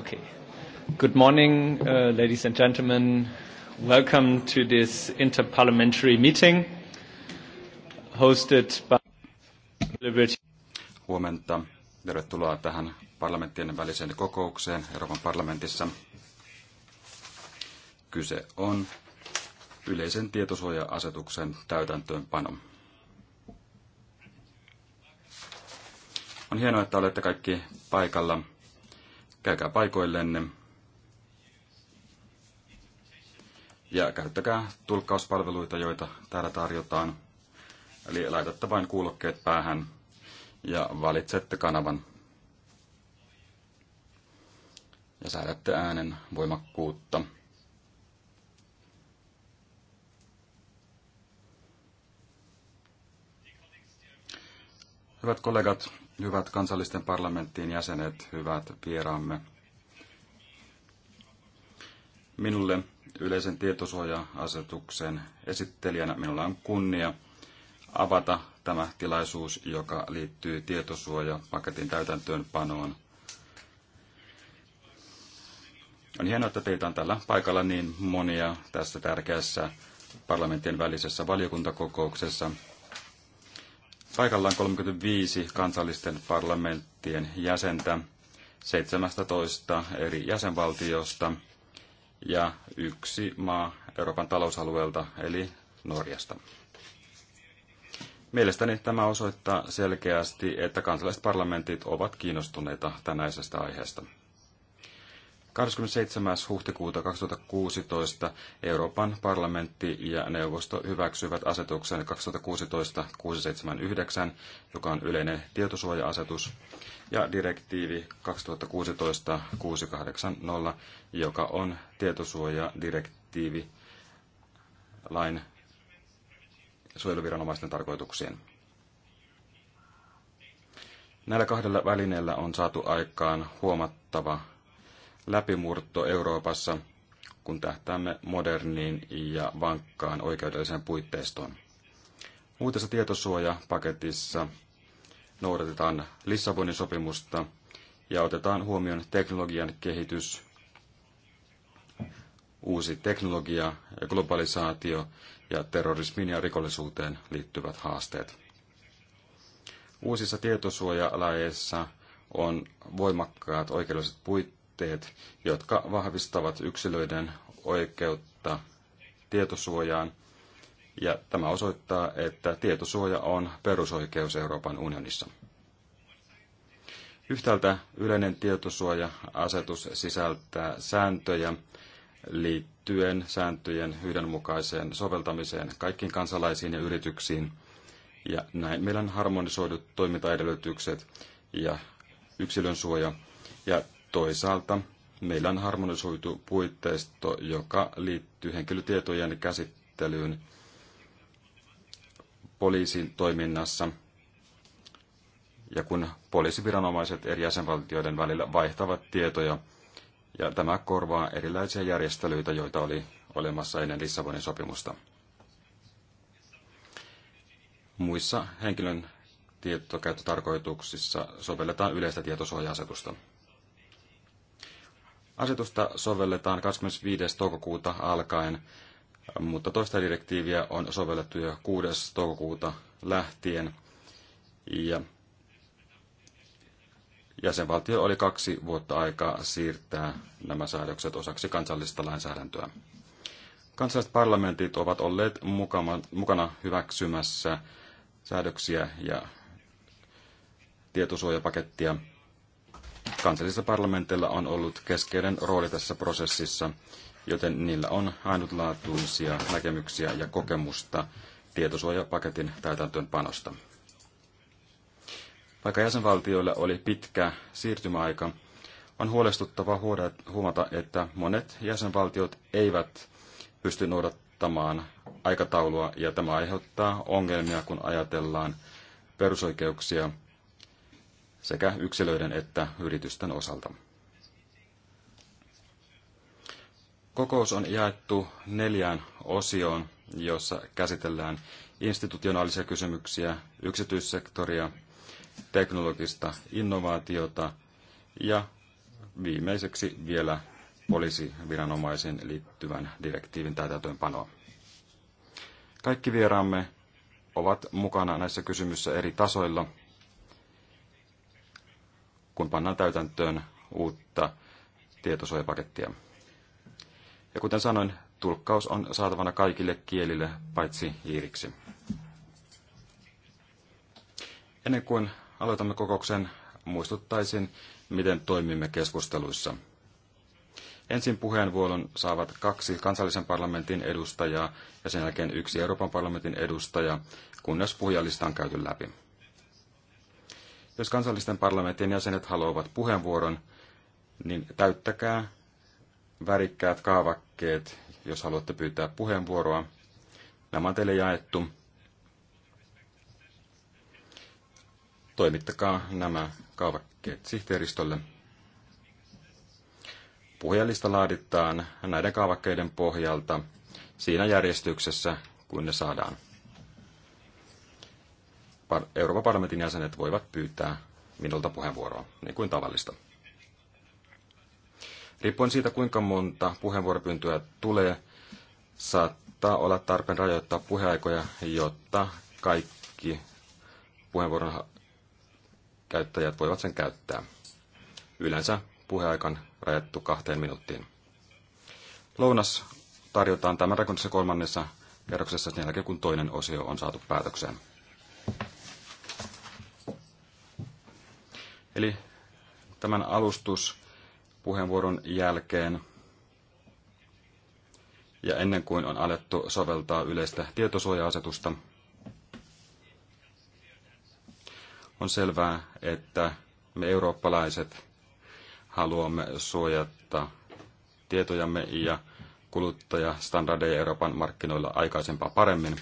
Okay. Good morning, uh, ladies and gentlemen. Welcome to this interparliamentary meeting hosted by Liberty. Huomenta. Tervetuloa tähän parlamenttien väliseen kokoukseen Euroopan parlamentissa. Kyse on yleisen tietosuoja-asetuksen täytäntöönpano. On hienoa, että olette kaikki paikalla Käykää paikoillenne. Ja käyttäkää tulkkauspalveluita, joita täällä tarjotaan. Eli laitatte vain kuulokkeet päähän ja valitsette kanavan. Ja säädätte äänen voimakkuutta. Hyvät kollegat, Hyvät kansallisten parlamenttiin jäsenet, hyvät vieraamme. Minulle yleisen tietosuoja-asetuksen esittelijänä minulla on kunnia avata tämä tilaisuus, joka liittyy tietosuojapaketin täytäntöönpanoon. On hienoa, että teitä on tällä paikalla niin monia tässä tärkeässä parlamenttien välisessä valiokuntakokouksessa, paikallaan 35 kansallisten parlamenttien jäsentä 17 eri jäsenvaltiosta ja yksi maa Euroopan talousalueelta eli Norjasta. Mielestäni tämä osoittaa selkeästi, että kansalliset parlamentit ovat kiinnostuneita tänäisestä aiheesta. 27. huhtikuuta 2016 Euroopan parlamentti ja neuvosto hyväksyivät asetuksen 2016-679, joka on yleinen tietosuoja-asetus, ja direktiivi 2016-680, joka on tietosuojadirektiivi lain suojeluviranomaisten tarkoituksiin. Näillä kahdella välineellä on saatu aikaan huomattava läpimurto Euroopassa, kun tähtäämme moderniin ja vankkaan oikeudelliseen puitteistoon. Uutessa tietosuojapaketissa noudatetaan Lissabonin sopimusta ja otetaan huomioon teknologian kehitys, uusi teknologia ja globalisaatio ja terrorismiin ja rikollisuuteen liittyvät haasteet. Uusissa tietosuojalajeissa on voimakkaat oikeudelliset puitteet, puitteet, jotka vahvistavat yksilöiden oikeutta tietosuojaan. Ja tämä osoittaa, että tietosuoja on perusoikeus Euroopan unionissa. Yhtäältä yleinen tietosuoja-asetus sisältää sääntöjä liittyen sääntöjen yhdenmukaiseen soveltamiseen kaikkiin kansalaisiin ja yrityksiin. Ja näin meillä on harmonisoidut toimintaedellytykset ja yksilön suoja. Ja Toisaalta meillä on harmonisoitu puitteisto, joka liittyy henkilötietojen käsittelyyn poliisin toiminnassa. Ja kun poliisiviranomaiset eri jäsenvaltioiden välillä vaihtavat tietoja, ja tämä korvaa erilaisia järjestelyitä, joita oli olemassa ennen Lissabonin sopimusta. Muissa henkilön tietokäyttötarkoituksissa sovelletaan yleistä tietosuoja-asetusta. Asetusta sovelletaan 25. toukokuuta alkaen, mutta toista direktiiviä on sovellettu jo 6. toukokuuta lähtien. Ja jäsenvaltio oli kaksi vuotta aikaa siirtää nämä säädökset osaksi kansallista lainsäädäntöä. Kansalliset parlamentit ovat olleet mukana hyväksymässä säädöksiä ja tietosuojapakettia – kansallisilla parlamenteilla on ollut keskeinen rooli tässä prosessissa, joten niillä on ainutlaatuisia näkemyksiä ja kokemusta tietosuojapaketin täytäntöönpanosta. Vaikka jäsenvaltioilla oli pitkä siirtymäaika, on huolestuttava huomata, että monet jäsenvaltiot eivät pysty noudattamaan aikataulua, ja tämä aiheuttaa ongelmia, kun ajatellaan perusoikeuksia sekä yksilöiden että yritysten osalta. Kokous on jaettu neljään osioon, jossa käsitellään institutionaalisia kysymyksiä, yksityissektoria, teknologista innovaatiota ja viimeiseksi vielä poliisiviranomaisen liittyvän direktiivin täytäntöönpanoa. Kaikki vieraamme ovat mukana näissä kysymyksissä eri tasoilla – kun pannaan täytäntöön uutta tietosuojapakettia. Ja kuten sanoin, tulkkaus on saatavana kaikille kielille paitsi iiriksi. Ennen kuin aloitamme kokouksen, muistuttaisin, miten toimimme keskusteluissa. Ensin puheenvuoron saavat kaksi kansallisen parlamentin edustajaa ja sen jälkeen yksi Euroopan parlamentin edustaja, kunnes puhujalista on käyty läpi. Jos kansallisten parlamenttien jäsenet haluavat puheenvuoron, niin täyttäkää värikkäät kaavakkeet, jos haluatte pyytää puheenvuoroa. Nämä on teille jaettu. Toimittakaa nämä kaavakkeet sihteeristölle. Puhujalista laaditaan näiden kaavakkeiden pohjalta siinä järjestyksessä, kun ne saadaan. Euroopan parlamentin jäsenet voivat pyytää minulta puheenvuoroa, niin kuin tavallista. Riippuen siitä, kuinka monta puheenvuoropyyntöä tulee, saattaa olla tarpeen rajoittaa puheaikoja, jotta kaikki puheenvuoron käyttäjät voivat sen käyttää. Yleensä puheaikan rajattu kahteen minuuttiin. Lounas tarjotaan tämän rakennuksessa kolmannessa kerroksessa sen jälkeen, kun toinen osio on saatu päätökseen. Eli tämän alustuspuheenvuoron jälkeen ja ennen kuin on alettu soveltaa yleistä tietosuoja-asetusta, on selvää, että me eurooppalaiset haluamme suojata tietojamme ja kuluttajastandardeja Euroopan markkinoilla aikaisempaa paremmin,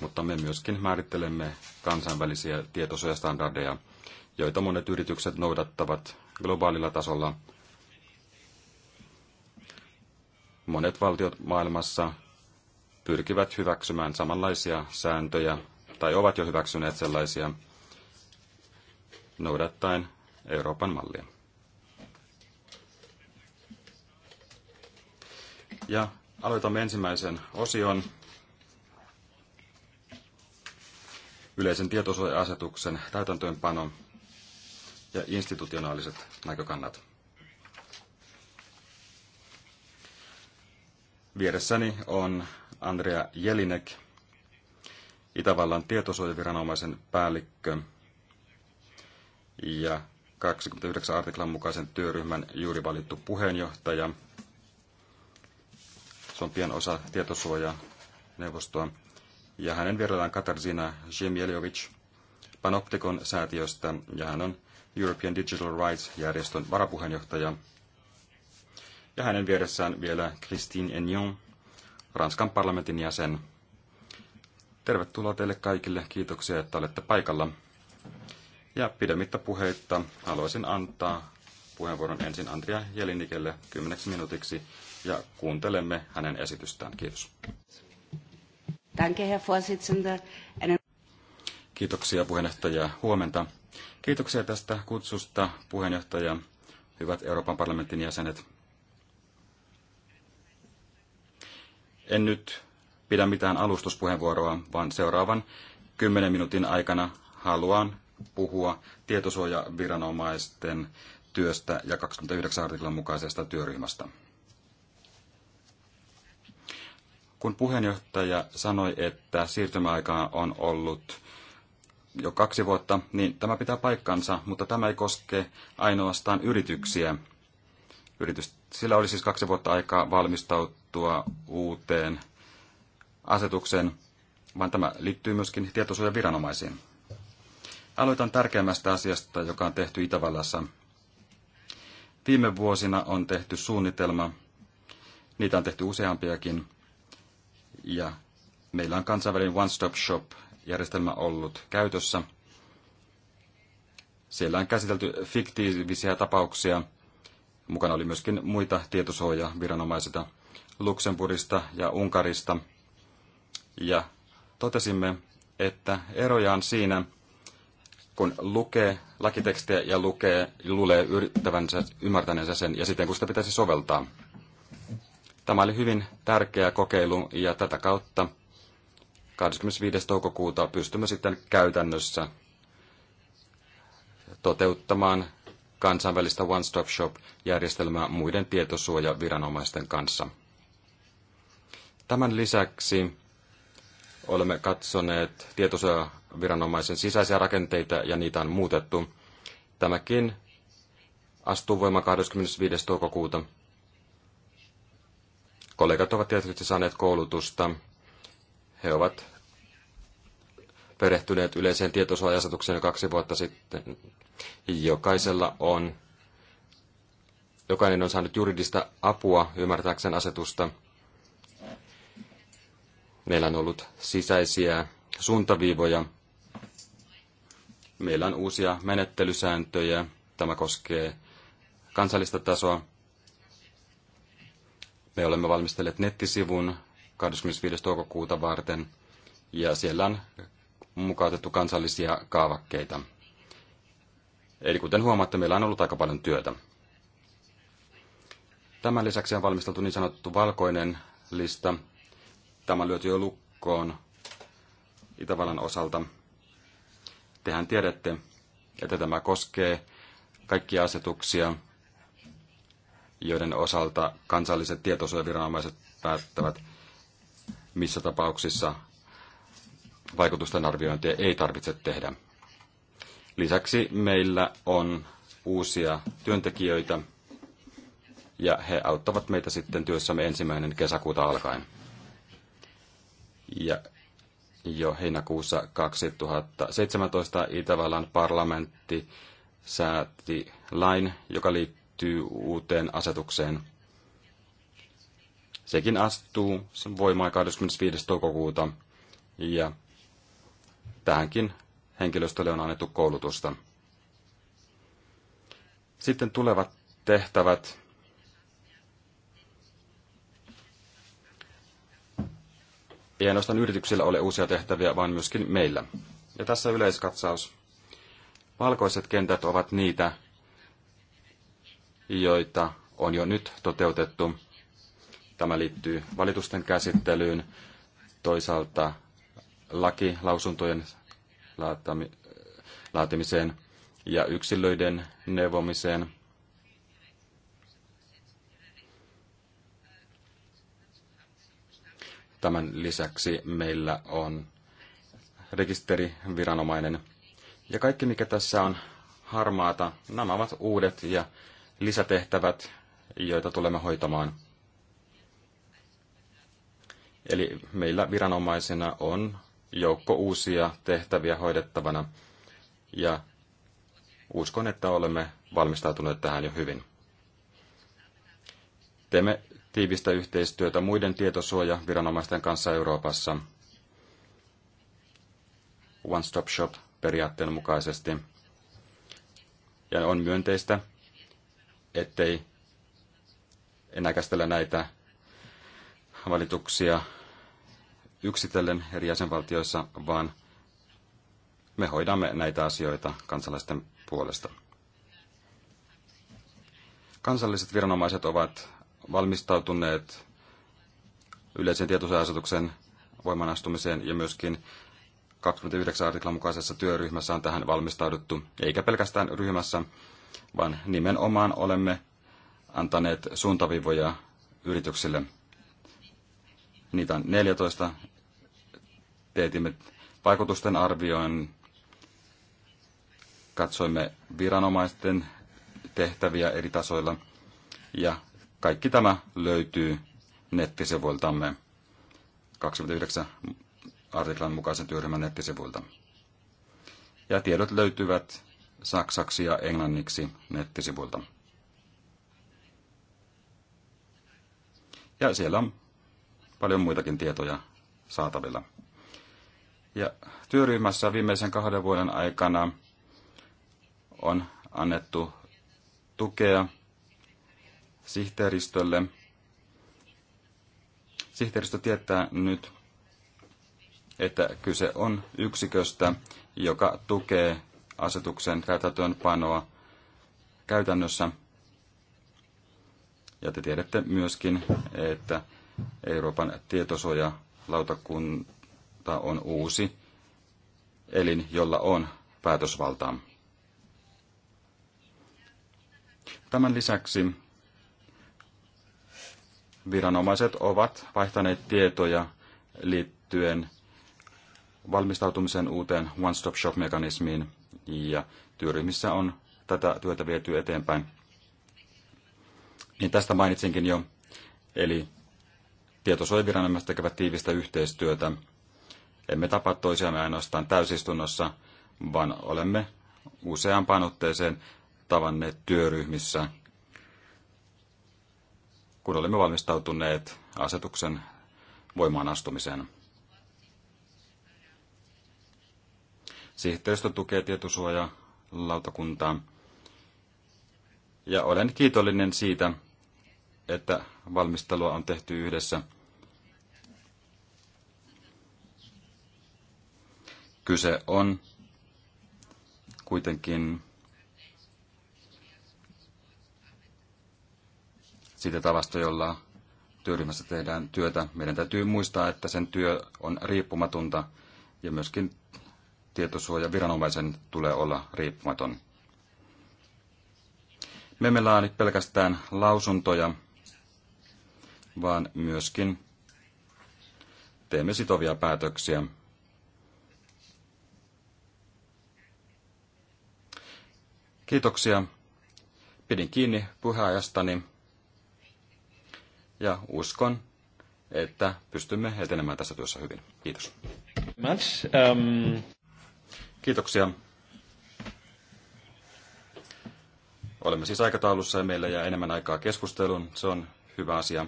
mutta me myöskin määrittelemme kansainvälisiä tietosuojastandardeja joita monet yritykset noudattavat globaalilla tasolla. Monet valtiot maailmassa pyrkivät hyväksymään samanlaisia sääntöjä tai ovat jo hyväksyneet sellaisia noudattaen Euroopan mallia. Ja aloitamme ensimmäisen osion yleisen tietosuoja-asetuksen täytäntöönpano ja institutionaaliset näkökannat. Vieressäni on Andrea Jelinek, Itävallan tietosuojaviranomaisen päällikkö ja 29 artiklan mukaisen työryhmän juuri valittu puheenjohtaja. Se on pian osa tietosuojaneuvostoa. Ja hänen vierellään Katarzyna Ziemieliovic Panoptikon säätiöstä, ja hän on European Digital Rights-järjestön varapuheenjohtaja. Ja hänen vieressään vielä Christine Enion, Ranskan parlamentin jäsen. Tervetuloa teille kaikille. Kiitoksia, että olette paikalla. Ja pidemmittä puheitta haluaisin antaa puheenvuoron ensin Andrea Jelinikelle kymmeneksi minuutiksi ja kuuntelemme hänen esitystään. Kiitos. Danke, Herr Vorsitzender. Kiitoksia puheenjohtaja. Huomenta. Kiitoksia tästä kutsusta, puheenjohtaja, hyvät Euroopan parlamentin jäsenet. En nyt pidä mitään alustuspuheenvuoroa, vaan seuraavan kymmenen minuutin aikana haluan puhua tietosuojaviranomaisten työstä ja 29 artiklan mukaisesta työryhmästä. Kun puheenjohtaja sanoi, että siirtymäaika on ollut jo kaksi vuotta, niin tämä pitää paikkansa, mutta tämä ei koske ainoastaan yrityksiä. Yritys, sillä oli siis kaksi vuotta aikaa valmistautua uuteen asetukseen, vaan tämä liittyy myöskin tietosuojaviranomaisiin. Aloitan tärkeimmästä asiasta, joka on tehty Itävallassa. Viime vuosina on tehty suunnitelma, niitä on tehty useampiakin, ja meillä on kansainvälinen one-stop shop järjestelmä ollut käytössä. Siellä on käsitelty fiktiivisiä tapauksia. Mukana oli myöskin muita tietosuojaviranomaisilta Luxemburgista ja Unkarista. Ja totesimme, että eroja on siinä, kun lukee lakitekstejä ja lukee, luulee yrittävänsä, ymmärtäneensä sen ja sitten kun sitä pitäisi soveltaa. Tämä oli hyvin tärkeä kokeilu ja tätä kautta 25. toukokuuta pystymme sitten käytännössä toteuttamaan kansainvälistä One Stop Shop-järjestelmää muiden tietosuojaviranomaisten kanssa. Tämän lisäksi olemme katsoneet tietosuojaviranomaisen sisäisiä rakenteita ja niitä on muutettu. Tämäkin astuu voimaan 25. toukokuuta. Kollegat ovat tietysti saaneet koulutusta he ovat perehtyneet yleiseen tietosuojasetukseen kaksi vuotta sitten. Jokaisella on, jokainen on saanut juridista apua ymmärtääkseen asetusta. Meillä on ollut sisäisiä suuntaviivoja. Meillä on uusia menettelysääntöjä. Tämä koskee kansallista tasoa. Me olemme valmistelleet nettisivun 25. toukokuuta varten, ja siellä on mukautettu kansallisia kaavakkeita. Eli kuten huomaatte, meillä on ollut aika paljon työtä. Tämän lisäksi on valmisteltu niin sanottu valkoinen lista. Tämä lyöty jo lukkoon Itävallan osalta. Tehän tiedätte, että tämä koskee kaikkia asetuksia, joiden osalta kansalliset tietosuojaviranomaiset päättävät missä tapauksissa vaikutusten arviointia ei tarvitse tehdä. Lisäksi meillä on uusia työntekijöitä ja he auttavat meitä sitten työssämme ensimmäinen kesäkuuta alkaen. Ja jo heinäkuussa 2017 Itävallan parlamentti sääti lain, joka liittyy uuteen asetukseen – Sekin astuu sen voimaan 25. toukokuuta ja tähänkin henkilöstölle on annettu koulutusta. Sitten tulevat tehtävät. Ei ainoastaan yrityksillä ole uusia tehtäviä, vaan myöskin meillä. Ja tässä yleiskatsaus. Valkoiset kentät ovat niitä, joita on jo nyt toteutettu Tämä liittyy valitusten käsittelyyn, toisaalta lakilausuntojen laatimiseen ja yksilöiden neuvomiseen. Tämän lisäksi meillä on rekisteriviranomainen. Ja kaikki, mikä tässä on harmaata, nämä ovat uudet ja lisätehtävät, joita tulemme hoitamaan. Eli meillä viranomaisena on joukko uusia tehtäviä hoidettavana ja uskon, että olemme valmistautuneet tähän jo hyvin. Teemme tiivistä yhteistyötä muiden tietosuojaviranomaisten kanssa Euroopassa One Stop Shop periaatteen mukaisesti. Ja on myönteistä, ettei enää käsitellä näitä valituksia yksitellen eri jäsenvaltioissa, vaan me hoidamme näitä asioita kansalaisten puolesta. Kansalliset viranomaiset ovat valmistautuneet yleisen tietosuoja-asetuksen voimanastumiseen ja myöskin 29 artiklan mukaisessa työryhmässä on tähän valmistauduttu, eikä pelkästään ryhmässä, vaan nimenomaan olemme antaneet suuntavivoja yrityksille niitä on 14. Teetimme vaikutusten arvioin, katsoimme viranomaisten tehtäviä eri tasoilla ja kaikki tämä löytyy nettisivuiltamme 29 artiklan mukaisen työryhmän nettisivuilta. Ja tiedot löytyvät saksaksi ja englanniksi nettisivuilta. Ja siellä on paljon muitakin tietoja saatavilla. Ja työryhmässä viimeisen kahden vuoden aikana on annettu tukea sihteeristölle. Sihteeristö tietää nyt, että kyse on yksiköstä, joka tukee asetuksen panoa käytännössä. Ja te tiedätte myöskin, että Euroopan tietosuojalautakunta on uusi elin, jolla on päätösvaltaa. Tämän lisäksi viranomaiset ovat vaihtaneet tietoja liittyen valmistautumisen uuteen One Stop Shop-mekanismiin, ja työryhmissä on tätä työtä viety eteenpäin. Niin tästä mainitsinkin jo, eli Tietosuojaviranomaiset tekevät tiivistä yhteistyötä. Emme tapa toisiamme ainoastaan täysistunnossa, vaan olemme useampaan otteeseen tavanneet työryhmissä, kun olemme valmistautuneet asetuksen voimaan astumiseen. Sihteistö tukee tietosuojalautakuntaa ja olen kiitollinen siitä, että valmistelua on tehty yhdessä. Kyse on kuitenkin siitä tavasta, jolla työryhmässä tehdään työtä. Meidän täytyy muistaa, että sen työ on riippumatonta ja myöskin tietosuoja viranomaisen tulee olla riippumaton. Me emme laadi pelkästään lausuntoja, vaan myöskin teemme sitovia päätöksiä. Kiitoksia. Pidin kiinni puheajastani ja uskon, että pystymme etenemään tässä työssä hyvin. Kiitos. Um, Kiitoksia. Olemme siis aikataulussa ja meillä jää enemmän aikaa keskusteluun. Se on hyvä asia.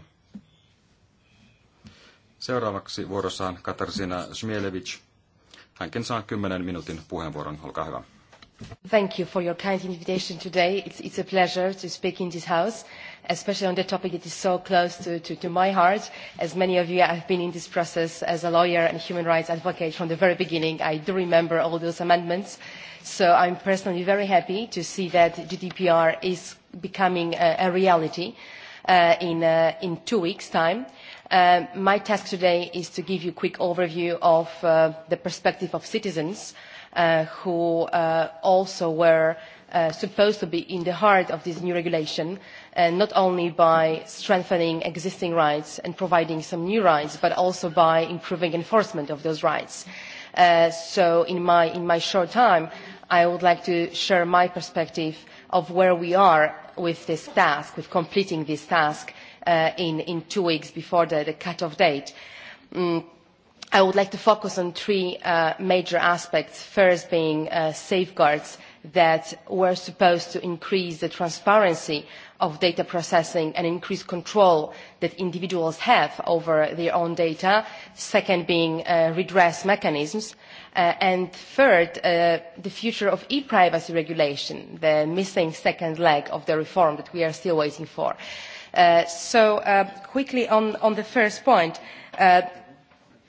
Seuraavaksi vuorossaan Katarzyna Smielewicz. Hänkin saa 10 minuutin puheenvuoron. Olkaa hyvä. Thank you for your kind invitation today. It's, it's a pleasure to speak in this house, especially on the topic that is so close to, to, to my heart. As many of you, have been in this process as a lawyer and human rights advocate from the very beginning. I do remember all those amendments. So I'm personally very happy to see that GDPR is becoming a, a reality uh, in, uh, in two weeks' time Uh, my task today is to give you a quick overview of uh, the perspective of citizens uh, who uh, also were uh, supposed to be in the heart of this new regulation, and uh, not only by strengthening existing rights and providing some new rights, but also by improving enforcement of those rights. Uh, so in my, in my short time, I would like to share my perspective of where we are with this task, with completing this task, Uh, in, in two weeks before the, the cut-off date. Mm, I would like to focus on three uh, major aspects, first being uh, safeguards that were supposed to increase the transparency of data processing and increase control that individuals have over their own data, second being uh, redress mechanisms, uh, and third, uh, the future of e-privacy regulation, the missing second leg of the reform that we are still waiting for. Uh, Uh, so uh, quickly on, on the first point, uh,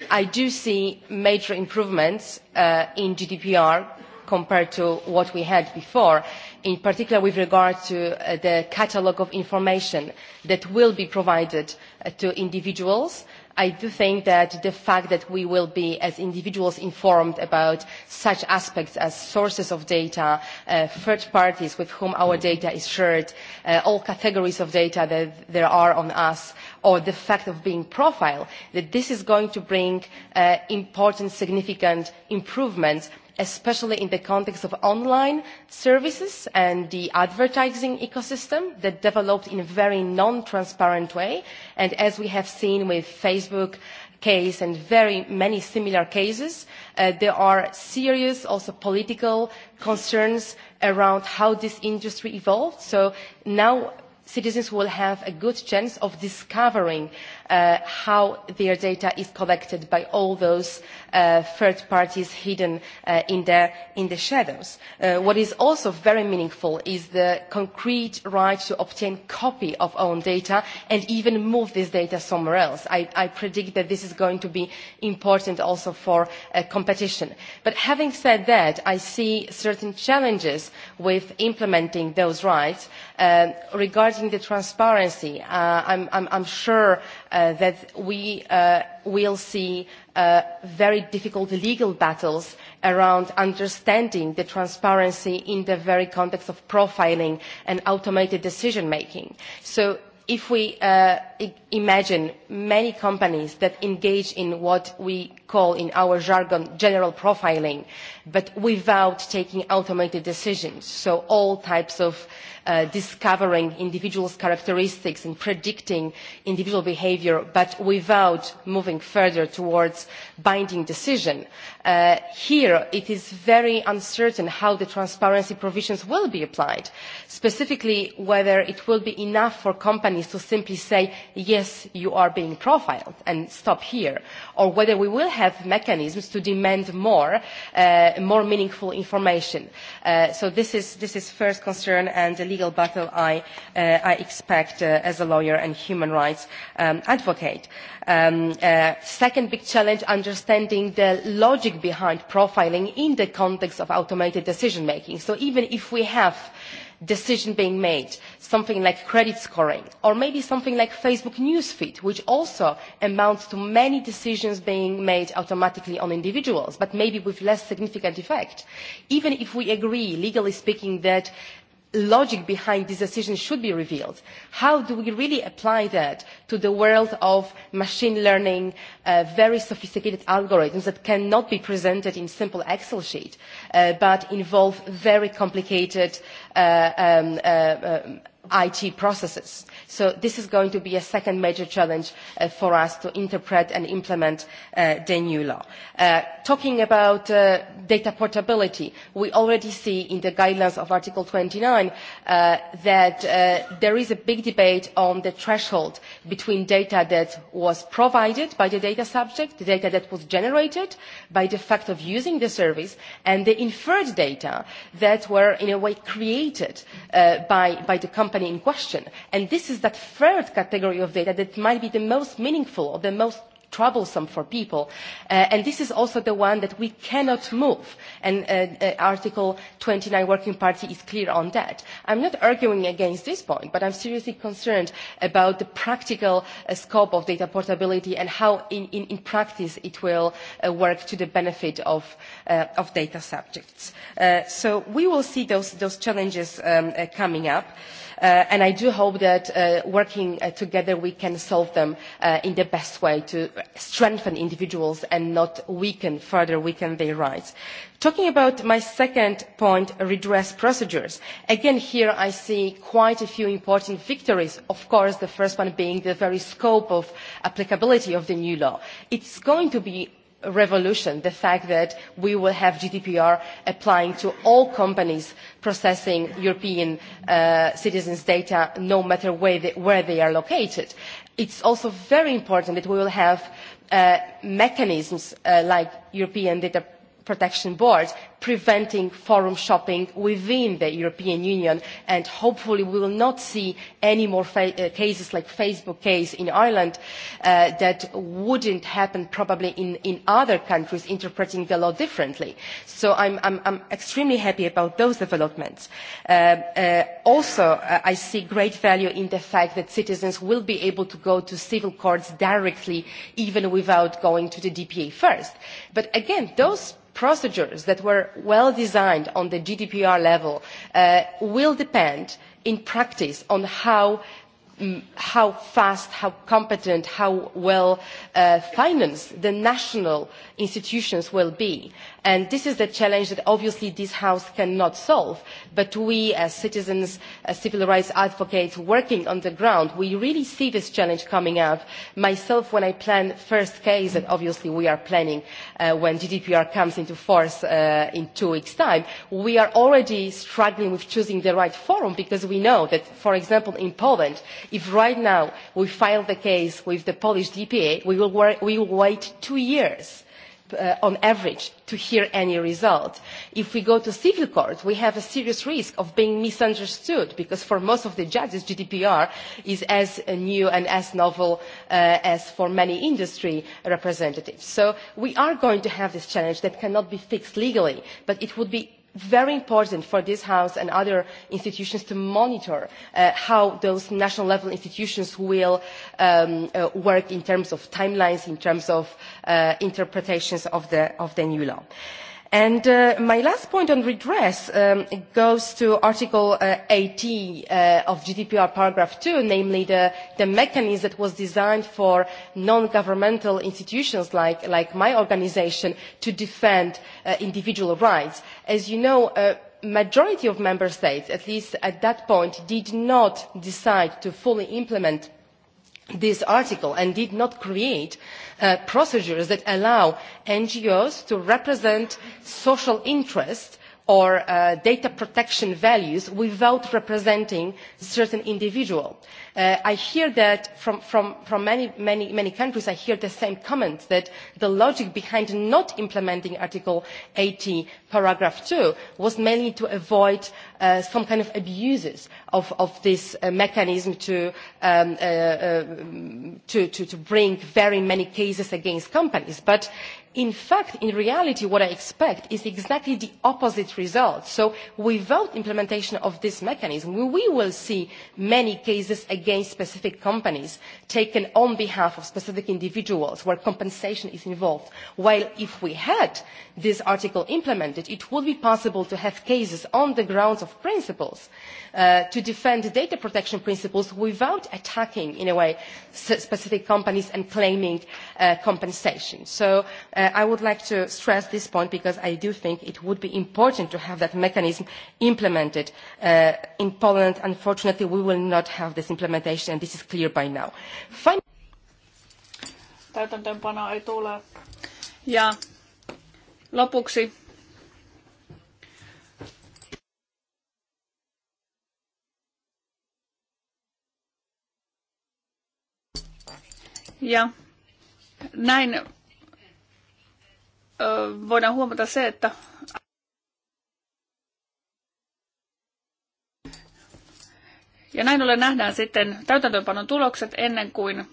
I do see major improvements uh, in GDPR compared to what we had before, in particular with regard to uh, the catalogue of information that will be provided uh, to individuals I do think that the fact that we will be as individuals informed about such aspects as sources of data, uh, third parties with whom our data is shared, uh, all categories of data that there are on us, or the fact of being profiled, that this is going to bring uh, important, significant improvements especially in the context of online services and the advertising ecosystem that developed in a very non-transparent way. And as we have seen with Facebook case and very many similar cases, uh, there are serious also political concerns around how this industry evolved. So now citizens will have a good chance of discovering uh, how their data is collected by all those uh, third parties hidden uh, in, the, in the shadows. Uh, what is also very meaningful is the concrete right to obtain copy of own data and even move this data somewhere else. I, I predict that this is going to be important also for uh, competition. But having said that, I see certain challenges with implementing those rights. Uh, regarding the transparency, uh, I'm, I'm, I'm sure uh, that we uh, will see uh, very difficult legal battles around understanding the transparency in the very context of profiling and automated decision making. So if we uh, imagine many companies that engage in what we call in our jargon general profiling but without taking automated decisions so all types of uh, discovering individuals' characteristics and predicting individual behaviour but without moving further towards binding decision. Uh, here it is very uncertain how the transparency provisions will be applied specifically whether it will be enough for companies to simply say yes you are being profiled and stop here or whether we will have mechanisms to demand more, uh, more meaningful information. Uh, so this is, this is first concern and a legal battle I, uh, I expect uh, as a lawyer and human rights um, advocate. Um, uh, second big challenge, understanding the logic behind profiling in the context of automated decision making. So even if we have uh, decision being made, something like credit scoring, or maybe something like Facebook newsfeed, which also amounts to many decisions being made automatically on individuals, but maybe with less significant effect. Even if we agree, legally speaking, that logic behind these decisions should be revealed. How do we really apply that to the world of machine learning, uh, very sophisticated algorithms that cannot be presented in simple Excel sheet, uh, but involve very complicated uh, um, uh, um IT processes. So this is going to be a second major challenge uh, for us to interpret and implement uh, the new law. Uh, talking about uh, data portability, we already see in the guidelines of Article 29 uh, that uh, there is a big debate on the threshold between data that was provided by the data subject, the data that was generated by the fact of using the service, and the inferred data that were in a way created uh, by, by the company company in question. And this is that third category of data that might be the most meaningful or the most troublesome for people. Uh, and this is also the one that we cannot move. And uh, uh, Article 29 Working Party is clear on that. I'm not arguing against this point, but I'm seriously concerned about the practical uh, scope of data portability and how in, in, in practice it will uh, work to the benefit of, uh, of data subjects. Uh, so we will see those, those challenges um, uh, coming up. Uh, Uh, and I do hope that uh, working uh, together we can solve them in the best way to strengthen individuals and not weaken, further weaken their rights. Talking about my second point, redress procedures, again here I see quite a few important victories. Of course, the first one being the very scope of applicability of the new law. It's going to be revolution, the fact that we will have GDPR applying to all companies processing European uh, citizens' data, no matter where they, where they are located. It's also very important that we will have uh, mechanisms uh, like European Data Protection Board preventing forum shopping within the European Union and hopefully we will not see any more uh, cases like Facebook case in Ireland uh, that wouldn't happen probably in, in other countries interpreting the law differently. So I'm, I'm, I'm extremely happy about those developments. Uh, uh, also, uh, I see great value in the fact that citizens will be able to go to civil courts directly even without going to the DPA first. But again, those procedures that were well designed on the GDPR level uh, will depend in practice on how mm, how fast, how competent, how well uh, financed the national institutions will be. And this is the challenge that obviously this House cannot solve, but we as citizens, as civil rights advocates working on the ground, we really see this challenge coming up. Myself, when I plan first case that obviously we are planning uh, when GDPR comes into force uh, in two weeks' time, we are already struggling with choosing the right forum because we know that, for example, in Poland, if right now we file the case with the Polish DPA, we will, we will wait two years uh, on average to hear any result. If we go to civil court, we have a serious risk of being misunderstood because for most of the judges, GDPR is as uh, new and as novel uh, as for many industry representatives. So we are going to have this challenge that cannot be fixed legally, but it would be very important for this house and other institutions to monitor uh, how those national level institutions will um, uh, work in terms of timelines, in terms of uh, interpretations of the, of the new law. And uh, my last point on redress um, goes to Article uh, 80 uh, of GDPR paragraph 2, namely the, the mechanism that was designed for non-governmental institutions like, like my organization to defend uh, individual rights. As you know, uh, majority of member states, at least at that point, did not decide to fully implement this article and did not create uh, procedures that allow ngos to represent social interest or uh, data protection values without representing certain individuals. Uh, I hear that from, from, from many, many, many countries, I hear the same comments that the logic behind not implementing Article 80, paragraph 2, was mainly to avoid uh, some kind of abuses of, of this uh, mechanism to, um, uh, uh, to, to, to bring very many cases against companies. But in fact in reality what i expect is exactly the opposite result so without implementation of this mechanism we will see many cases against against specific companies taken on behalf of specific individuals where compensation is involved. While if we had this article implemented, it would be possible to have cases on the grounds of principles uh, to defend data protection principles without attacking, in a way, specific companies and claiming uh, compensation. So uh, I would like to stress this point because I do think it would be important to have that mechanism implemented. Uh, in Poland, unfortunately, we will not have this implemented implementation, and this is clear by now. Fin- ei tule. Ja lopuksi Ja näin voidaan huomata se, että Ja näin ollen nähdään sitten täytäntöönpanon tulokset ennen kuin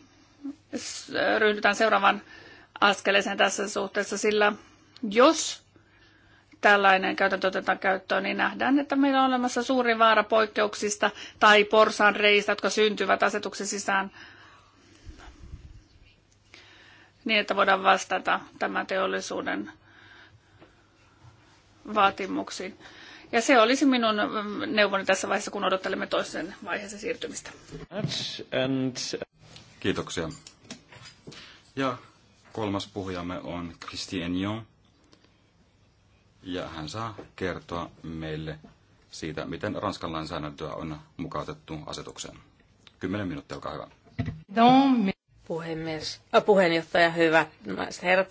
ryhdytään seuraavan askeleeseen tässä suhteessa, sillä jos tällainen käytäntö otetaan käyttöön, niin nähdään, että meillä on olemassa suuri vaara poikkeuksista tai porsaan reistä, jotka syntyvät asetuksen sisään niin, että voidaan vastata tämän teollisuuden vaatimuksiin. Ja se olisi minun neuvoni tässä vaiheessa, kun odottelemme toisen vaiheeseen siirtymistä. And... Kiitoksia. Ja kolmas puhujamme on Christian Enyon. Ja hän saa kertoa meille siitä, miten Ranskan lainsäädäntöä on mukautettu asetukseen. Kymmenen minuuttia, olkaa hyvä. Puhemies, puheenjohtaja, hyvät naiset herrat.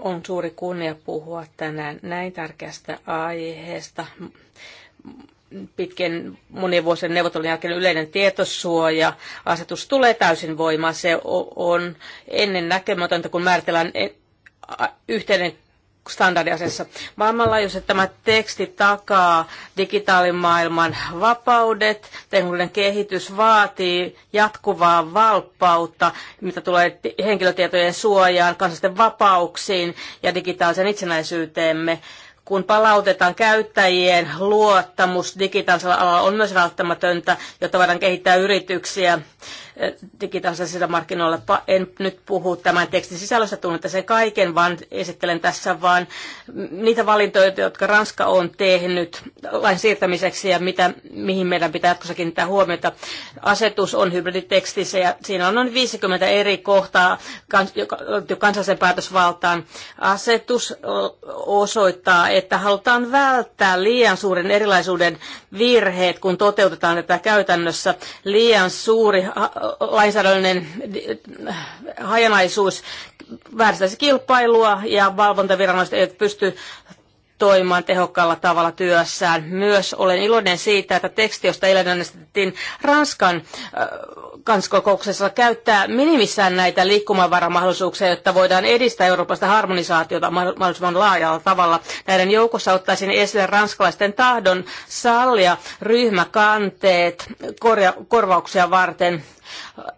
On suuri kunnia puhua tänään näin tärkeästä aiheesta. Pitkien monien vuosien neuvottelun jälkeen yleinen tietosuoja-asetus tulee täysin voimaan. Se on ennen näkemätöntä, kun määritellään yhteinen standardiasiassa. Maailmanlaajuisesti tämä teksti takaa digitaalimaailman vapaudet. Teknologinen kehitys vaatii jatkuvaa valppautta, mitä tulee henkilötietojen suojaan, kansallisten vapauksiin ja digitaalisen itsenäisyyteemme. Kun palautetaan käyttäjien luottamus digitaalisella alalla, on myös välttämätöntä, jotta voidaan kehittää yrityksiä digitaalisilla markkinoilla. En nyt puhu tämän tekstin sisällöstä, tunnetta sen kaiken, vaan esittelen tässä vaan niitä valintoja, jotka Ranska on tehnyt lain siirtämiseksi ja mitä, mihin meidän pitää jatkossa kiinnittää huomiota. Asetus on hybriditekstissä ja siinä on noin 50 eri kohtaa, kansallisen päätösvaltaan. Asetus osoittaa, että halutaan välttää liian suuren erilaisuuden virheet, kun toteutetaan tätä käytännössä. Liian suuri lainsäädännöllinen hajanaisuus vääristäisi kilpailua ja valvontaviranomaiset eivät pysty toimimaan tehokkaalla tavalla työssään. Myös olen iloinen siitä, että teksti, josta eilen äänestettiin Ranskan kanskokouksessa, käyttää minimissään näitä liikkumavaramahdollisuuksia, jotta voidaan edistää Euroopasta harmonisaatiota mahdollisimman laajalla tavalla. Näiden joukossa ottaisin esille ranskalaisten tahdon sallia ryhmäkanteet korja- korvauksia varten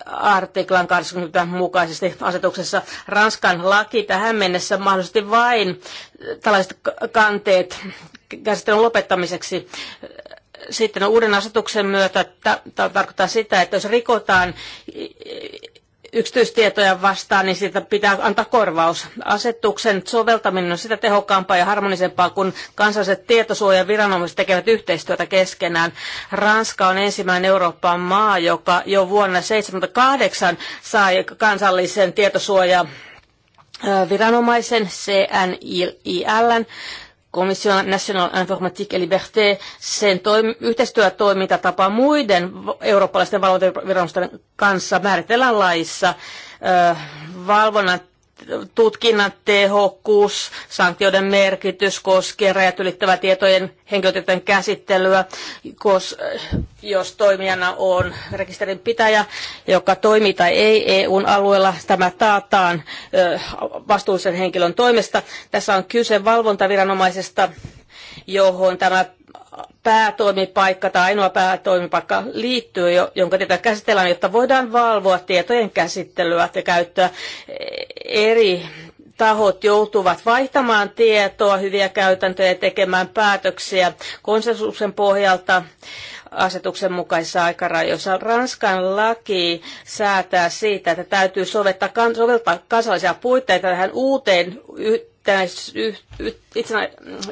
artiklan 20 mukaisesti asetuksessa Ranskan laki tähän mennessä mahdollisesti vain tällaiset kanteet käsittelyn lopettamiseksi. Sitten uuden asetuksen myötä tämä tarkoittaa sitä, että jos rikotaan yksityistietoja vastaan, niin siitä pitää antaa korvaus. Asetuksen soveltaminen on sitä tehokkaampaa ja harmonisempaa, kun kansalliset tietosuojaviranomaiset tekevät yhteistyötä keskenään. Ranska on ensimmäinen Euroopan maa, joka jo vuonna 1978 sai kansallisen tietosuoja viranomaisen CNIL, Komission National Informatique et Liberté, sen toim- yhteistyötoimintatapa muiden eurooppalaisten valvontaviranomaisten kanssa määritellään laissa. Valvonnan tutkinnan tehokkuus, sanktioiden merkitys koskee rajat ylittävää tietojen henkilötietojen käsittelyä, kos, jos toimijana on rekisterin pitäjä, joka toimii tai ei EUn alueella, tämä taataan vastuullisen henkilön toimesta. Tässä on kyse valvontaviranomaisesta, johon tämä päätoimipaikka tai ainoa päätoimipaikka liittyy, jonka tietoja käsitellään, jotta voidaan valvoa tietojen käsittelyä ja käyttöä. Eri tahot joutuvat vaihtamaan tietoa, hyviä käytäntöjä tekemään päätöksiä konsensuksen pohjalta asetuksen mukaisessa aikarajoissa. Ranskan laki säätää siitä, että täytyy soveltaa, soveltaa kansallisia puitteita tähän uuteen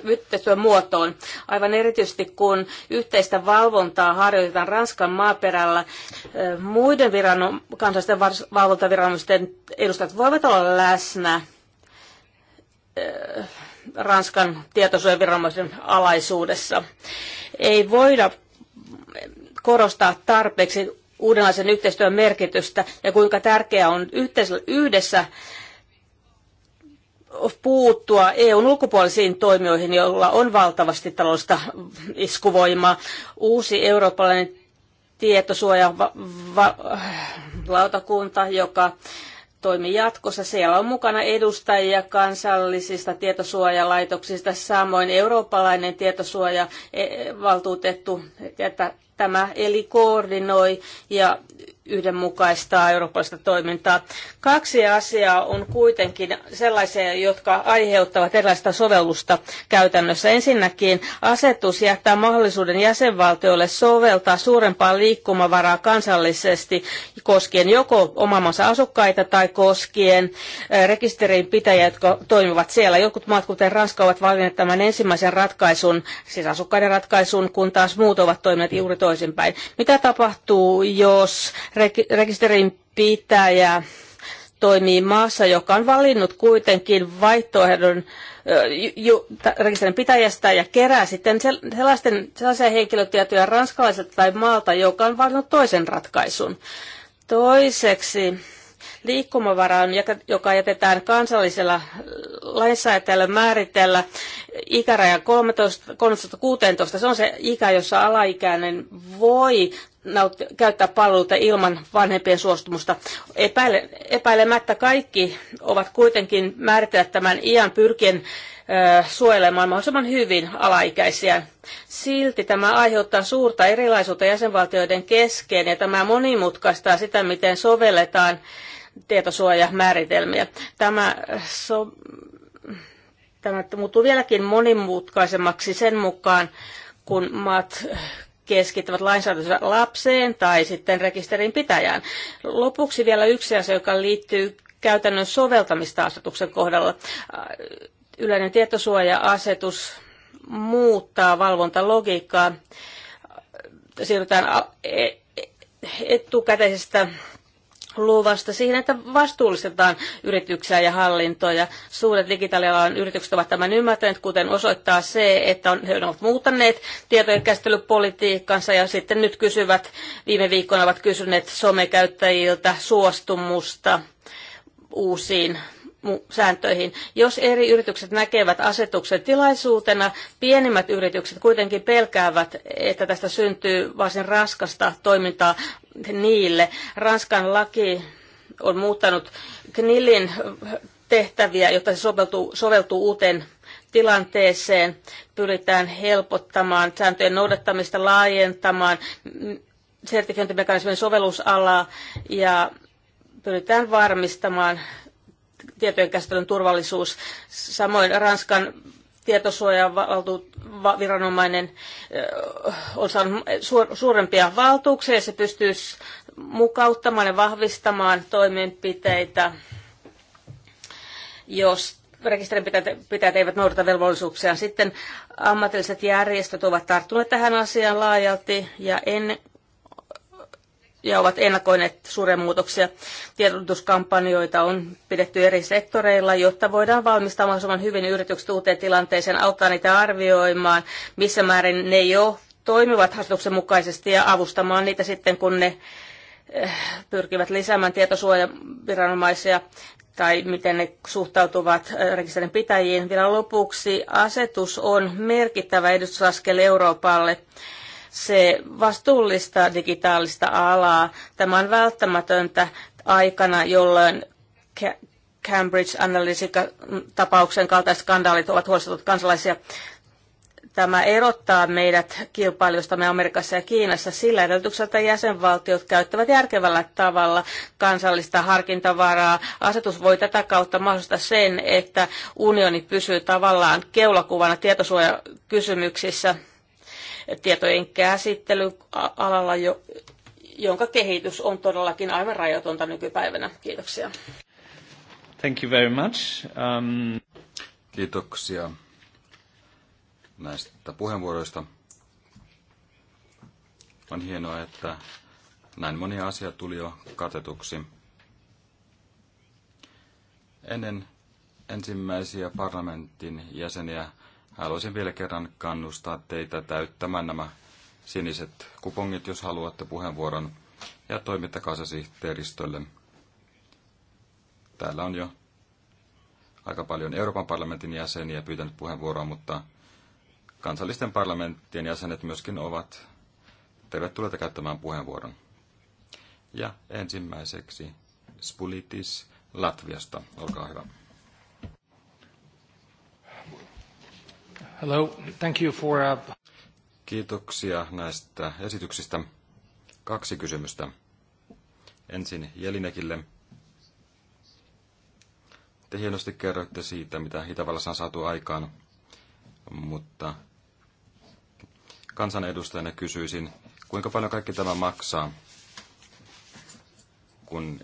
yhteistyön muotoon, aivan erityisesti kun yhteistä valvontaa harjoitetaan Ranskan maaperällä. Muiden virano, kansallisten valvontaviranomaisten edustajat voivat olla läsnä Ranskan tietosuojaviranomaisen alaisuudessa. Ei voida korostaa tarpeeksi uudenlaisen yhteistyön merkitystä ja kuinka tärkeää on yhdessä puuttua EUn ulkopuolisiin toimijoihin, joilla on valtavasti taloudellista iskuvoimaa. Uusi eurooppalainen tietosuojalautakunta, joka toimii jatkossa. Siellä on mukana edustajia kansallisista tietosuojalaitoksista, samoin eurooppalainen tietosuojavaltuutettu. E- tämä eli koordinoi ja yhdenmukaistaa eurooppalaista toimintaa. Kaksi asiaa on kuitenkin sellaisia, jotka aiheuttavat erilaista sovellusta käytännössä. Ensinnäkin asetus jättää mahdollisuuden jäsenvaltioille soveltaa suurempaa liikkumavaraa kansallisesti koskien joko omamansa asukkaita tai koskien eh, rekisterinpitäjiä, jotka toimivat siellä. Jotkut maat, kuten Ranska, ovat valinneet tämän ensimmäisen ratkaisun, siis asukkaiden ratkaisun, kun taas muut ovat toimineet juuri toisinpäin. Mitä tapahtuu, jos rekisterinpitäjä toimii maassa, joka on valinnut kuitenkin vaihtoehdon rekisterin pitäjästä ja kerää sitten sellaisten, sellaisia henkilötietoja ranskalaiselta tai maalta, joka on valinnut toisen ratkaisun. Toiseksi liikkumavara joka jätetään kansallisella lainsäätäjällä määritellä ikäraja 13, 13-16. Se on se ikä, jossa alaikäinen voi nautti, käyttää palveluita ilman vanhempien suostumusta. Epäile, epäilemättä kaikki ovat kuitenkin määritelleet tämän iän pyrkien suojelemaan mahdollisimman hyvin alaikäisiä. Silti tämä aiheuttaa suurta erilaisuutta jäsenvaltioiden kesken ja tämä monimutkaistaa sitä, miten sovelletaan tietosuojamääritelmiä. Tämä so, tämä muuttuu vieläkin monimutkaisemmaksi sen mukaan, kun maat keskittävät lainsäädäntönsä lapseen tai sitten rekisterin pitäjään. Lopuksi vielä yksi asia, joka liittyy käytännön asetuksen kohdalla. Äh, yleinen tietosuoja-asetus muuttaa valvontalogiikkaa. Siirrytään e- e- etukäteisestä luvasta siihen, että vastuullistetaan yrityksiä ja hallintoja. Suuret digitaalialan yritykset ovat tämän ymmärtäneet, kuten osoittaa se, että on, he ovat muuttaneet tietojen käsittelypolitiikkansa ja sitten nyt kysyvät, viime viikkoina ovat kysyneet somekäyttäjiltä suostumusta uusiin sääntöihin. Jos eri yritykset näkevät asetuksen tilaisuutena, pienimmät yritykset kuitenkin pelkäävät, että tästä syntyy varsin raskasta toimintaa niille. Ranskan laki on muuttanut Knillin tehtäviä, jotta se soveltuu, soveltuu uuteen tilanteeseen. Pyritään helpottamaan sääntöjen noudattamista, laajentamaan sertifiointimekanismin sovellusalaa ja pyritään varmistamaan tietojen käsittelyn turvallisuus. Samoin Ranskan tietosuojaviranomainen on saanut suurempia valtuuksia ja se pystyy mukauttamaan ja vahvistamaan toimenpiteitä, jos rekisterinpitäjät eivät noudata velvollisuuksiaan. Sitten ammatilliset järjestöt ovat tarttuneet tähän asiaan laajalti ja en, ja ovat ennakoineet suuria muutoksia. Tiedotuskampanjoita on pidetty eri sektoreilla, jotta voidaan valmistaa mahdollisimman hyvin yritykset uuteen tilanteeseen, auttaa niitä arvioimaan, missä määrin ne jo toimivat asetuksen mukaisesti ja avustamaan niitä sitten, kun ne eh, pyrkivät lisäämään tietosuojaviranomaisia tai miten ne suhtautuvat eh, rekisterin pitäjiin. Vielä lopuksi asetus on merkittävä edustusaskel Euroopalle se vastuullistaa digitaalista alaa. Tämä on välttämätöntä aikana, jolloin Cambridge Analytica-tapauksen kaltaiset skandaalit ovat huolestuttaneet kansalaisia. Tämä erottaa meidät kilpailijoistamme Amerikassa ja Kiinassa sillä edellytyksellä, että jäsenvaltiot käyttävät järkevällä tavalla kansallista harkintavaraa. Asetus voi tätä kautta mahdollistaa sen, että unioni pysyy tavallaan keulakuvana tietosuojakysymyksissä tietojen käsittelyalalla, jo, jonka kehitys on todellakin aivan rajoitonta nykypäivänä. Kiitoksia. Thank you very much. Um... Kiitoksia näistä puheenvuoroista. On hienoa, että näin monia asioita tuli jo katetuksi. Ennen ensimmäisiä parlamentin jäseniä Haluaisin vielä kerran kannustaa teitä täyttämään nämä siniset kupongit, jos haluatte puheenvuoron, ja toimittakaa se sihteeristölle. Täällä on jo aika paljon Euroopan parlamentin jäseniä pyytänyt puheenvuoroa, mutta kansallisten parlamenttien jäsenet myöskin ovat tervetulleita käyttämään puheenvuoron. Ja ensimmäiseksi Spulitis Latviasta. Olkaa hyvä. Hello. Thank you for, uh, Kiitoksia näistä esityksistä. Kaksi kysymystä. Ensin Jelinekille. Te hienosti kerroitte siitä, mitä Itävallassa on saatu aikaan, mutta kansanedustajana kysyisin, kuinka paljon kaikki tämä maksaa, kun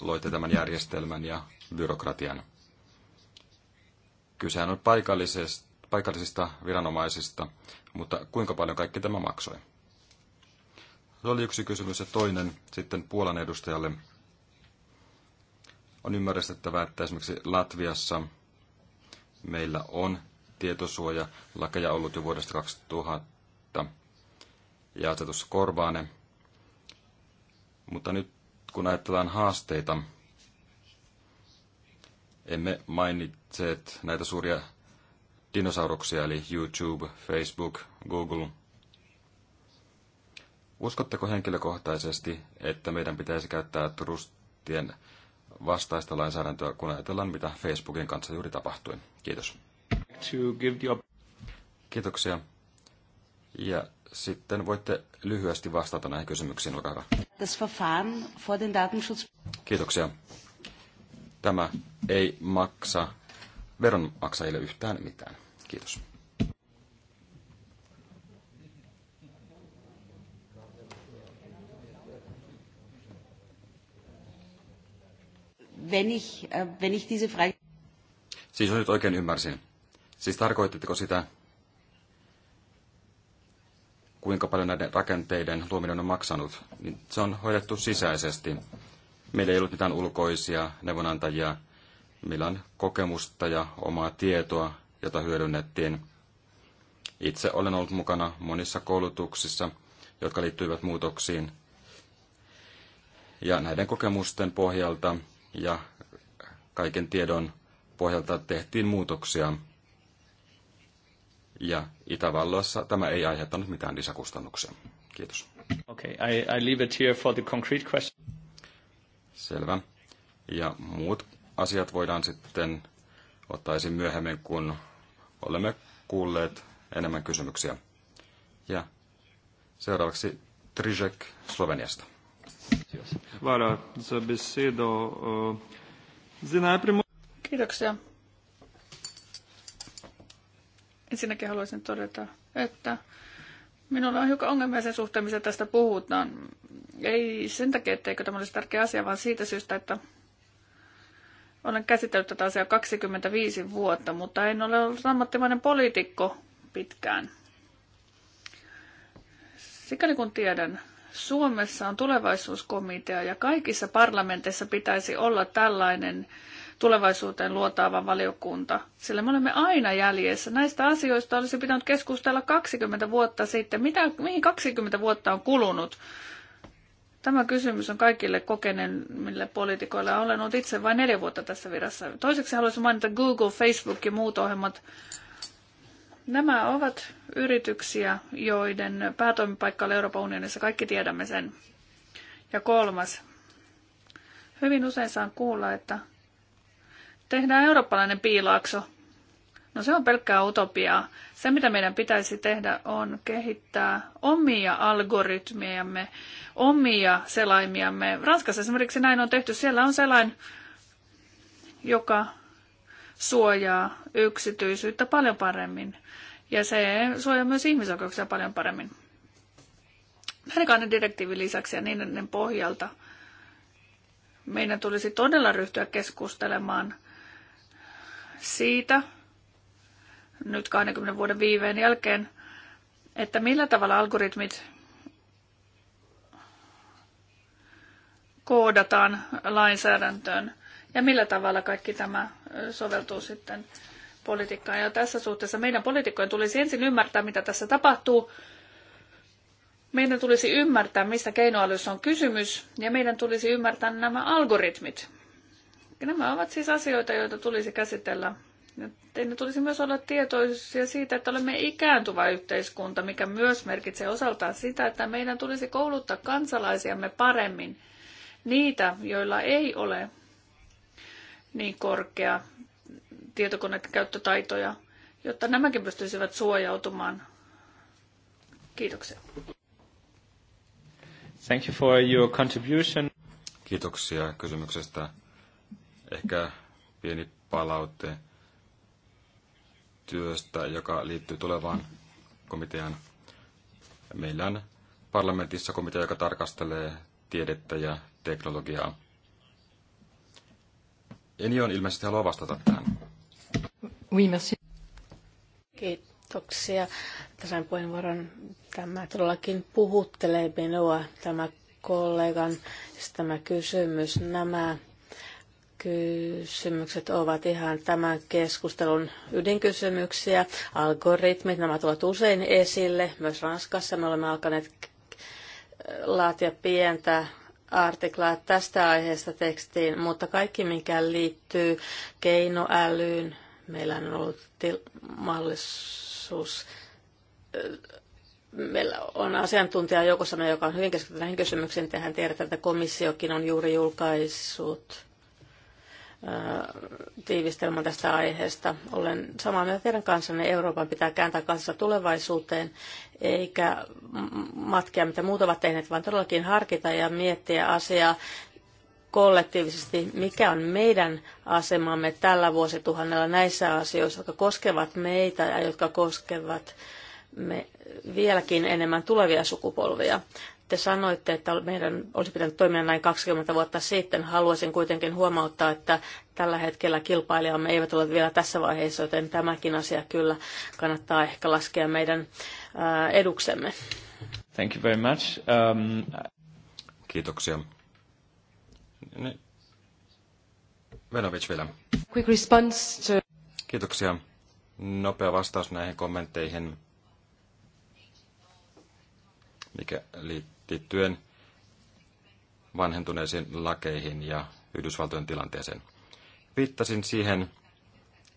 loitte tämän järjestelmän ja byrokratian. Kysehän on paikallisesta paikallisista viranomaisista, mutta kuinka paljon kaikki tämä maksoi? Se oli yksi kysymys ja toinen sitten Puolan edustajalle. On ymmärrettävää, että esimerkiksi Latviassa meillä on tietosuojalakeja ollut jo vuodesta 2000 ja asetus korvaa ne. Mutta nyt kun ajatellaan haasteita, emme mainitse näitä suuria dinosauruksia, eli YouTube, Facebook, Google. Uskotteko henkilökohtaisesti, että meidän pitäisi käyttää turustien vastaista lainsäädäntöä, kun ajatellaan, mitä Facebookin kanssa juuri tapahtui? Kiitos. Kiitoksia. Ja sitten voitte lyhyesti vastata näihin kysymyksiin, olkaa hyvä. Kiitoksia. Tämä ei maksa veronmaksajille yhtään mitään. Kiitos. Wenn ich, äh, wenn ich diese Frage... Siis jos nyt oikein ymmärsin. Siis tarkoititteko sitä, kuinka paljon näiden rakenteiden luominen on maksanut, niin se on hoidettu sisäisesti. Meillä ei ollut mitään ulkoisia neuvonantajia, meillä on kokemusta ja omaa tietoa jota hyödynnettiin. Itse olen ollut mukana monissa koulutuksissa, jotka liittyivät muutoksiin. Ja näiden kokemusten pohjalta ja kaiken tiedon pohjalta tehtiin muutoksia. Ja Itävallassa tämä ei aiheuttanut mitään lisäkustannuksia. Kiitos. Okay, I, I leave it here for the concrete question. Selvä. Ja muut asiat voidaan sitten ottaisin myöhemmin, kun olemme kuulleet enemmän kysymyksiä. Ja seuraavaksi Trizek Sloveniasta. Eh, Kiitoksia. Ensinnäkin haluaisin todeta, että minulla on hiukan ongelmia sen suhteen, mistä tästä puhutaan. Ei sen takia, etteikö tämä olisi tärkeä asia, vaan siitä syystä, että olen käsitellyt tätä asiaa 25 vuotta, mutta en ole ollut ammattimainen poliitikko pitkään. Sikäli kun tiedän, Suomessa on tulevaisuuskomitea ja kaikissa parlamenteissa pitäisi olla tällainen tulevaisuuteen luotaava valiokunta, sillä me olemme aina jäljessä. Näistä asioista olisi pitänyt keskustella 20 vuotta sitten. Mitä, mihin 20 vuotta on kulunut? Tämä kysymys on kaikille kokeneemmille poliitikoille. Olen ollut itse vain neljä vuotta tässä virassa. Toiseksi haluaisin mainita Google, Facebook ja muut ohjelmat. Nämä ovat yrityksiä, joiden päätoimipaikka on Euroopan unionissa. Kaikki tiedämme sen. Ja kolmas. Hyvin usein saan kuulla, että tehdään eurooppalainen piilaakso. No se on pelkkää utopiaa. Se, mitä meidän pitäisi tehdä, on kehittää omia algoritmiamme, omia selaimiamme. Ranskassa esimerkiksi näin on tehty. Siellä on selain, joka suojaa yksityisyyttä paljon paremmin. Ja se suojaa myös ihmisoikeuksia paljon paremmin. Merikainen direktiivin lisäksi ja niiden pohjalta meidän tulisi todella ryhtyä keskustelemaan siitä, nyt 20 vuoden viiveen jälkeen, että millä tavalla algoritmit koodataan lainsäädäntöön ja millä tavalla kaikki tämä soveltuu sitten politiikkaan. Ja tässä suhteessa meidän poliitikkojen tulisi ensin ymmärtää, mitä tässä tapahtuu. Meidän tulisi ymmärtää, mistä keinoälyssä on kysymys, ja meidän tulisi ymmärtää nämä algoritmit. Nämä ovat siis asioita, joita tulisi käsitellä ne tulisi myös olla tietoisia siitä, että olemme ikääntyvä yhteiskunta, mikä myös merkitsee osaltaan sitä, että meidän tulisi kouluttaa kansalaisiamme paremmin niitä, joilla ei ole niin korkea tietokonekäyttötaitoja, jotta nämäkin pystyisivät suojautumaan. Kiitoksia. Thank you for your contribution. Kiitoksia kysymyksestä. Ehkä pieni palaute työstä, joka liittyy tulevaan komiteaan. Meillä on parlamentissa komitea, joka tarkastelee tiedettä ja teknologiaa. on ilmeisesti haluaa vastata tähän. Oui, merci. Kiitoksia. Tässä puheenvuoron tämä todellakin puhuttelee minua, tämä kollegan tämä kysymys. Nämä kysymykset ovat ihan tämän keskustelun ydinkysymyksiä. Algoritmit, nämä tuovat usein esille. Myös Ranskassa me olemme alkaneet laatia pientä artiklaa tästä aiheesta tekstiin, mutta kaikki, mikä liittyy keinoälyyn, meillä on ollut mahdollisuus meillä on asiantuntija joukossa, joka on hyvin keskittynyt näihin kysymyksiin. Tehän tiedetään, että komissiokin on juuri julkaissut tiivistelmän tästä aiheesta. Olen samaa mieltä teidän kanssanne. Euroopan pitää kääntää kanssa tulevaisuuteen, eikä matkia, mitä muut ovat tehneet, vaan todellakin harkita ja miettiä asiaa kollektiivisesti, mikä on meidän asemamme tällä vuosituhannella näissä asioissa, jotka koskevat meitä ja jotka koskevat me vieläkin enemmän tulevia sukupolvia. Te sanoitte, että meidän olisi pitänyt toimia näin 20 vuotta sitten. Haluaisin kuitenkin huomauttaa, että tällä hetkellä kilpailijamme eivät ole vielä tässä vaiheessa, joten tämäkin asia kyllä kannattaa ehkä laskea meidän eduksemme. Thank you very much. Um... Kiitoksia. Venovic vielä. Quick response to... Kiitoksia. Nopea vastaus näihin kommentteihin, mikä liittyy liittyen vanhentuneisiin lakeihin ja Yhdysvaltojen tilanteeseen. Viittasin siihen,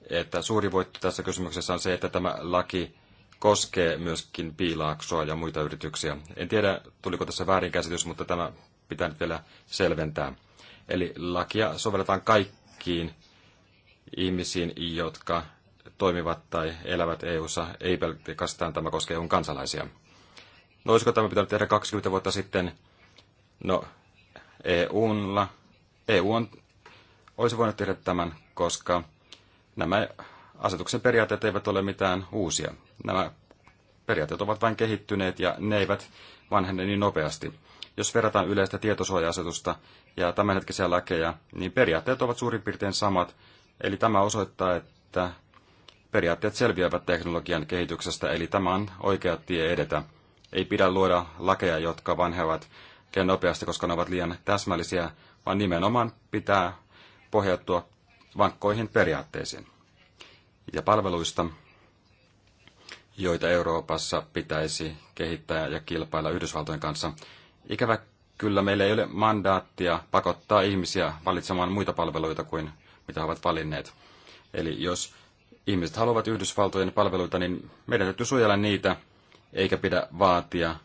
että suuri voitto tässä kysymyksessä on se, että tämä laki koskee myöskin piilaaksoa ja muita yrityksiä. En tiedä, tuliko tässä väärinkäsitys, mutta tämä pitää nyt vielä selventää. Eli lakia sovelletaan kaikkiin ihmisiin, jotka toimivat tai elävät EU-ssa, ei pelkästään tämä koskee eu kansalaisia. No olisiko tämä pitänyt tehdä 20 vuotta sitten? No EUlla, EU on, olisi voinut tehdä tämän, koska nämä asetuksen periaatteet eivät ole mitään uusia. Nämä periaatteet ovat vain kehittyneet ja ne eivät vanhene niin nopeasti. Jos verrataan yleistä tietosuoja-asetusta ja tämänhetkisiä lakeja, niin periaatteet ovat suurin piirtein samat. Eli tämä osoittaa, että periaatteet selviävät teknologian kehityksestä, eli tämä on oikea tie edetä. Ei pidä luoda lakeja, jotka vanhevat liian nopeasti, koska ne ovat liian täsmällisiä, vaan nimenomaan pitää pohjautua vankkoihin periaatteisiin. Ja palveluista, joita Euroopassa pitäisi kehittää ja kilpailla Yhdysvaltojen kanssa. Ikävä kyllä meillä ei ole mandaattia pakottaa ihmisiä valitsemaan muita palveluita kuin mitä he ovat valinneet. Eli jos ihmiset haluavat Yhdysvaltojen palveluita, niin meidän täytyy suojella niitä eikä pidä vaatia,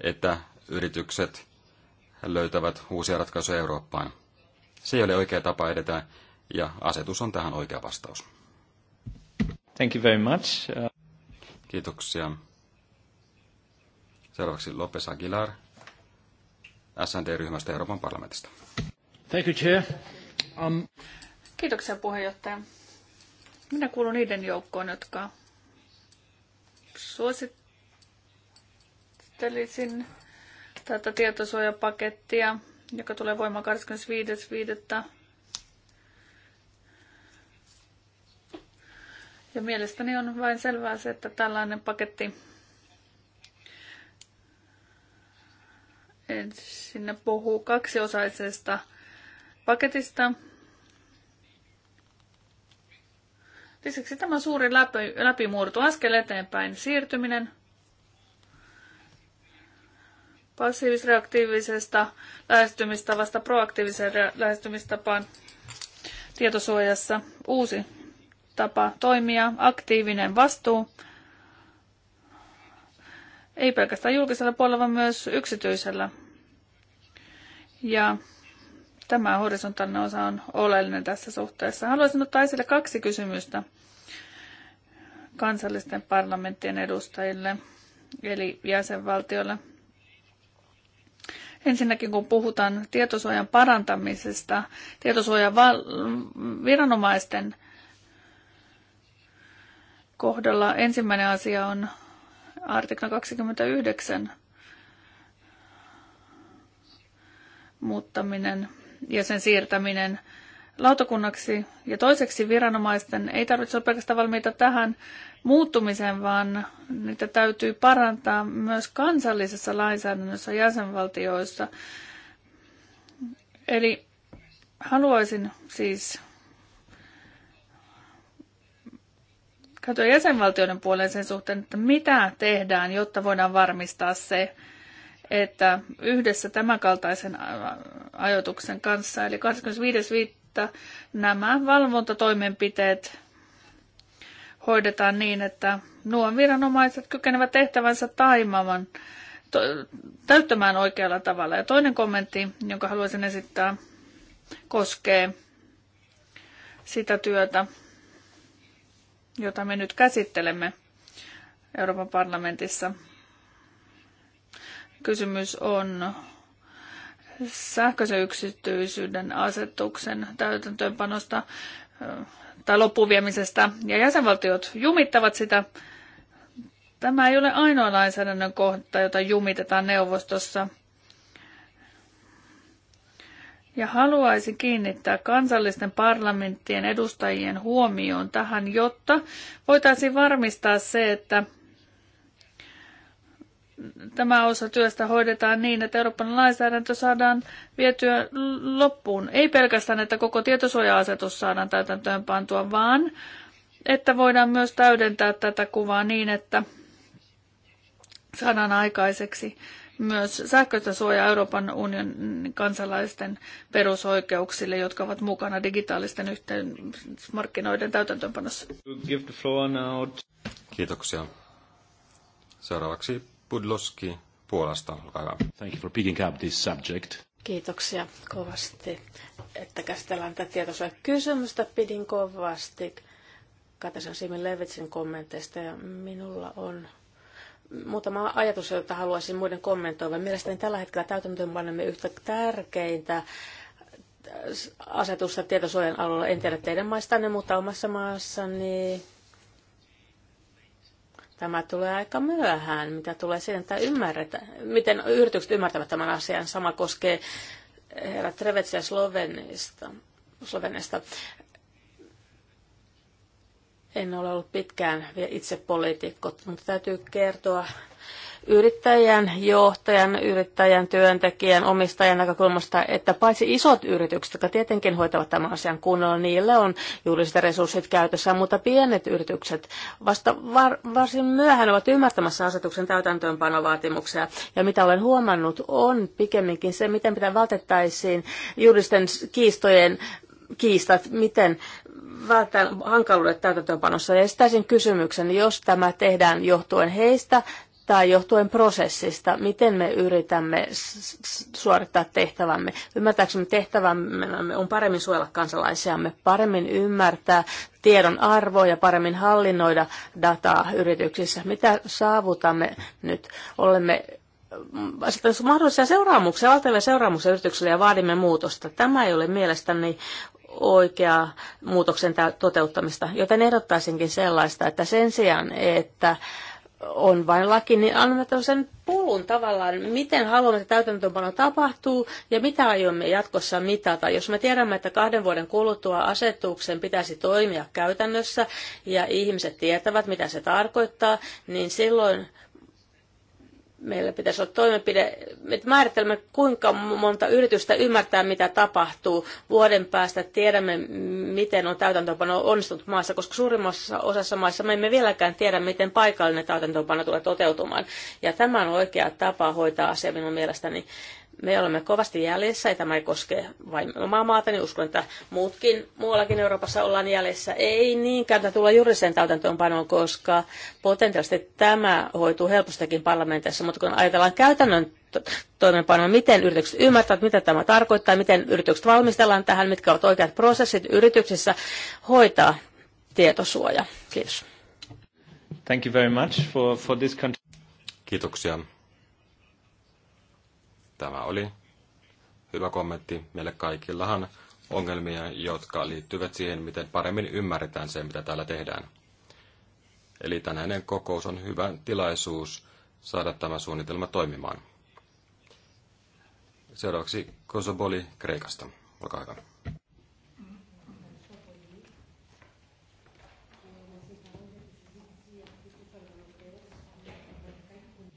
että yritykset löytävät uusia ratkaisuja Eurooppaan. Se ei ole oikea tapa edetä, ja asetus on tähän oikea vastaus. Thank you very much. Kiitoksia. Seuraavaksi Lopes Aguilar, SND-ryhmästä Euroopan parlamentista. Thank you, Chair. Um... Kiitoksia puheenjohtaja. Minä kuulun niiden joukkoon, jotka suosittavat käsittelisin tätä tietosuojapakettia, joka tulee voimaan 25.5. Ja mielestäni on vain selvää se, että tällainen paketti sinne puhuu kaksiosaisesta paketista. Lisäksi tämä suuri läpi, läpimurto askel eteenpäin siirtyminen – passiivisreaktiivisesta lähestymistavasta proaktiiviseen lähestymistapaan tietosuojassa. Uusi tapa toimia, aktiivinen vastuu, ei pelkästään julkisella puolella, vaan myös yksityisellä. Ja tämä horisontaalinen osa on oleellinen tässä suhteessa. Haluaisin ottaa esille kaksi kysymystä kansallisten parlamenttien edustajille, eli jäsenvaltioille. Ensinnäkin kun puhutaan tietosuojan parantamisesta, tietosuojan viranomaisten kohdalla ensimmäinen asia on artikla 29 muuttaminen ja sen siirtäminen lautakunnaksi ja toiseksi viranomaisten ei tarvitse olla pelkästään valmiita tähän muuttumiseen, vaan niitä täytyy parantaa myös kansallisessa lainsäädännössä jäsenvaltioissa. Eli haluaisin siis katsoa jäsenvaltioiden puoleen sen suhteen, että mitä tehdään, jotta voidaan varmistaa se, että yhdessä tämänkaltaisen ajoituksen kanssa, eli 25 että nämä valvontatoimenpiteet hoidetaan niin, että nuo viranomaiset kykenevät tehtävänsä taimavan to, täyttämään oikealla tavalla. Ja toinen kommentti, jonka haluaisin esittää, koskee sitä työtä, jota me nyt käsittelemme Euroopan parlamentissa. Kysymys on sähköisen yksityisyyden asetuksen täytäntöönpanosta tai loppuviemisestä, ja jäsenvaltiot jumittavat sitä. Tämä ei ole ainoa lainsäädännön kohta, jota jumitetaan neuvostossa. Ja haluaisin kiinnittää kansallisten parlamenttien edustajien huomioon tähän, jotta voitaisiin varmistaa se, että tämä osa työstä hoidetaan niin, että Euroopan lainsäädäntö saadaan vietyä loppuun. Ei pelkästään, että koko tietosuoja-asetus saadaan täytäntöön pantua, vaan että voidaan myös täydentää tätä kuvaa niin, että saadaan aikaiseksi myös sähköistä suojaa Euroopan unionin kansalaisten perusoikeuksille, jotka ovat mukana digitaalisten yhteismarkkinoiden täytäntöönpanossa. Kiitoksia. Seuraavaksi Budloski Puolasta, olkaa hyvä. Thank you for picking up this subject. Kiitoksia kovasti, että käsitellään tätä tietoisuuden kysymystä. Pidin kovasti Katasen Simin Levitsin kommenteista ja minulla on muutama ajatus, jota haluaisin muiden kommentoivan. Mielestäni tällä hetkellä täytäntöönpanemme yhtä tärkeintä asetusta tietosuojan alueella. En tiedä teidän maistanne, mutta omassa maassani Tämä tulee aika myöhään, mitä tulee siihen, että ymmärretä, miten yritykset ymmärtävät tämän asian. Sama koskee herra Trevetsiä Slovenista. Slovenista. En ole ollut pitkään itse poliitikko, mutta täytyy kertoa yrittäjän, johtajan, yrittäjän, työntekijän, omistajan näkökulmasta, että paitsi isot yritykset, jotka tietenkin hoitavat tämän asian kunnolla, niillä on juuri sitä resurssit käytössä, mutta pienet yritykset vasta var, varsin myöhään ovat ymmärtämässä asetuksen täytäntöönpanovaatimuksia. Ja mitä olen huomannut, on pikemminkin se, miten pitää vältettäisiin juuristen kiistojen kiistat, miten välttää hankaluudet täytäntöönpanossa. Ja estäisin kysymyksen, jos tämä tehdään johtuen heistä tai johtuen prosessista, miten me yritämme suorittaa tehtävämme. Ymmärtääksemme tehtävämme on paremmin suojella kansalaisiamme, paremmin ymmärtää tiedon arvoa ja paremmin hallinnoida dataa yrityksissä. Mitä saavutamme nyt? Olemme mm, sitten mahdollisia seuraamuksia, valtavia seuraamuksia yrityksille ja vaadimme muutosta. Tämä ei ole mielestäni oikeaa muutoksen toteuttamista, joten ehdottaisinkin sellaista, että sen sijaan, että on vain laki, niin annamme tämmöisen polun tavallaan, miten haluamme, että täytäntöönpano tapahtuu ja mitä aiomme jatkossa mitata. Jos me tiedämme, että kahden vuoden kuluttua asetuksen pitäisi toimia käytännössä ja ihmiset tietävät, mitä se tarkoittaa, niin silloin meillä pitäisi olla toimenpide, että määritelmä kuinka monta yritystä ymmärtää, mitä tapahtuu. Vuoden päästä tiedämme, miten on täytäntöönpano onnistunut maassa, koska suurimmassa osassa maissa me emme vieläkään tiedä, miten paikallinen täytäntöönpano tulee toteutumaan. Ja tämä on oikea tapa hoitaa asia minun mielestäni. Me olemme kovasti jäljessä, ja tämä ei koske vain omaa maata, niin uskon, että muutkin, muuallakin Euroopassa ollaan jäljessä. Ei niinkään tätä tulla juuri sen täytäntöönpanoon, koska potentiaalisesti tämä hoituu helpostikin parlamentissa, mutta kun ajatellaan käytännön toimeenpanoa, miten yritykset ymmärtävät, mitä tämä tarkoittaa, miten yritykset valmistellaan tähän, mitkä ovat oikeat prosessit yrityksissä hoitaa tietosuoja. Kiitos. Thank you very much for, for this Kiitoksia Tämä oli hyvä kommentti meille kaikillahan ongelmia, jotka liittyvät siihen, miten paremmin ymmärretään se, mitä täällä tehdään. Eli tänäinen kokous on hyvä tilaisuus saada tämä suunnitelma toimimaan. Seuraavaksi Kosoboli Kreikasta. Olkaa hyvä.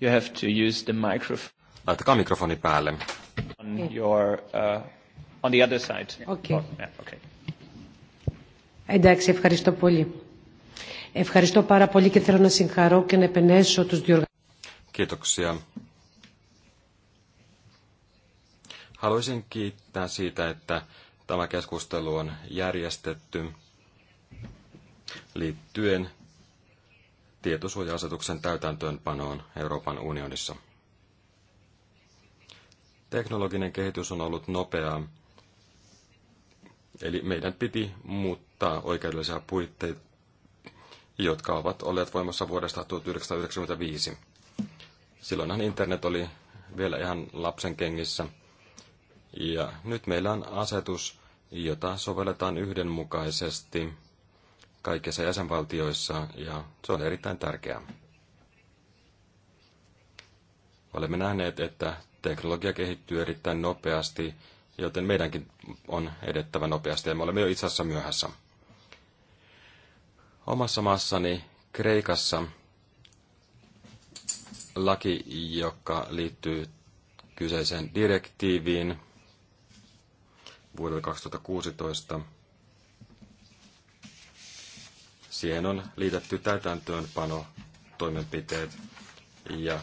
You have to use the microphone. Laittakaa mikrofoni päälle. On, your, uh, on the other side. Okay. Or, oh, yeah, okay. Εντάξει, ευχαριστώ πολύ. Ευχαριστώ πάρα πολύ και θέλω να συγχαρώ και να επενέσω τους Kiitoksia. Haluaisin kiittää siitä, että tämä keskustelu on järjestetty liittyen tietosuoja-asetuksen täytäntöönpanoon Euroopan unionissa. Teknologinen kehitys on ollut nopeaa, eli meidän piti muuttaa oikeudellisia puitteita, jotka ovat olleet voimassa vuodesta 1995. Silloinhan internet oli vielä ihan lapsen kengissä. Ja nyt meillä on asetus, jota sovelletaan yhdenmukaisesti kaikissa jäsenvaltioissa, ja se on erittäin tärkeää. Olemme nähneet, että teknologia kehittyy erittäin nopeasti, joten meidänkin on edettävä nopeasti ja me olemme jo itse asiassa myöhässä. Omassa maassani Kreikassa laki, joka liittyy kyseiseen direktiiviin vuodelta 2016. Siihen on liitetty täytäntöönpano toimenpiteet ja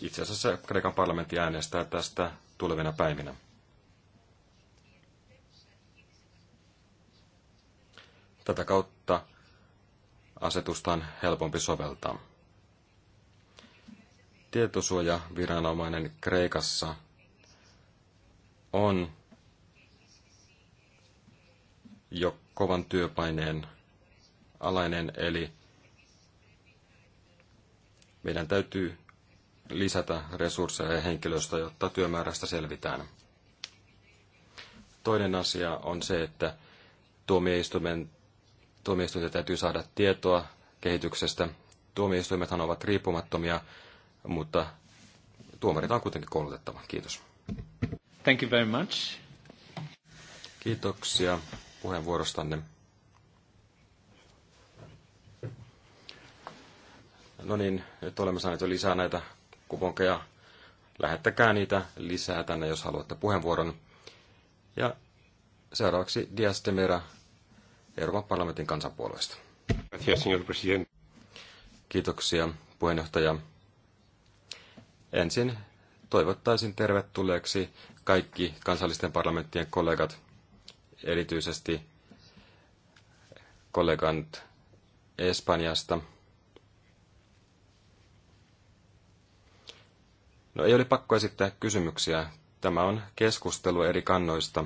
itse asiassa Kreikan parlamentti äänestää tästä tulevina päivinä. Tätä kautta asetusta on helpompi soveltaa. Tietosuojaviranomainen Kreikassa on jo kovan työpaineen alainen, eli meidän täytyy lisätä resursseja ja henkilöstöä, jotta työmäärästä selvitään. Toinen asia on se, että tuomioistuimen, tuomioistuinten täytyy saada tietoa kehityksestä. Tuomioistuimethan ovat riippumattomia, mutta tuomarit on kuitenkin koulutettava. Kiitos. Thank you very much. Kiitoksia puheenvuorostanne. No niin, nyt olemme saaneet jo lisää näitä kuponkeja. Lähettäkää niitä lisää tänne, jos haluatte puheenvuoron. Ja seuraavaksi Dias de Euroopan parlamentin kansanpuolueesta. Kiitoksia, puheenjohtaja. Ensin toivottaisin tervetulleeksi kaikki kansallisten parlamenttien kollegat, erityisesti kollegat Espanjasta – No ei ole pakko esittää kysymyksiä. Tämä on keskustelu eri kannoista.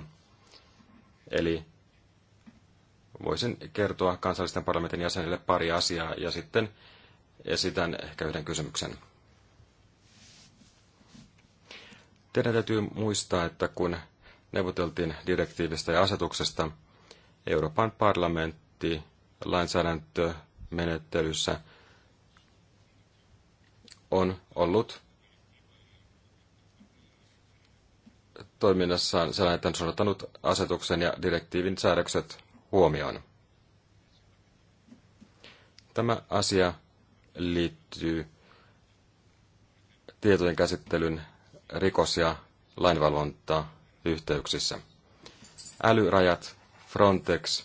Eli voisin kertoa kansallisten parlamentin jäsenille pari asiaa ja sitten esitän ehkä yhden kysymyksen. Teidän täytyy muistaa, että kun neuvoteltiin direktiivistä ja asetuksesta, Euroopan parlamentti lainsäädäntömenettelyssä on ollut toiminnassaan sellainen, että on asetuksen ja direktiivin säädökset huomioon. Tämä asia liittyy tietojen käsittelyn rikos- ja yhteyksissä Älyrajat, Frontex,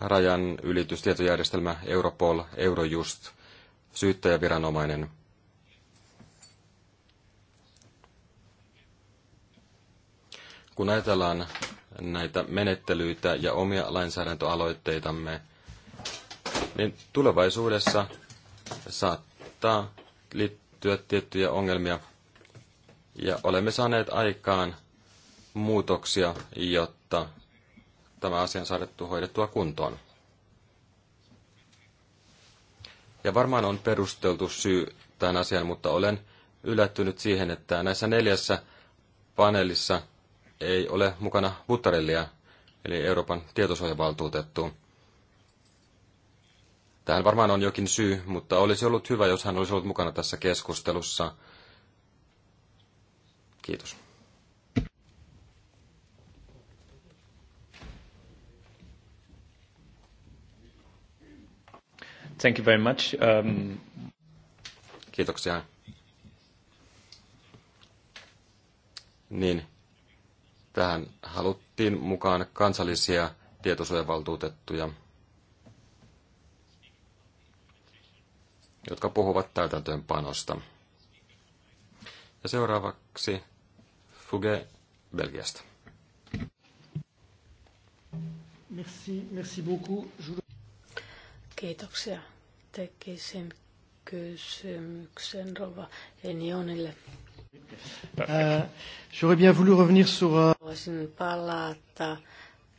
rajan ylitystietojärjestelmä, Europol, Eurojust, syyttäjäviranomainen – Kun ajatellaan näitä menettelyitä ja omia lainsäädäntöaloitteitamme, niin tulevaisuudessa saattaa liittyä tiettyjä ongelmia. Ja olemme saaneet aikaan muutoksia, jotta tämä asia on saadettu hoidettua kuntoon. Ja varmaan on perusteltu syy tähän asiaan, mutta olen yllättynyt siihen, että näissä neljässä paneelissa – ei ole mukana Buttarellia, eli Euroopan tietosuojavaltuutettu. Tähän varmaan on jokin syy, mutta olisi ollut hyvä, jos hän olisi ollut mukana tässä keskustelussa. Kiitos. Thank you very much. Um... Kiitoksia. Niin, Tähän haluttiin mukaan kansallisia tietosuojavaltuutettuja, jotka puhuvat täytäntöönpanosta. Ja seuraavaksi Fuge Belgiasta. Merci, merci beaucoup. Je... Kiitoksia. Tekisin kysymyksen Rova Enionille. Uh, uh, Voisin palata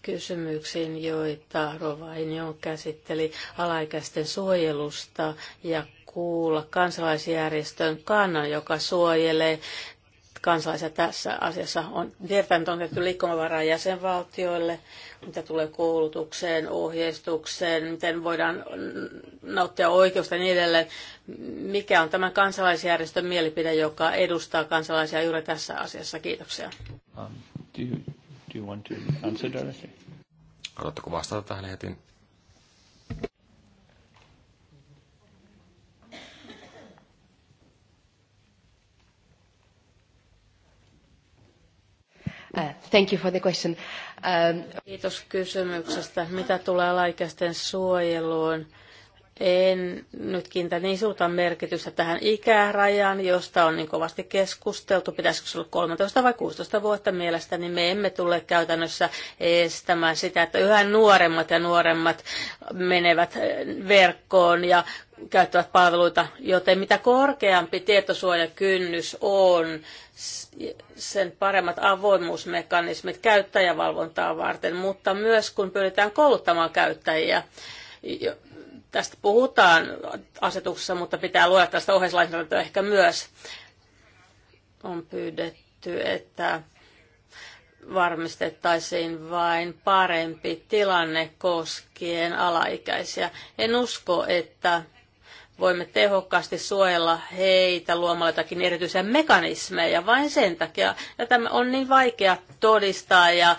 kysymyksiin, joita Rovainio käsitteli alaikäisten suojelusta ja kuulla kansalaisjärjestön kannan, joka suojelee kansalaisia tässä asiassa on tietänyt on tehty liikkumavaraa jäsenvaltioille, mitä tulee koulutukseen, ohjeistukseen, miten voidaan nauttia oikeusta ja niin edelleen. Mikä on tämän kansalaisjärjestön mielipide, joka edustaa kansalaisia juuri tässä asiassa? Kiitoksia. Um, do you, do you want to answer directly? Haluatteko vastata tähän heti Uh, thank you for the question. Um... Kiitos kysymyksestä. Mitä tulee alaikäisten suojeluun? En nyt kiinnitä niin suurta merkitystä tähän ikärajaan, josta on niin kovasti keskusteltu. Pitäisikö se olla 13 vai 16 vuotta mielestäni, niin me emme tule käytännössä estämään sitä, että yhä nuoremmat ja nuoremmat menevät eh, verkkoon ja käyttävät palveluita, joten mitä korkeampi tietosuojakynnys on, sen paremmat avoimuusmekanismit käyttäjävalvontaa varten, mutta myös kun pyritään kouluttamaan käyttäjiä Tästä puhutaan asetuksessa, mutta pitää luoda tästä ohjeislainsäädäntöä ehkä myös. On pyydetty, että varmistettaisiin vain parempi tilanne koskien alaikäisiä. En usko, että voimme tehokkaasti suojella heitä luomalla jotakin erityisiä mekanismeja vain sen takia. Ja tämä on niin vaikea todistaa ja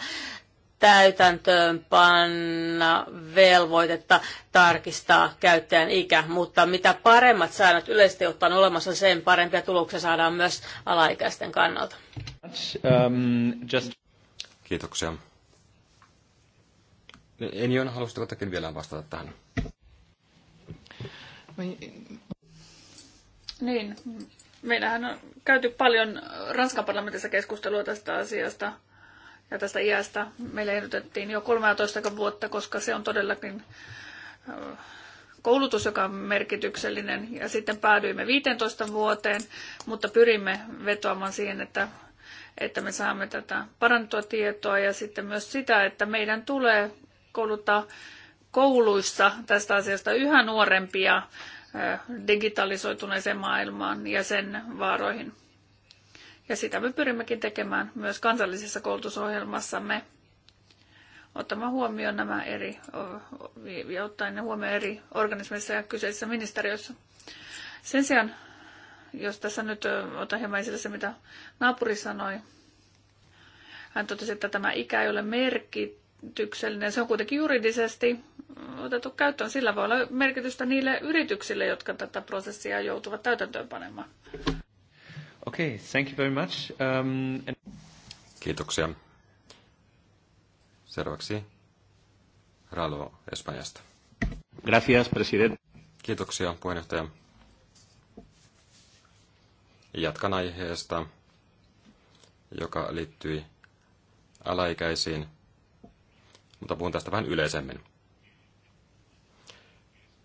täytäntöönpanna velvoitetta tarkistaa käyttäjän ikä, mutta mitä paremmat säännöt yleisesti ottaen olemassa, sen parempia tuloksia saadaan myös alaikäisten kannalta. Um, Kiitoksia. Enjon, haluaisitko tekin vielä vastata tähän? Niin, meillähän on käyty paljon Ranskan parlamentissa keskustelua tästä asiasta – ja tästä iästä meille ehdotettiin jo 13 vuotta, koska se on todellakin koulutus, joka on merkityksellinen. Ja sitten päädyimme 15 vuoteen, mutta pyrimme vetoamaan siihen, että, että me saamme tätä parantua tietoa ja sitten myös sitä, että meidän tulee kouluttaa kouluissa tästä asiasta yhä nuorempia digitalisoituneeseen maailmaan ja sen vaaroihin. Ja sitä me pyrimmekin tekemään myös kansallisessa koulutusohjelmassamme ottamaan huomioon nämä eri, ja ottaen ne huomioon eri organismeissa ja kyseisissä ministeriöissä. Sen sijaan, jos tässä nyt otan hieman esille se, mitä naapuri sanoi, hän totesi, että tämä ikä ei ole merkityksellinen. Se on kuitenkin juridisesti mm, otettu käyttöön. Sillä voi olla merkitystä niille yrityksille, jotka tätä prosessia joutuvat panemaan. Okay, thank you very much. Um, and... Kiitoksia. Seuraavaksi Ralo Espanjasta. Gracias, president. Kiitoksia, puheenjohtaja. Jatkan aiheesta, joka liittyy alaikäisiin, mutta puhun tästä vähän yleisemmin.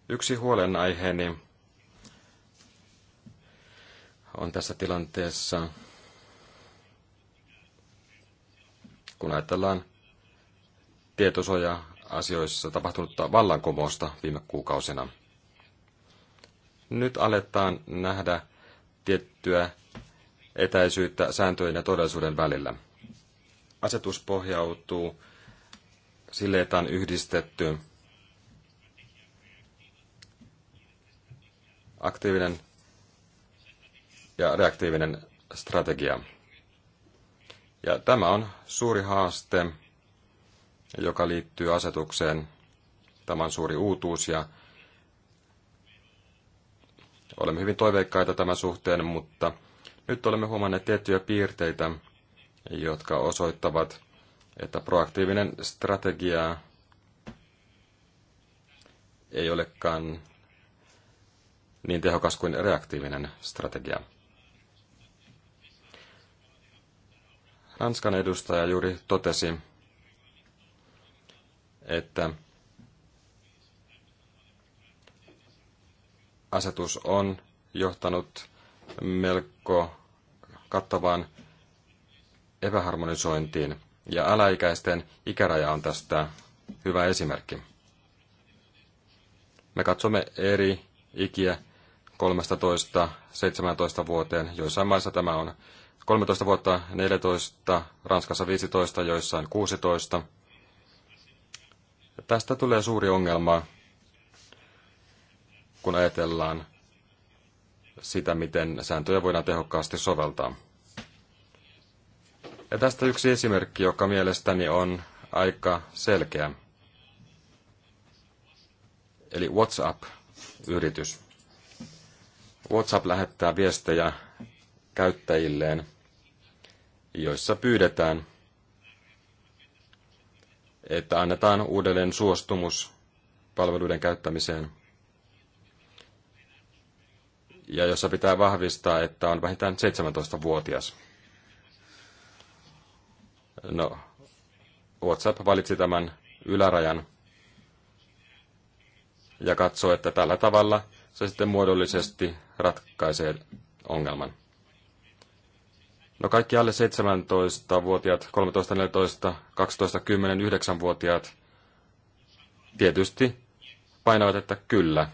Yksi huolenaiheeni on tässä tilanteessa, kun ajatellaan tietosuoja asioissa tapahtunutta vallankumousta viime kuukausina. Nyt aletaan nähdä tiettyä etäisyyttä sääntöjen ja todellisuuden välillä. Asetus pohjautuu sille, että on yhdistetty aktiivinen ja reaktiivinen strategia. Ja tämä on suuri haaste, joka liittyy asetukseen. Tämä on suuri uutuus ja olemme hyvin toiveikkaita tämän suhteen, mutta nyt olemme huomanneet tiettyjä piirteitä, jotka osoittavat, että proaktiivinen strategia ei olekaan niin tehokas kuin reaktiivinen strategia. Hanskan edustaja juuri totesi, että asetus on johtanut melko kattavaan epäharmonisointiin, ja äläikäisten ikäraja on tästä hyvä esimerkki. Me katsomme eri ikiä 13-17 vuoteen. Joissain maissa tämä on 13 vuotta, 14, Ranskassa 15, joissain 16. Tästä tulee suuri ongelma, kun ajatellaan sitä, miten sääntöjä voidaan tehokkaasti soveltaa. Ja tästä yksi esimerkki, joka mielestäni on aika selkeä. Eli WhatsApp-yritys. WhatsApp lähettää viestejä käyttäjilleen – joissa pyydetään, että annetaan uudelleen suostumus palveluiden käyttämiseen ja jossa pitää vahvistaa, että on vähintään 17-vuotias. No, WhatsApp valitsi tämän ylärajan ja katsoo, että tällä tavalla se sitten muodollisesti ratkaisee ongelman. No kaikki alle 17-vuotiaat, 13, 14, 12, 10, 9-vuotiaat tietysti painavat, että kyllä.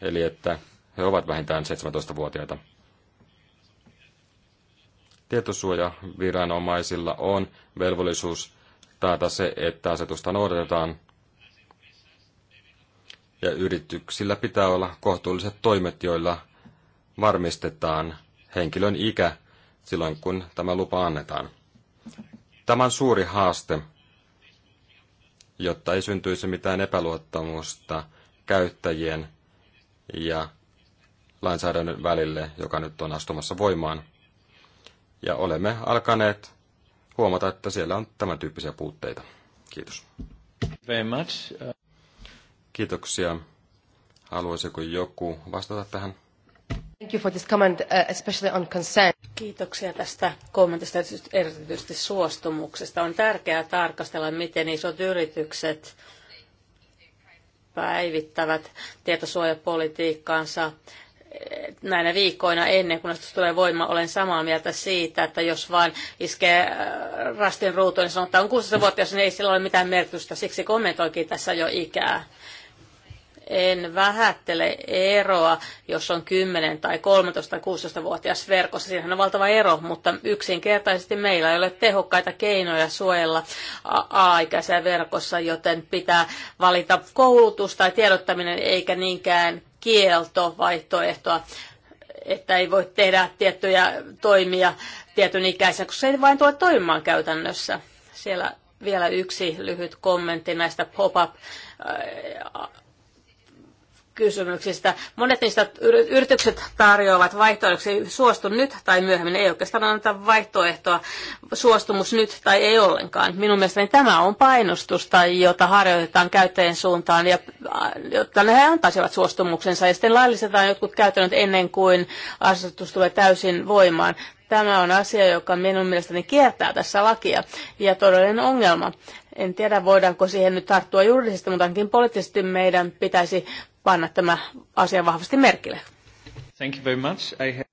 Eli että he ovat vähintään 17-vuotiaita. Tietosuojaviranomaisilla on velvollisuus taata se, että asetusta noudatetaan. Ja yrityksillä pitää olla kohtuulliset toimet, joilla varmistetaan henkilön ikä silloin, kun tämä lupa annetaan. Tämä on suuri haaste, jotta ei syntyisi mitään epäluottamusta käyttäjien ja lainsäädännön välille, joka nyt on astumassa voimaan. Ja olemme alkaneet huomata, että siellä on tämän tyyppisiä puutteita. Kiitos. Very much. Kiitoksia. Haluaisiko joku vastata tähän? Thank you for this comment, uh, especially on consent. Kiitoksia tästä kommentista, erityisesti suostumuksesta. On tärkeää tarkastella, miten isot yritykset päivittävät tietosuojapolitiikkaansa näinä viikkoina ennen kuin se tulee voima, olen samaa mieltä siitä, että jos vain iskee äh, rastin ruutuun, niin sanotaan, että on 16 vuotta, jos niin ei sillä ole mitään merkitystä. Siksi kommentoikin tässä jo ikää en vähättele eroa, jos on 10 tai 13 tai 16-vuotias verkossa. Siinähän on valtava ero, mutta yksinkertaisesti meillä ei ole tehokkaita keinoja suojella aikaisen aikaisia verkossa, joten pitää valita koulutus tai tiedottaminen eikä niinkään vaihtoehtoa että ei voi tehdä tiettyjä toimia tietyn ikäisen, koska se ei vain tule toimimaan käytännössä. Siellä vielä yksi lyhyt kommentti näistä pop-up äh, kysymyksistä. Monet niistä yritykset tarjoavat vaihtoehdoksi suostu nyt tai myöhemmin. Ei oikeastaan anneta vaihtoehtoa suostumus nyt tai ei ollenkaan. Minun mielestäni tämä on painostusta, jota harjoitetaan käyttäjien suuntaan, ja, äh, jotta he antaisivat suostumuksensa ja sitten laillistetaan jotkut käytännöt ennen kuin asetus tulee täysin voimaan. Tämä on asia, joka minun mielestäni kiertää tässä lakia ja todellinen ongelma. En tiedä, voidaanko siihen nyt tarttua juridisesti, mutta ainakin poliittisesti meidän pitäisi panna tämä asia vahvasti merkille. Thank you very much. I have...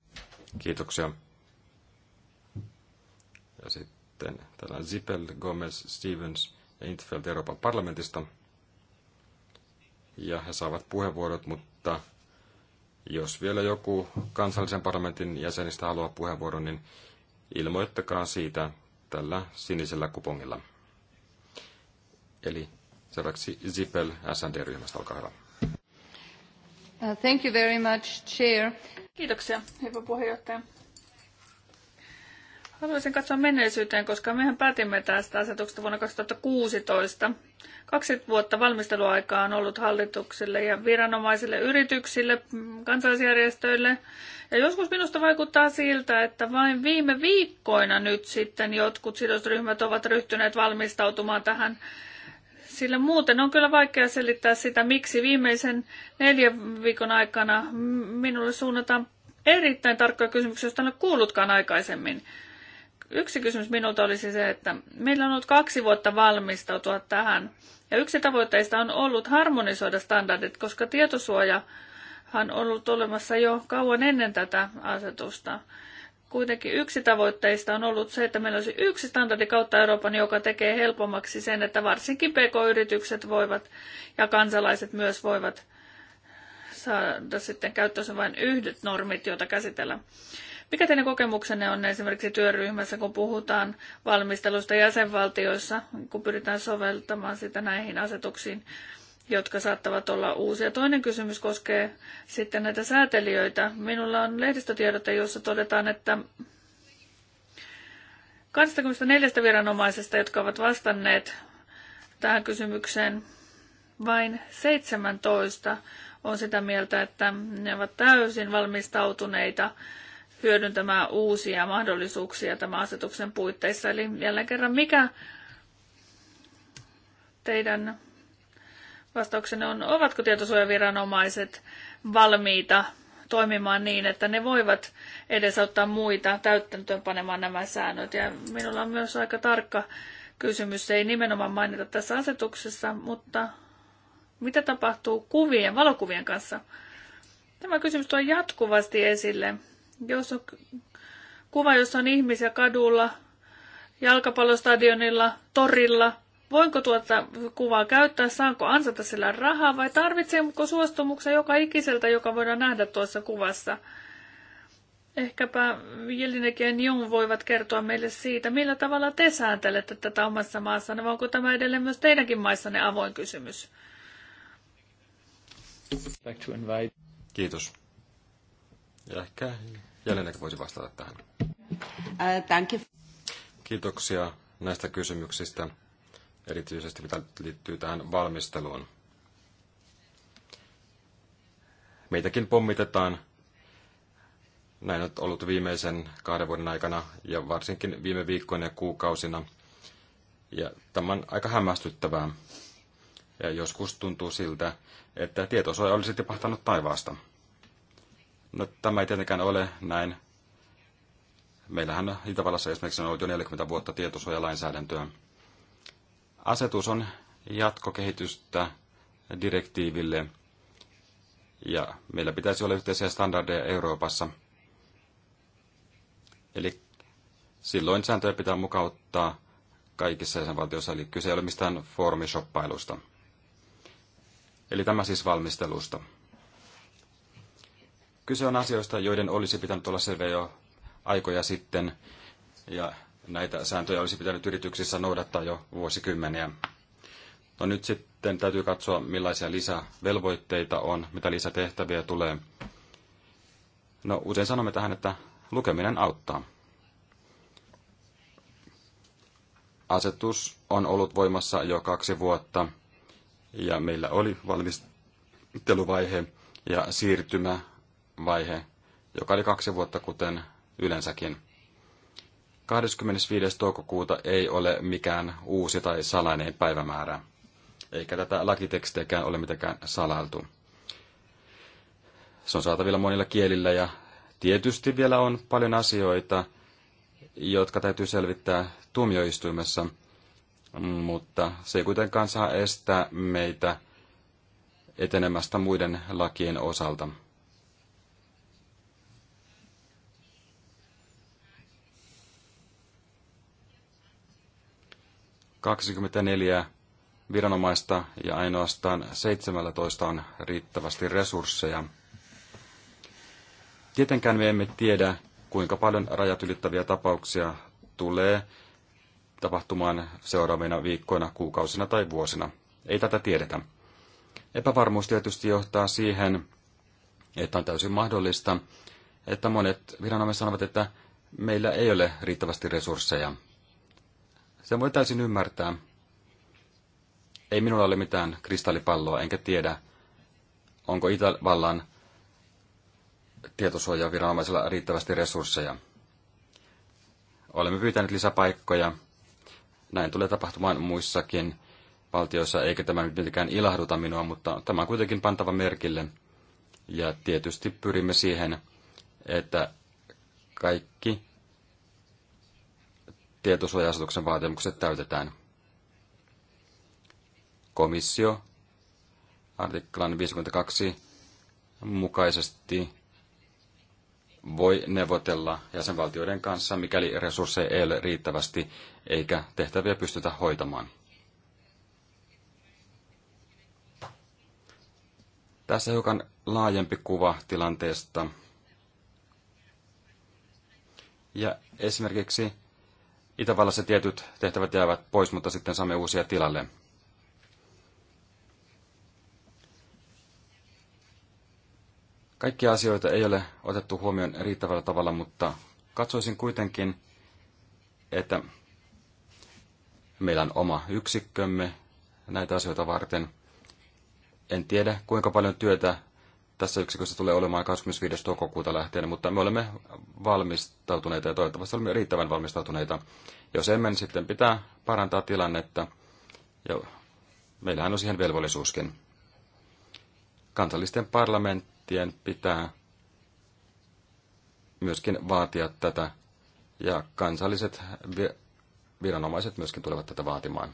Kiitoksia. Ja sitten täällä Zippel, Gomez, Stevens ja Intfeld Euroopan parlamentista. Ja he saavat puheenvuorot, mutta jos vielä joku kansallisen parlamentin jäsenistä haluaa puheenvuoron, niin ilmoittakaa siitä tällä sinisellä kupongilla. Eli seuraavaksi Zippel SND-ryhmästä, olkaa hyvä. Uh, thank you very much, Chair. Kiitoksia, hyvä puheenjohtaja. Haluaisin katsoa menneisyyteen, koska mehän päätimme tästä asetuksesta vuonna 2016. Kaksi vuotta valmisteluaikaa on ollut hallituksille ja viranomaisille, yrityksille, kansalaisjärjestöille. Ja joskus minusta vaikuttaa siltä, että vain viime viikkoina nyt sitten jotkut sidosryhmät ovat ryhtyneet valmistautumaan tähän sillä muuten on kyllä vaikea selittää sitä, miksi viimeisen neljän viikon aikana minulle suunnataan erittäin tarkkoja kysymyksiä, joista en ole kuullutkaan aikaisemmin. Yksi kysymys minulta olisi siis se, että meillä on ollut kaksi vuotta valmistautua tähän. Ja yksi tavoitteista on ollut harmonisoida standardit, koska tietosuojahan on ollut olemassa jo kauan ennen tätä asetusta. Kuitenkin yksi tavoitteista on ollut se, että meillä olisi yksi standardi kautta Euroopan, joka tekee helpommaksi sen, että varsinkin pk-yritykset voivat ja kansalaiset myös voivat saada sitten käyttöönsä vain yhdet normit, joita käsitellään. Mikä teidän kokemuksenne on esimerkiksi työryhmässä, kun puhutaan valmistelusta jäsenvaltioissa, kun pyritään soveltamaan sitä näihin asetuksiin? jotka saattavat olla uusia. Toinen kysymys koskee sitten näitä säätelijöitä. Minulla on lehdistötiedote, jossa todetaan, että 24 viranomaisesta, jotka ovat vastanneet tähän kysymykseen, vain 17 on sitä mieltä, että ne ovat täysin valmistautuneita hyödyntämään uusia mahdollisuuksia tämän asetuksen puitteissa. Eli jälleen kerran, mikä teidän vastauksenne on, ovatko tietosuojaviranomaiset valmiita toimimaan niin, että ne voivat edesauttaa muita täyttäntöön panemaan nämä säännöt. Ja minulla on myös aika tarkka kysymys, se ei nimenomaan mainita tässä asetuksessa, mutta mitä tapahtuu kuvien, valokuvien kanssa? Tämä kysymys tuo jatkuvasti esille. Jos on kuva, jossa on ihmisiä kadulla, jalkapallostadionilla, torilla, voinko tuota kuvaa käyttää, saanko ansata sillä rahaa vai tarvitseeko suostumuksen joka ikiseltä, joka voidaan nähdä tuossa kuvassa. Ehkäpä Jelinek ja Njung voivat kertoa meille siitä, millä tavalla te sääntelette tätä omassa maassanne, vai onko tämä edelleen myös teidänkin maissanne avoin kysymys? Kiitos. Ja ehkä Jelinek voisi vastata tähän. Uh, Kiitoksia näistä kysymyksistä erityisesti mitä liittyy tähän valmisteluun. Meitäkin pommitetaan. Näin on ollut viimeisen kahden vuoden aikana ja varsinkin viime viikkoina ja kuukausina. Ja tämä on aika hämmästyttävää. Ja joskus tuntuu siltä, että tietosuoja olisi tipahtanut taivaasta. No, tämä ei tietenkään ole näin. Meillähän Itävallassa esimerkiksi on ollut jo 40 vuotta tietosuojalainsäädäntöä. Asetus on jatkokehitystä direktiiville ja meillä pitäisi olla yhteisiä standardeja Euroopassa. Eli silloin sääntöjä pitää mukauttaa kaikissa jäsenvaltioissa, eli kyse ei ole mistään foorumishoppailusta. Eli tämä siis valmistelusta. Kyse on asioista, joiden olisi pitänyt olla selviä jo aikoja sitten, ja näitä sääntöjä olisi pitänyt yrityksissä noudattaa jo vuosikymmeniä. No nyt sitten täytyy katsoa, millaisia lisävelvoitteita on, mitä lisätehtäviä tulee. No usein sanomme tähän, että lukeminen auttaa. Asetus on ollut voimassa jo kaksi vuotta ja meillä oli valmisteluvaihe ja siirtymävaihe, joka oli kaksi vuotta kuten yleensäkin. 25. toukokuuta ei ole mikään uusi tai salainen päivämäärä, eikä tätä lakitekstejäkään ole mitenkään salailtu. Se on saatavilla monilla kielillä ja tietysti vielä on paljon asioita, jotka täytyy selvittää tuomioistuimessa, mutta se ei kuitenkaan saa estää meitä etenemästä muiden lakien osalta. 24 viranomaista ja ainoastaan 17 on riittävästi resursseja. Tietenkään me emme tiedä, kuinka paljon rajat ylittäviä tapauksia tulee tapahtumaan seuraavina viikkoina, kuukausina tai vuosina. Ei tätä tiedetä. Epävarmuus tietysti johtaa siihen, että on täysin mahdollista, että monet viranomaiset sanovat, että meillä ei ole riittävästi resursseja sen voi täysin ymmärtää. Ei minulla ole mitään kristallipalloa, enkä tiedä, onko Itävallan tietosuojaviranomaisilla riittävästi resursseja. Olemme pyytäneet lisäpaikkoja. Näin tulee tapahtumaan muissakin valtioissa, eikä tämä nyt mitenkään ilahduta minua, mutta tämä on kuitenkin pantava merkille. Ja tietysti pyrimme siihen, että kaikki tietosuojasetuksen vaatimukset täytetään. Komissio artiklan 52 mukaisesti voi neuvotella jäsenvaltioiden kanssa, mikäli resursseja ei ole riittävästi eikä tehtäviä pystytä hoitamaan. Tässä hiukan laajempi kuva tilanteesta. Ja esimerkiksi Itävallassa tietyt tehtävät jäävät pois, mutta sitten saamme uusia tilalle. Kaikkia asioita ei ole otettu huomioon riittävällä tavalla, mutta katsoisin kuitenkin, että meillä on oma yksikkömme näitä asioita varten. En tiedä, kuinka paljon työtä tässä yksikössä tulee olemaan 25. toukokuuta lähtien, mutta me olemme valmistautuneita ja toivottavasti olemme riittävän valmistautuneita. Jos emme, niin sitten pitää parantaa tilannetta. Ja meillähän on siihen velvollisuuskin. Kansallisten parlamenttien pitää myöskin vaatia tätä, ja kansalliset viranomaiset myöskin tulevat tätä vaatimaan.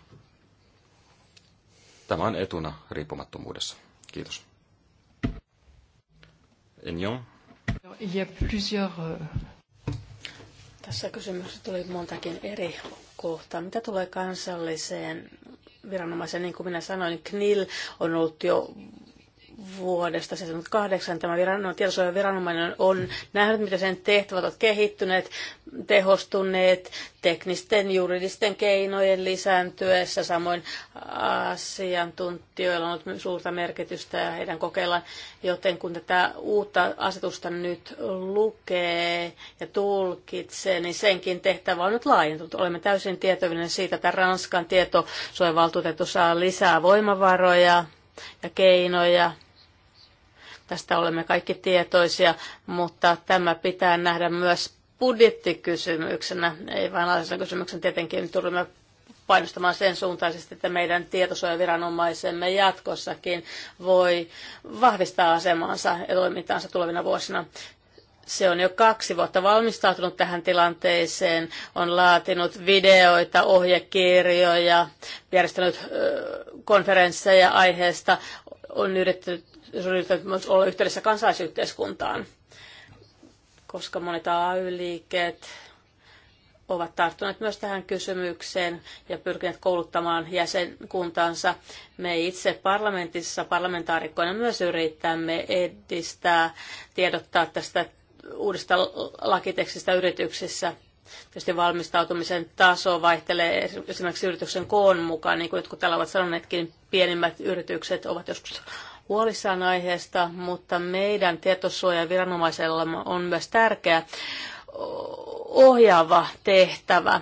Tämä on etuna riippumattomuudessa. Kiitos. Enjon. Il y a plusieurs... Euh, Tässä kysymyksessä tuli montakin eri kohtaa. Mitä tulee kansalliseen viranomaisen, niin kuin minä sanoin, niin KNIL on ollut jo vuodesta 78 tämä viranomainen, tietosuojaviranomainen on nähnyt, mitä sen tehtävät ovat kehittyneet, tehostuneet teknisten juridisten keinojen lisääntyessä. Samoin asiantuntijoilla on ollut suurta merkitystä ja heidän kokeillaan, joten kun tätä uutta asetusta nyt lukee ja tulkitsee, niin senkin tehtävä on nyt laajentunut. Olemme täysin tietoinen siitä, että Ranskan tietosuojavaltuutettu saa lisää voimavaroja ja keinoja Tästä olemme kaikki tietoisia, mutta tämä pitää nähdä myös budjettikysymyksenä, ei vain laillisena kysymyksenä. Tietenkin tulemme painostamaan sen suuntaisesti, että meidän tietosuojaviranomaisemme jatkossakin voi vahvistaa asemaansa ja toimintaansa tulevina vuosina. Se on jo kaksi vuotta valmistautunut tähän tilanteeseen, on laatinut videoita, ohjekirjoja, järjestänyt konferensseja aiheesta, on yrittänyt ryhtyvät myös olla yhteydessä kansalaisyhteiskuntaan, koska monet AY-liikkeet ovat tarttuneet myös tähän kysymykseen ja pyrkineet kouluttamaan jäsenkuntansa. Me itse parlamentissa parlamentaarikkoina myös yritämme edistää, tiedottaa tästä uudesta lakitekstistä yrityksissä. Tietysti valmistautumisen taso vaihtelee esimerkiksi yrityksen koon mukaan, niin kuin jotkut täällä ovat sanoneetkin, pienimmät yritykset ovat joskus huolissaan aiheesta, mutta meidän tietosuojaviranomaisella on myös tärkeä ohjaava tehtävä.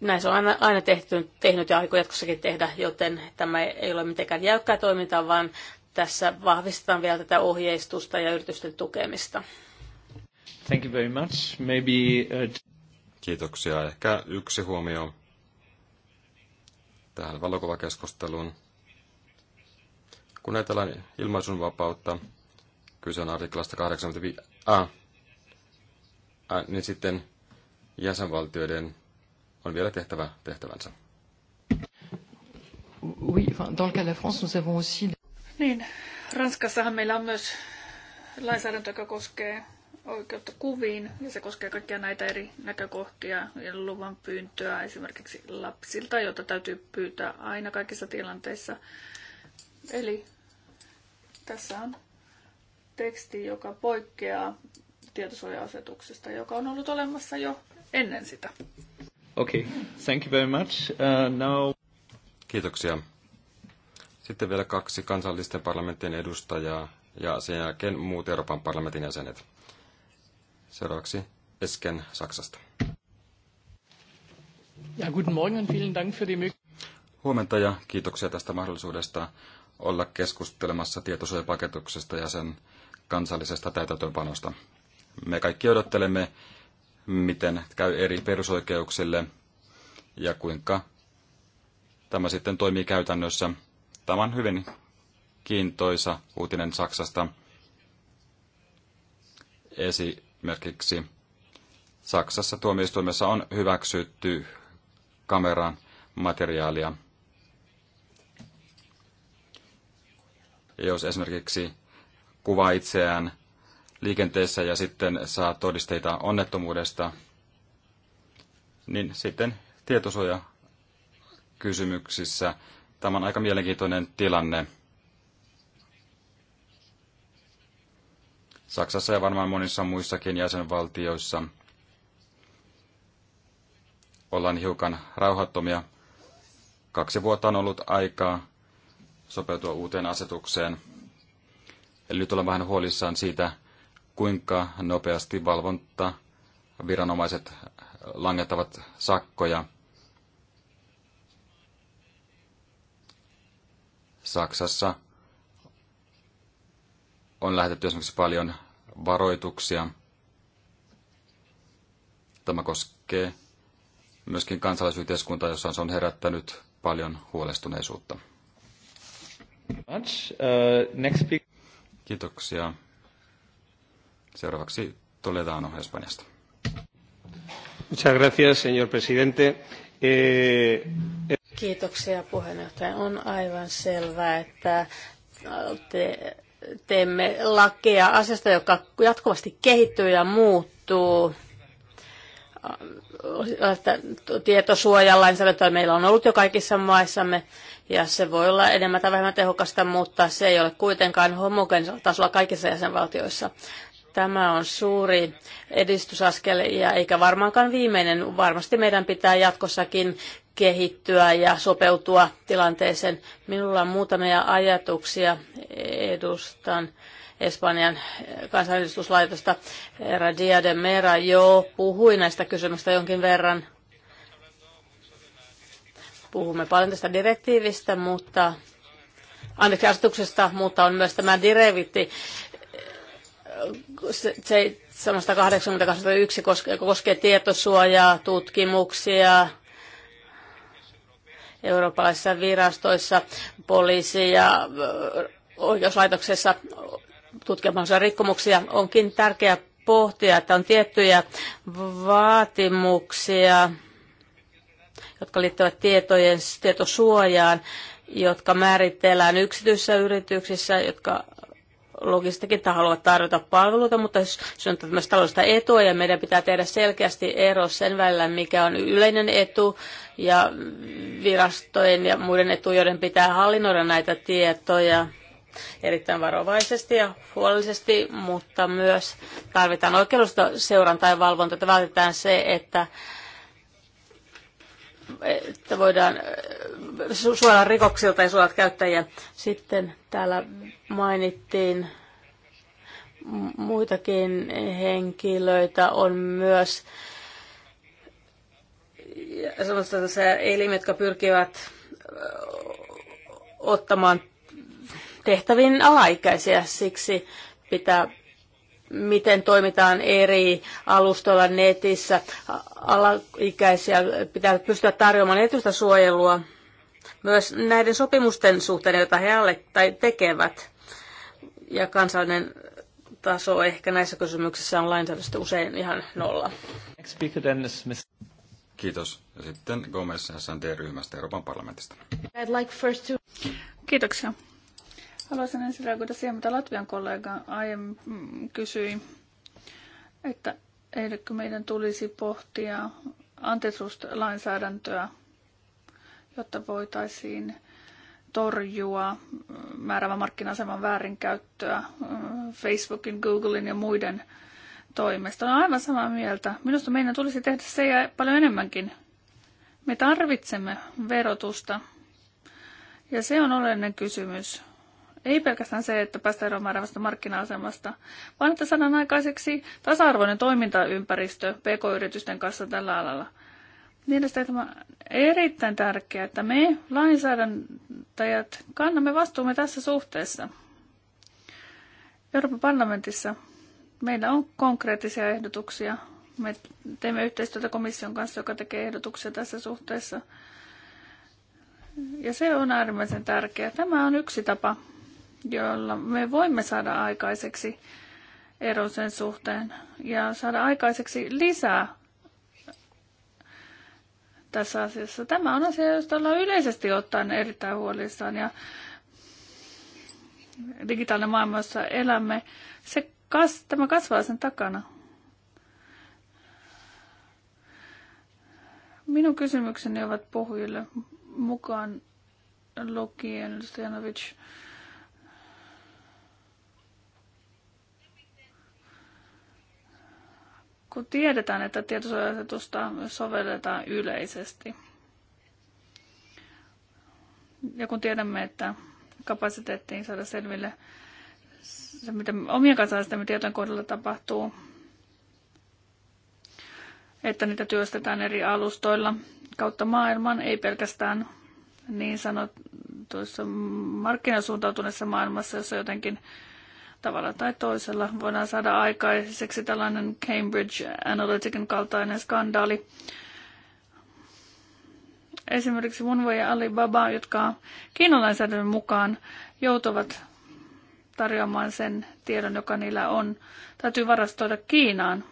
Näissä on aina, aina tehty, tehnyt ja aikoo jatkossakin tehdä, joten tämä ei ole mitenkään jäykkää toimintaa, vaan tässä vahvistetaan vielä tätä ohjeistusta ja yritysten tukemista. Thank you very much. Maybe, uh... Kiitoksia. Ehkä yksi huomio tähän valokuvakeskusteluun. Kun ajatellaan ilmaisunvapautta, kyse on artiklasta 85a, niin sitten jäsenvaltioiden on vielä tehtävä tehtävänsä. Oui, dans le cas de la France, nous avons aussi... Niin, Ranskassahan meillä on myös lainsäädäntö, joka koskee oikeutta kuviin, ja se koskee kaikkia näitä eri näkökohtia ja luvan pyyntöä esimerkiksi lapsilta, jota täytyy pyytää aina kaikissa tilanteissa Eli tässä on teksti, joka poikkeaa tietosuoja-asetuksesta, joka on ollut olemassa jo ennen sitä. Okei, okay. thank you very much. Uh, now... Kiitoksia. Sitten vielä kaksi kansallisten parlamenttien edustajaa ja sen jälkeen muut Euroopan parlamentin jäsenet. Seuraavaksi Esken Saksasta. Ja, guten Morgen und vielen Dank für die Huomenta ja kiitoksia tästä mahdollisuudesta olla keskustelemassa tietosuojapaketuksesta ja sen kansallisesta täytäntöönpanosta. Me kaikki odottelemme, miten käy eri perusoikeuksille ja kuinka tämä sitten toimii käytännössä. Tämä on hyvin kiintoisa uutinen Saksasta. Esimerkiksi Saksassa tuomioistuimessa on hyväksytty kameran materiaalia jos esimerkiksi kuvaa itseään liikenteessä ja sitten saa todisteita onnettomuudesta, niin sitten tietosuoja kysymyksissä. Tämä on aika mielenkiintoinen tilanne. Saksassa ja varmaan monissa muissakin jäsenvaltioissa ollaan hiukan rauhattomia. Kaksi vuotta on ollut aikaa sopeutua uuteen asetukseen. Eli nyt olen vähän huolissaan siitä, kuinka nopeasti valvonta viranomaiset langettavat sakkoja. Saksassa on lähetetty esimerkiksi paljon varoituksia. Tämä koskee myöskin kansalaisyhteiskuntaa, jossa se on herättänyt paljon huolestuneisuutta. Much. Uh, next Kiitoksia. Seuraavaksi Toledano Espanjasta. Muchas gracias, señor presidente. Eh, eh, Kiitoksia puheenjohtaja. On aivan selvää, että te, teemme lakeja asiasta, joka jatkuvasti kehittyy ja muuttuu. Äh, tietosuojalainsäädäntöä meillä on ollut jo kaikissa maissamme, ja se voi olla enemmän tai vähemmän tehokasta, mutta se ei ole kuitenkaan homogeenisella tasolla kaikissa jäsenvaltioissa. Tämä on suuri edistysaskel ja eikä varmaankaan viimeinen. Varmasti meidän pitää jatkossakin kehittyä ja sopeutua tilanteeseen. Minulla on muutamia ajatuksia edustan Espanjan kansanedustuslaitosta Radia de Mera jo puhui näistä kysymyksistä jonkin verran. Puhumme paljon tästä direktiivistä, mutta anteeksi asetuksesta, mutta on myös tämä direvitti 1881 koskee, koskee tietosuojaa, tutkimuksia, eurooppalaisissa virastoissa, poliisi- ja oikeuslaitoksessa tutkimansa rikkomuksia. Onkin tärkeää pohtia, että on tiettyjä vaatimuksia, jotka liittyvät tietojen, tietosuojaan, jotka määritellään yksityisissä yrityksissä, jotka logistikin haluavat tarjota palveluita, mutta se on tämmöistä taloudellista etua ja meidän pitää tehdä selkeästi ero sen välillä, mikä on yleinen etu ja virastojen ja muiden etu, joiden pitää hallinnoida näitä tietoja erittäin varovaisesti ja huolellisesti, mutta myös tarvitaan oikeudellista seurantaa ja valvontaa, että vältetään se, että että voidaan äh, suojella rikoksilta ja suojella käyttäjiä. Sitten täällä mainittiin muitakin henkilöitä on myös sellaisia elimet, jotka pyrkivät ottamaan tehtäviin alaikäisiä. Siksi pitää miten toimitaan eri alustoilla netissä. Alaikäisiä pitää pystyä tarjoamaan etystä suojelua myös näiden sopimusten suhteen, joita he alle tai tekevät. Ja kansallinen taso ehkä näissä kysymyksissä on lainsäädäntö usein ihan nolla. Kiitos. Ja sitten Gomez SND-ryhmästä Euroopan parlamentista. like to... Kiitoksia. Haluaisin ensin reagoida siihen, mitä Latvian kollega aiemmin kysyi, että eikö meidän tulisi pohtia antitrust-lainsäädäntöä, jotta voitaisiin torjua määrävä markkina-aseman väärinkäyttöä Facebookin, Googlein ja muiden toimesta. Olen aivan samaa mieltä. Minusta meidän tulisi tehdä se ja paljon enemmänkin. Me tarvitsemme verotusta ja se on oleellinen kysymys ei pelkästään se, että päästään eroon määräävästä markkina-asemasta, vaan että saadaan aikaiseksi tasa-arvoinen toimintaympäristö pk-yritysten kanssa tällä alalla. Mielestäni tämä on erittäin tärkeää, että me lainsäädäntäjät kannamme vastuumme tässä suhteessa. Euroopan parlamentissa meillä on konkreettisia ehdotuksia. Me teemme yhteistyötä komission kanssa, joka tekee ehdotuksia tässä suhteessa. Ja se on äärimmäisen tärkeää. Tämä on yksi tapa joilla me voimme saada aikaiseksi eron sen suhteen ja saada aikaiseksi lisää tässä asiassa. Tämä on asia, josta ollaan yleisesti ottaen erittäin huolissaan ja digitaalinen maailma, jossa elämme, se kas, tämä kasvaa sen takana. Minun kysymykseni ovat puhujille mukaan lukien Stojanovic kun tiedetään, että tietosuojasetusta sovelletaan yleisesti. Ja kun tiedämme, että kapasiteettiin saada selville se, mitä omien kansalaisten tietojen kohdalla tapahtuu, että niitä työstetään eri alustoilla kautta maailman, ei pelkästään niin sanotuissa markkinasuuntautuneessa maailmassa, jossa jotenkin tavalla tai toisella voidaan saada aikaiseksi tällainen Cambridge Analytican kaltainen skandaali. Esimerkiksi Wunwei ja Alibaba, jotka kiinalainsäädännön mukaan joutuvat tarjoamaan sen tiedon, joka niillä on, täytyy varastoida Kiinaan.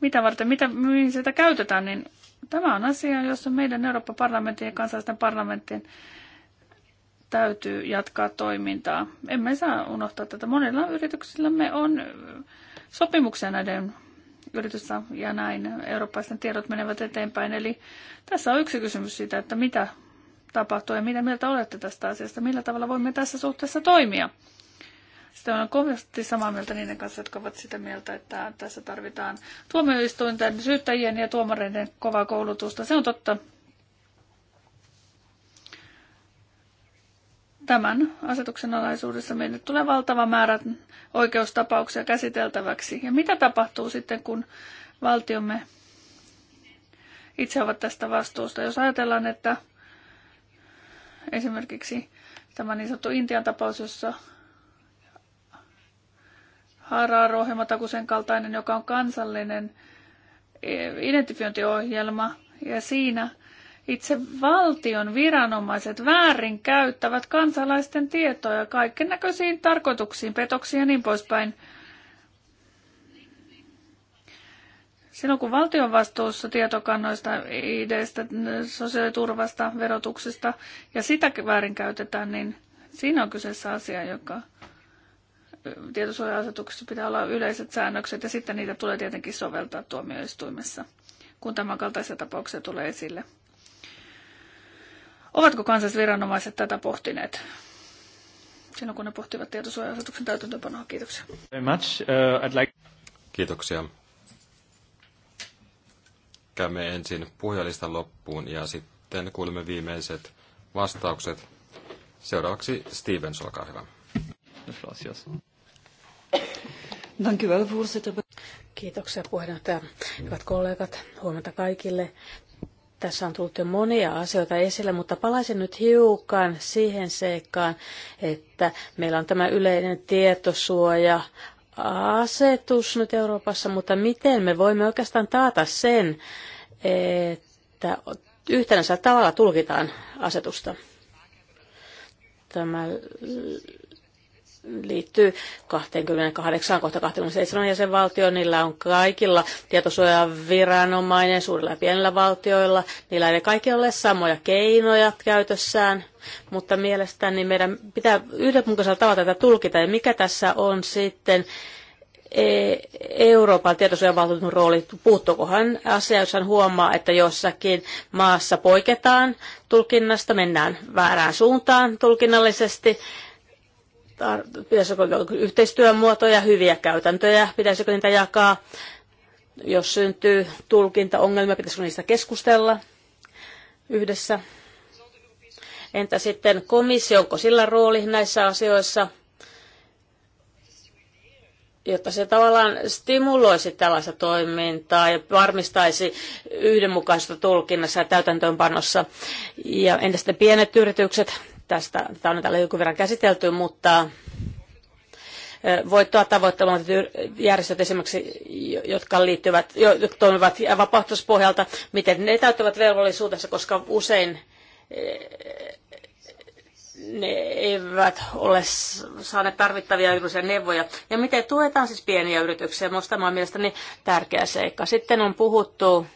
Mitä varten, mitä, mihin sitä käytetään, niin tämä on asia, jossa meidän Euroopan parlamentin ja kansallisten parlamenttien täytyy jatkaa toimintaa. Emme saa unohtaa tätä. Monilla yrityksillämme on sopimuksia näiden yritystä ja näin eurooppalaisten tiedot menevät eteenpäin. Eli tässä on yksi kysymys siitä, että mitä tapahtuu ja mitä mieltä olette tästä asiasta, millä tavalla voimme tässä suhteessa toimia. Sitten on kovasti samaa mieltä niiden kanssa, jotka ovat sitä mieltä, että tässä tarvitaan tuomioistuinten, syyttäjien ja tuomareiden kovaa koulutusta. Se on totta. Tämän asetuksen alaisuudessa meille tulee valtava määrä oikeustapauksia käsiteltäväksi. Ja mitä tapahtuu sitten, kun valtiomme itse ovat tästä vastuusta? Jos ajatellaan, että esimerkiksi tämä niin sanottu Intian tapaus, jossa Harar Ohematakusen kaltainen, joka on kansallinen eh, identifiointiohjelma, ja siinä itse valtion viranomaiset väärin käyttävät kansalaisten tietoja kaiken näköisiin tarkoituksiin, petoksiin ja niin poispäin. Silloin kun valtion vastuussa tietokannoista, ideistä, sosiaaliturvasta, verotuksesta ja sitä väärinkäytetään, niin siinä on kyseessä asia, joka tietosuoja-asetuksessa pitää olla yleiset säännökset ja sitten niitä tulee tietenkin soveltaa tuomioistuimessa, kun tämänkaltaisia tapauksia tulee esille. Ovatko kansallisviranomaiset tätä pohtineet? Silloin kun ne pohtivat tietosuoja-asetuksen täytäntöönpanoa. Kiitoksia. Very much. Uh, I'd like... Kiitoksia. Käymme ensin puhujalistan loppuun ja sitten kuulemme viimeiset vastaukset. Seuraavaksi Stevens, olkaa hyvä. Kiitoksia puheenjohtaja. Hyvät kollegat, huomenta kaikille. Tässä on tullut jo monia asioita esille, mutta palaisin nyt hiukan siihen seikkaan, että meillä on tämä yleinen tietosuoja asetus nyt Euroopassa, mutta miten me voimme oikeastaan taata sen, että yhtenäisellä tavalla tulkitaan asetusta. Tämä liittyy 28 kohta 27 jäsenvaltioon. Niillä on kaikilla tietosuojaviranomainen suurilla ja pienillä valtioilla. Niillä ei kaikki ole samoja keinoja käytössään, mutta mielestäni meidän pitää yhdenmukaisella tavalla tätä tulkita. Ja mikä tässä on sitten e, Euroopan tietosuojavaltuutetun rooli, puuttuukohan asia, jos hän huomaa, että jossakin maassa poiketaan tulkinnasta, mennään väärään suuntaan tulkinnallisesti, tar- pitäisikö yhteistyömuotoja, hyviä käytäntöjä, pitäisikö niitä jakaa, jos syntyy tulkintaongelmia, pitäisikö niistä keskustella yhdessä. Entä sitten komissio, onko sillä rooli näissä asioissa, jotta se tavallaan stimuloisi tällaista toimintaa ja varmistaisi yhdenmukaista tulkinnassa ja täytäntöönpanossa. Ja entä sitten pienet yritykset, Tästä, tätä on täällä jonkun verran käsitelty, mutta voittoa tavoittelevat järjestöt esimerkiksi, jotka liittyvät, jotka toimivat vapaaehtoispohjalta, miten ne täyttävät velvollisuutensa, koska usein ne eivät ole saaneet tarvittavia yrityksen neuvoja. Ja miten tuetaan siis pieniä yrityksiä? Minusta tämä on mielestäni tärkeä seikka. Sitten on puhuttu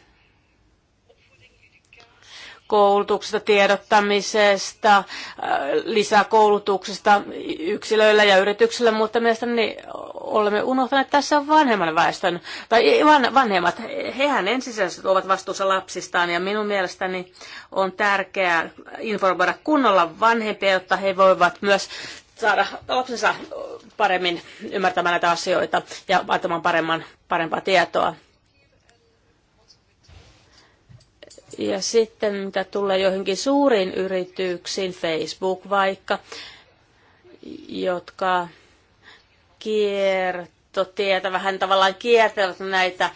koulutuksesta, tiedottamisesta, äh, lisäkoulutuksesta yksilöillä ja yrityksillä, mutta mielestäni olemme unohtaneet tässä vanhemman väestön, tai vanhemmat, hehän ensisijaisesti ovat vastuussa lapsistaan, ja minun mielestäni on tärkeää informoida kunnolla vanhempia, jotta he voivat myös saada lapsensa paremmin ymmärtämään näitä asioita ja antamaan paremman, parempaa tietoa. Ja sitten mitä tulee joihinkin suuriin yrityksiin, Facebook vaikka, jotka kiertotietä vähän tavallaan kiertävät näitä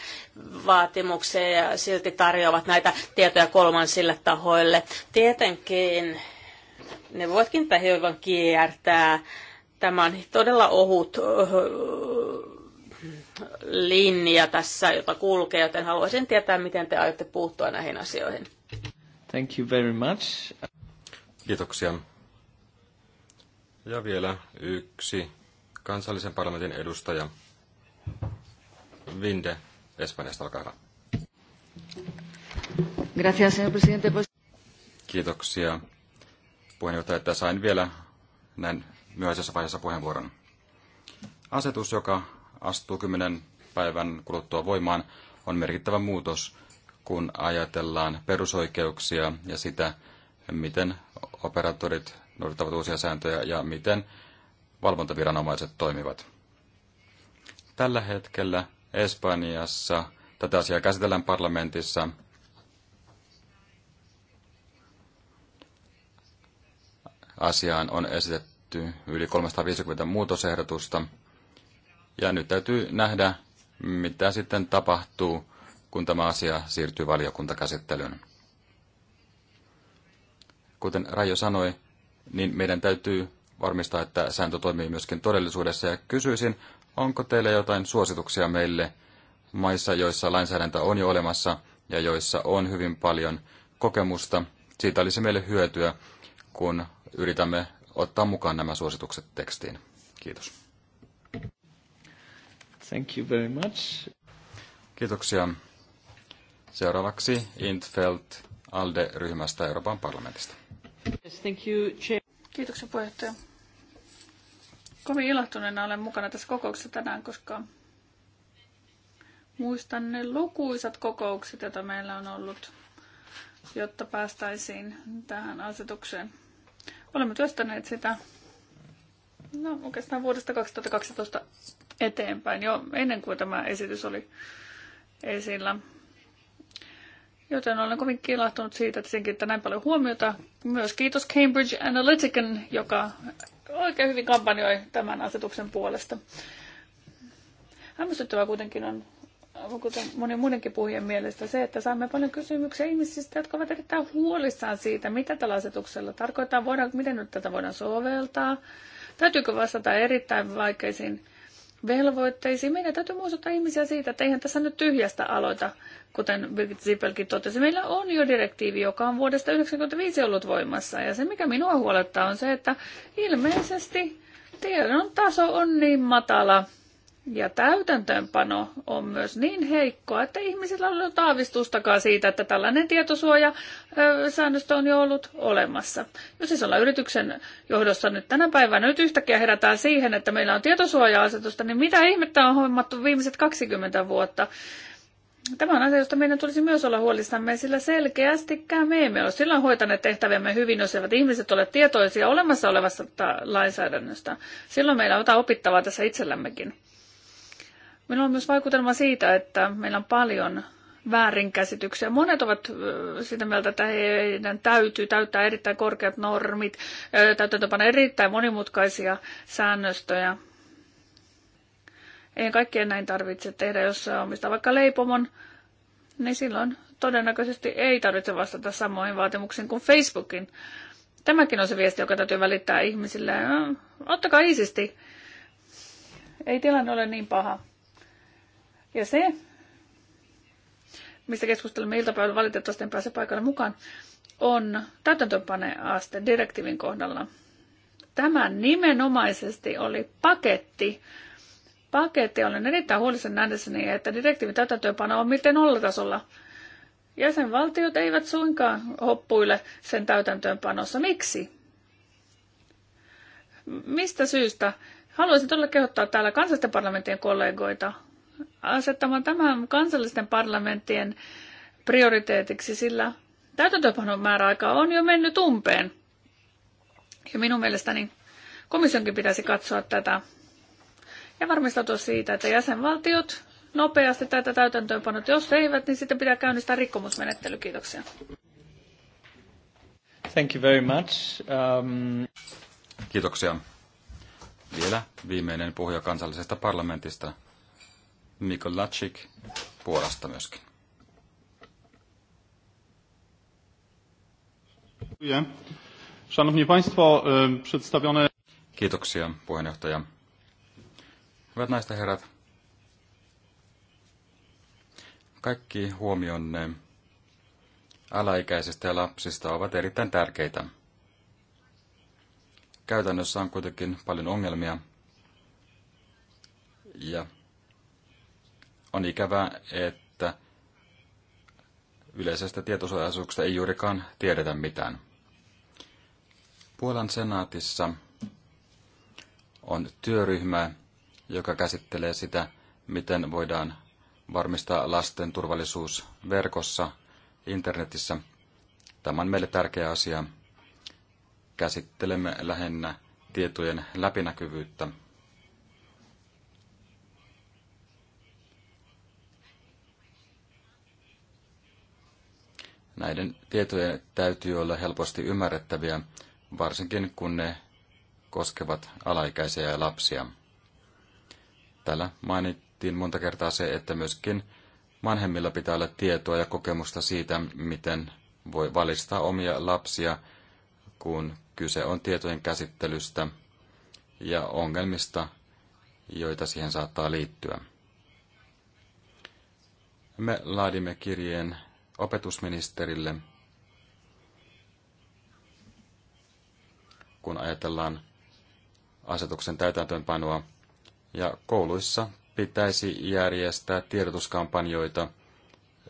vaatimuksia ja silti tarjoavat näitä tietoja kolmansille tahoille. Tietenkin ne voivatkin tähän kiertää. Tämä on todella ohut linja tässä, jota kulkee, joten haluaisin tietää, miten te aiotte puuttua näihin asioihin. Thank you very much. Kiitoksia. Ja vielä yksi kansallisen parlamentin edustaja. Vinde, Espanjasta, olkaa hyvä. Gracias, señor presidente. Kiitoksia, puheenjohtaja, että sain vielä näin myöhäisessä vaiheessa puheenvuoron. Asetus, joka astuu kymmenen päivän kuluttua voimaan, on merkittävä muutos, kun ajatellaan perusoikeuksia ja sitä, miten operaattorit noudattavat uusia sääntöjä ja miten valvontaviranomaiset toimivat. Tällä hetkellä Espanjassa tätä asiaa käsitellään parlamentissa. Asiaan on esitetty yli 350 muutosehdotusta. Ja nyt täytyy nähdä, mitä sitten tapahtuu, kun tämä asia siirtyy valiokuntakäsittelyyn. Kuten Rajo sanoi, niin meidän täytyy varmistaa, että sääntö toimii myöskin todellisuudessa. Ja kysyisin, onko teillä jotain suosituksia meille maissa, joissa lainsäädäntö on jo olemassa ja joissa on hyvin paljon kokemusta. Siitä olisi meille hyötyä, kun yritämme ottaa mukaan nämä suositukset tekstiin. Kiitos. Thank you very much. Kiitoksia. Seuraavaksi Intfeld ALDE-ryhmästä Euroopan parlamentista. Yes, thank you, chair. Kiitoksia puheenjohtaja. Kovin ilahtuneena olen mukana tässä kokouksessa tänään, koska muistan ne lukuisat kokoukset, joita meillä on ollut, jotta päästäisiin tähän asetukseen. Olemme työstäneet sitä no, oikeastaan vuodesta 2012 eteenpäin jo ennen kuin tämä esitys oli esillä. Joten olen kovin kilahtunut siitä, että senkin, että näin paljon huomiota. Myös kiitos Cambridge Analytican, joka oikein hyvin kampanjoi tämän asetuksen puolesta. Hämmästyttävää kuitenkin on, kuten monen muidenkin puhujien mielestä, se, että saamme paljon kysymyksiä ihmisistä, jotka ovat erittäin huolissaan siitä, mitä tällä asetuksella tarkoittaa, voidaan, miten nyt tätä voidaan soveltaa, täytyykö vastata erittäin vaikeisiin velvoitteisiin. Meidän täytyy muistuttaa ihmisiä siitä, että eihän tässä nyt tyhjästä aloita, kuten Birgit Zippelkin totesi. Meillä on jo direktiivi, joka on vuodesta 1995 ollut voimassa. Ja se, mikä minua huolettaa, on se, että ilmeisesti tiedon taso on niin matala, ja täytäntöönpano on myös niin heikkoa, että ihmisillä on ollut aavistustakaan siitä, että tällainen tietosuojasäännöstö on jo ollut olemassa. Jos siis ollaan yrityksen johdossa nyt tänä päivänä, nyt yhtäkkiä herätään siihen, että meillä on tietosuoja-asetusta, niin mitä ihmettä on hommattu viimeiset 20 vuotta? Tämä on asia, josta meidän tulisi myös olla huolissamme, sillä selkeästikään me emme ole silloin hoitaneet tehtäviämme hyvin, jos eivät ihmiset ole tietoisia olemassa olevasta lainsäädännöstä. Silloin meillä on opittavaa tässä itsellämmekin. Minulla on myös vaikutelma siitä, että meillä on paljon väärinkäsityksiä. Monet ovat sitä mieltä, että heidän täytyy täyttää erittäin korkeat normit, täytäntöpana erittäin monimutkaisia säännöstöjä. Ei kaikkien näin tarvitse tehdä, jos omistaa vaikka leipomon, niin silloin todennäköisesti ei tarvitse vastata samoihin vaatimuksiin kuin Facebookin. Tämäkin on se viesti, joka täytyy välittää ihmisille. No, ottakaa iisisti. Ei tilanne ole niin paha. Ja se, mistä keskustelemme iltapäivällä, valitettavasti en pääse paikalle mukaan, on täytäntöpaneaste direktiivin kohdalla. Tämä nimenomaisesti oli paketti. Paketti, olen erittäin huolissani nähdessäni, että direktiivin täytäntöpano on miten nollatasolla. Jäsenvaltiot eivät suinkaan hoppuile sen täytäntöönpanossa. Miksi? Mistä syystä? Haluaisin todella kehottaa täällä kansallisten parlamenttien kollegoita asettamaan tämän kansallisten parlamenttien prioriteetiksi, sillä täytäntöönpanon määräaika on jo mennyt umpeen. Ja minun mielestäni komissionkin pitäisi katsoa tätä ja varmistautua siitä, että jäsenvaltiot nopeasti tätä täytäntöönpanot. Jos eivät, niin sitten pitää käynnistää rikkomusmenettely. Kiitoksia. Thank you very much. Um... Kiitoksia. Vielä viimeinen puhuja kansallisesta parlamentista, Mikolacik Puolasta myöskin. Szanowni Państwo, przedstawione... Kiitoksia puheenjohtaja. Hyvät naiset ja herrat, kaikki huomionne alaikäisistä ja lapsista ovat erittäin tärkeitä. Käytännössä on kuitenkin paljon ongelmia ja on ikävää, että yleisestä tietosuojaisuuksesta ei juurikaan tiedetä mitään. Puolan senaatissa on työryhmä, joka käsittelee sitä, miten voidaan varmistaa lasten turvallisuus verkossa, internetissä. Tämä on meille tärkeä asia. Käsittelemme lähinnä tietojen läpinäkyvyyttä Näiden tietojen täytyy olla helposti ymmärrettäviä, varsinkin kun ne koskevat alaikäisiä ja lapsia. Tällä mainittiin monta kertaa se, että myöskin vanhemmilla pitää olla tietoa ja kokemusta siitä, miten voi valistaa omia lapsia, kun kyse on tietojen käsittelystä ja ongelmista, joita siihen saattaa liittyä. Me laadimme kirjeen opetusministerille, kun ajatellaan asetuksen täytäntöönpanoa. Ja kouluissa pitäisi järjestää tiedotuskampanjoita.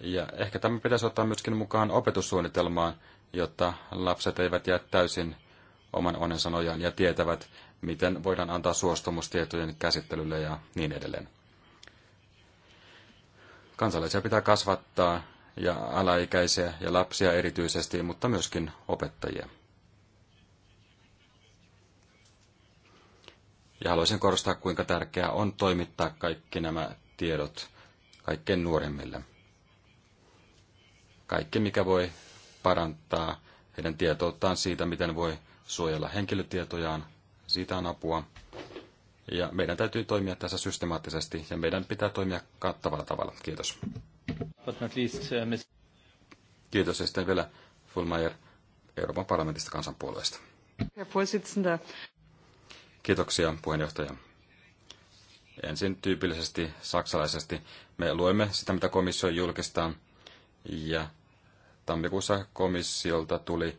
Ja ehkä tämä pitäisi ottaa myöskin mukaan opetussuunnitelmaan, jotta lapset eivät jää täysin oman onensa nojaan ja tietävät, miten voidaan antaa suostumus tietojen käsittelylle ja niin edelleen. Kansalaisia pitää kasvattaa ja alaikäisiä ja lapsia erityisesti, mutta myöskin opettajia. Ja haluaisin korostaa, kuinka tärkeää on toimittaa kaikki nämä tiedot kaikkein nuoremmille. Kaikki, mikä voi parantaa heidän tietouttaan siitä, miten voi suojella henkilötietojaan, siitä on apua. Ja meidän täytyy toimia tässä systemaattisesti ja meidän pitää toimia kattavalla tavalla. Kiitos. But not least, uh, miss... Kiitos ja sitten vielä Fulmeier Euroopan parlamentista kansanpuolueesta. Kiitoksia puheenjohtaja. Ensin tyypillisesti saksalaisesti me luemme sitä, mitä komissio julkistaa. Ja tammikuussa komissiolta tuli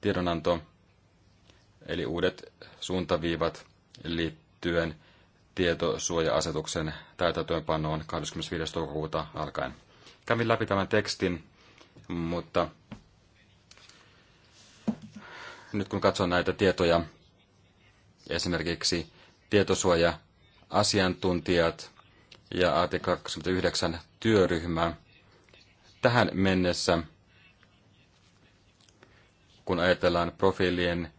tiedonanto, eli uudet suuntaviivat liittyen tietosuoja-asetuksen täytäntöönpanoon 25. toukokuuta alkaen kävin läpi tämän tekstin, mutta nyt kun katson näitä tietoja, esimerkiksi tietosuoja-asiantuntijat ja at 29 työryhmä tähän mennessä, kun ajatellaan profiilien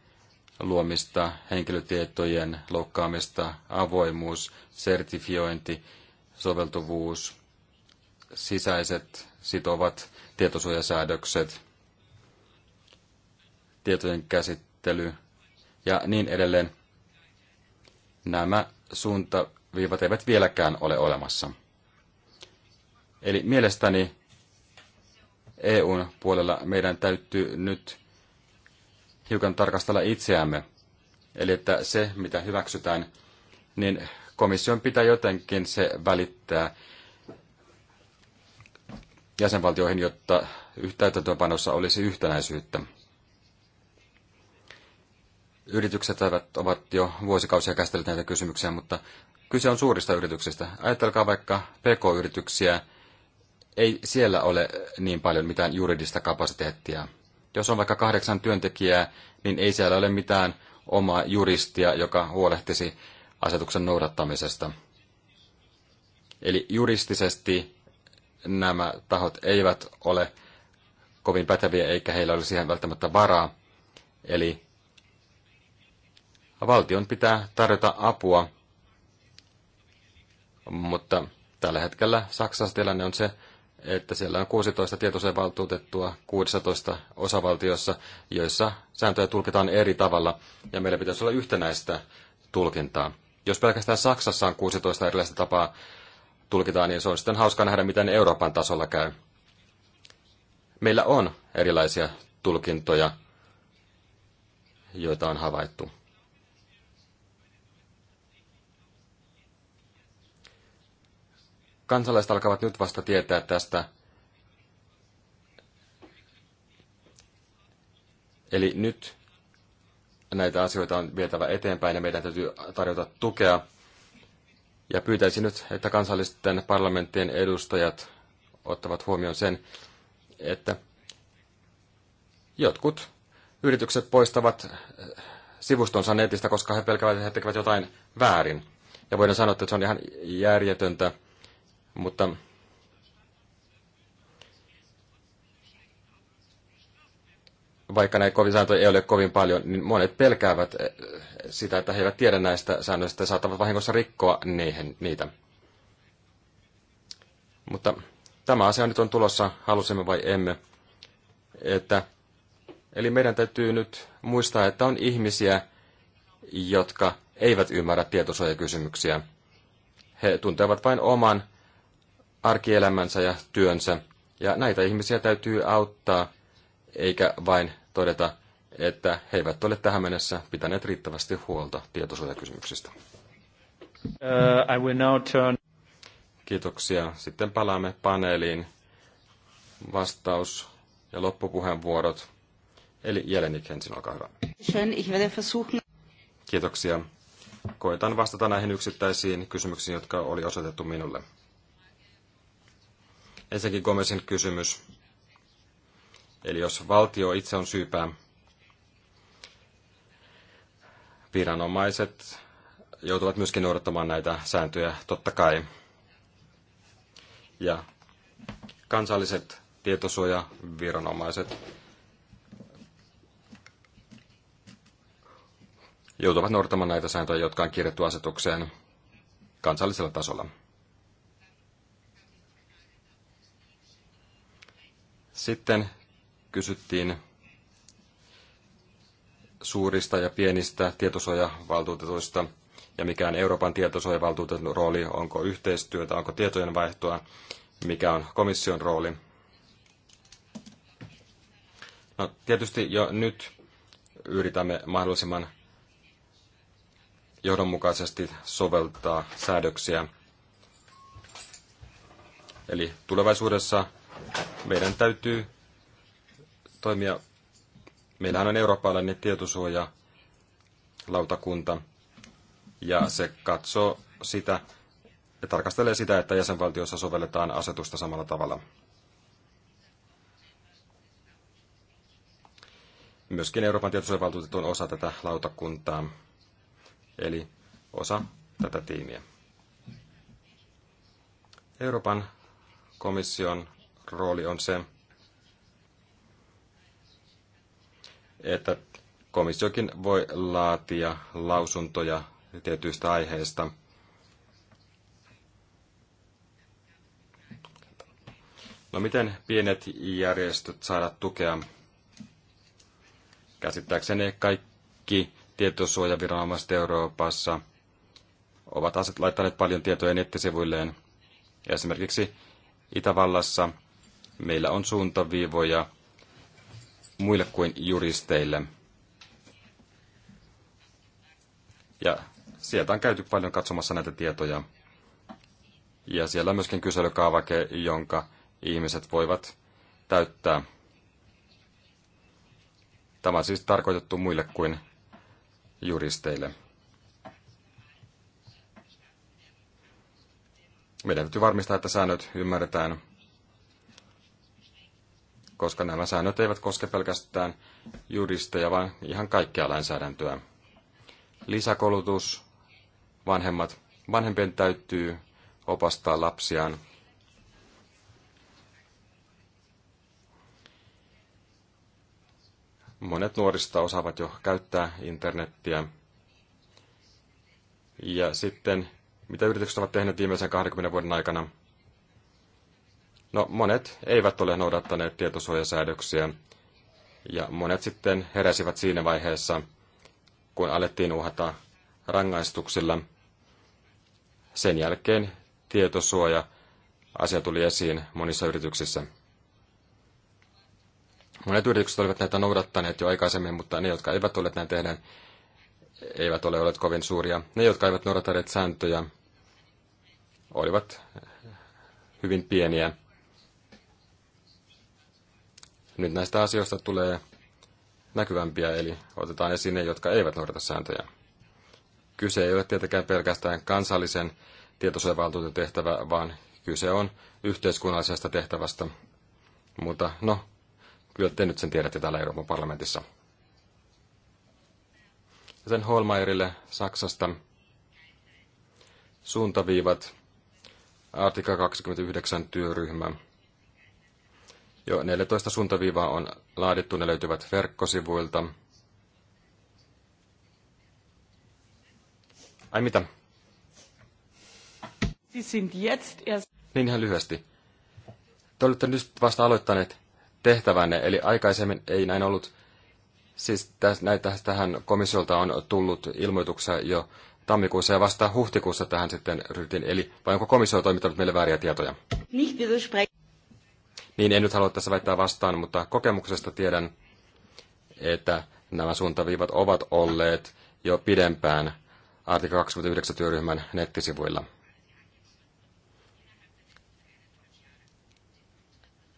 luomista, henkilötietojen loukkaamista, avoimuus, sertifiointi, soveltuvuus, sisäiset sitovat tietosuojasäädökset, tietojen käsittely ja niin edelleen. Nämä suuntaviivat eivät vieläkään ole olemassa. Eli mielestäni EUn puolella meidän täytyy nyt hiukan tarkastella itseämme. Eli että se, mitä hyväksytään, niin komission pitää jotenkin se välittää jäsenvaltioihin, jotta täytäntöönpanossa olisi yhtenäisyyttä. Yritykset ovat jo vuosikausia käsitelleet näitä kysymyksiä, mutta kyse on suurista yrityksistä. Ajatelkaa vaikka PK-yrityksiä. Ei siellä ole niin paljon mitään juridista kapasiteettia. Jos on vaikka kahdeksan työntekijää, niin ei siellä ole mitään omaa juristia, joka huolehtisi asetuksen noudattamisesta. Eli juristisesti nämä tahot eivät ole kovin päteviä eikä heillä ole siihen välttämättä varaa. Eli valtion pitää tarjota apua, mutta tällä hetkellä Saksassa tilanne on se, että siellä on 16 tietosuojavaltuutettua 16 osavaltiossa, joissa sääntöjä tulkitaan eri tavalla, ja meillä pitäisi olla yhtenäistä tulkintaa. Jos pelkästään Saksassa on 16 erilaista tapaa tulkitaan, niin se on sitten hauska nähdä, miten Euroopan tasolla käy. Meillä on erilaisia tulkintoja, joita on havaittu. Kansalaiset alkavat nyt vasta tietää tästä. Eli nyt näitä asioita on vietävä eteenpäin ja meidän täytyy tarjota tukea ja pyytäisin nyt, että kansallisten parlamenttien edustajat ottavat huomioon sen, että jotkut yritykset poistavat eh, sivustonsa netistä, koska he pelkävät, että he tekevät jotain väärin. Ja voidaan sanoa, että se on ihan järjetöntä, mutta vaikka näitä kovin sääntöjä ei ole kovin paljon, niin monet pelkäävät eh, sitä, että he eivät tiedä näistä säännöistä ja saattavat vahingossa rikkoa niihin, niitä. Mutta tämä asia nyt on tulossa, halusimme vai emme. Että, eli meidän täytyy nyt muistaa, että on ihmisiä, jotka eivät ymmärrä tietosuojakysymyksiä. He tuntevat vain oman arkielämänsä ja työnsä, ja näitä ihmisiä täytyy auttaa eikä vain todeta, että he eivät ole tähän mennessä pitäneet riittävästi huolta tietosuojakysymyksistä. Uh, I will now turn... Kiitoksia. Sitten palaamme paneeliin. Vastaus ja loppupuheenvuorot. Eli Jelenik ensin, olkaa hyvä. Kiitoksia. Koitan vastata näihin yksittäisiin kysymyksiin, jotka oli osoitettu minulle. Ensinnäkin Gomesin kysymys Eli jos valtio itse on syypää, viranomaiset joutuvat myöskin noudattamaan näitä sääntöjä, totta kai. Ja kansalliset tietosuojaviranomaiset joutuvat noudattamaan näitä sääntöjä, jotka on kirjattu asetukseen kansallisella tasolla. Sitten kysyttiin suurista ja pienistä tietosuojavaltuutetuista ja mikä on Euroopan tietosuojavaltuutetun rooli, onko yhteistyötä, onko tietojen vaihtoa, mikä on komission rooli. No, tietysti jo nyt yritämme mahdollisimman johdonmukaisesti soveltaa säädöksiä. Eli tulevaisuudessa meidän täytyy toimia. Meillähän on eurooppalainen tietosuoja lautakunta ja se katsoo sitä ja tarkastelee sitä, että jäsenvaltiossa sovelletaan asetusta samalla tavalla. Myöskin Euroopan tietosuojavaltuutettu on osa tätä lautakuntaa, eli osa tätä tiimiä. Euroopan komission rooli on se, että komissiokin voi laatia lausuntoja tietyistä aiheista. No miten pienet järjestöt saada tukea? Käsittääkseni kaikki tietosuojaviranomaiset Euroopassa ovat aset laittaneet paljon tietoja nettisivuilleen. Esimerkiksi Itävallassa meillä on suuntaviivoja muille kuin juristeille. Ja sieltä on käyty paljon katsomassa näitä tietoja. Ja siellä on myöskin kyselykaavake, jonka ihmiset voivat täyttää. Tämä on siis tarkoitettu muille kuin juristeille. Meidän täytyy varmistaa, että säännöt ymmärretään koska nämä säännöt eivät koske pelkästään juristeja, vaan ihan kaikkea lainsäädäntöä. Lisäkoulutus, vanhemmat, vanhempien täytyy opastaa lapsiaan. Monet nuorista osaavat jo käyttää internettiä. Ja sitten, mitä yritykset ovat tehneet viimeisen 20 vuoden aikana, No monet eivät ole noudattaneet tietosuojasäädöksiä ja monet sitten heräsivät siinä vaiheessa, kun alettiin uhata rangaistuksilla. Sen jälkeen tietosuoja asia tuli esiin monissa yrityksissä. Monet yritykset olivat näitä noudattaneet jo aikaisemmin, mutta ne, jotka eivät ole näin tehdä, eivät ole olleet kovin suuria. Ne, jotka eivät noudattaneet sääntöjä, olivat hyvin pieniä. Nyt näistä asioista tulee näkyvämpiä, eli otetaan esiin ne, jotka eivät noudata sääntöjä. Kyse ei ole tietenkään pelkästään kansallisen tietosuojavaltuutetun tehtävä, vaan kyse on yhteiskunnallisesta tehtävästä. Mutta no, kyllä te nyt sen tiedätte täällä Euroopan parlamentissa. sen Holmeierille Saksasta suuntaviivat, artikla 29 työryhmä, jo 14 suuntaviivaa on laadittu, ne löytyvät verkkosivuilta. Ai mitä? sind jetzt erst... Niin ihan lyhyesti. Te olette nyt vasta aloittaneet tehtävänne, eli aikaisemmin ei näin ollut. Siis näitä tähän komissiolta on tullut ilmoituksia jo tammikuussa ja vasta huhtikuussa tähän sitten ryhtiin. Eli vai onko komissio toimittanut meille vääriä tietoja? Niin en nyt halua tässä väittää vastaan, mutta kokemuksesta tiedän, että nämä suuntaviivat ovat olleet jo pidempään artikla 29 työryhmän nettisivuilla.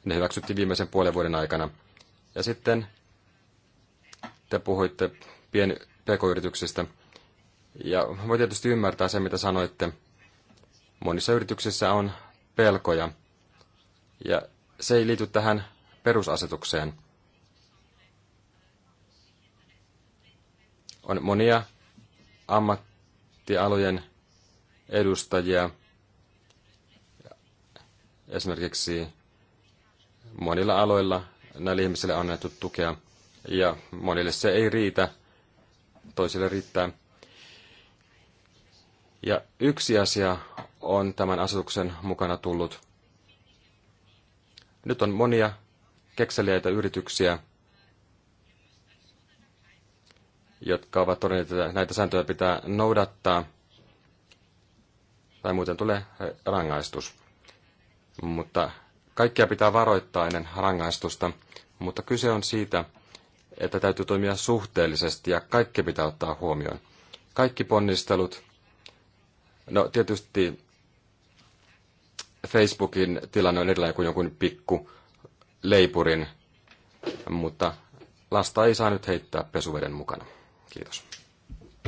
Ne hyväksyttiin viimeisen puolen vuoden aikana. Ja sitten te puhuitte pieni pk-yrityksistä. Ja voi tietysti ymmärtää sen, mitä sanoitte. Monissa yrityksissä on pelkoja. Ja se ei liity tähän perusasetukseen. On monia ammattialojen edustajia, esimerkiksi monilla aloilla näille ihmisille on annettu tukea, ja monille se ei riitä, toisille riittää. Ja yksi asia on tämän asetuksen mukana tullut, nyt on monia kekseliäitä yrityksiä, jotka ovat todenneet, että näitä sääntöjä pitää noudattaa, tai muuten tulee rangaistus. Mutta kaikkia pitää varoittaa ennen rangaistusta, mutta kyse on siitä, että täytyy toimia suhteellisesti ja kaikki pitää ottaa huomioon. Kaikki ponnistelut, no tietysti Facebookin tilanne on erilainen kuin jonkun pikku leipurin, mutta lasta ei saa nyt heittää pesuveden mukana. Kiitos.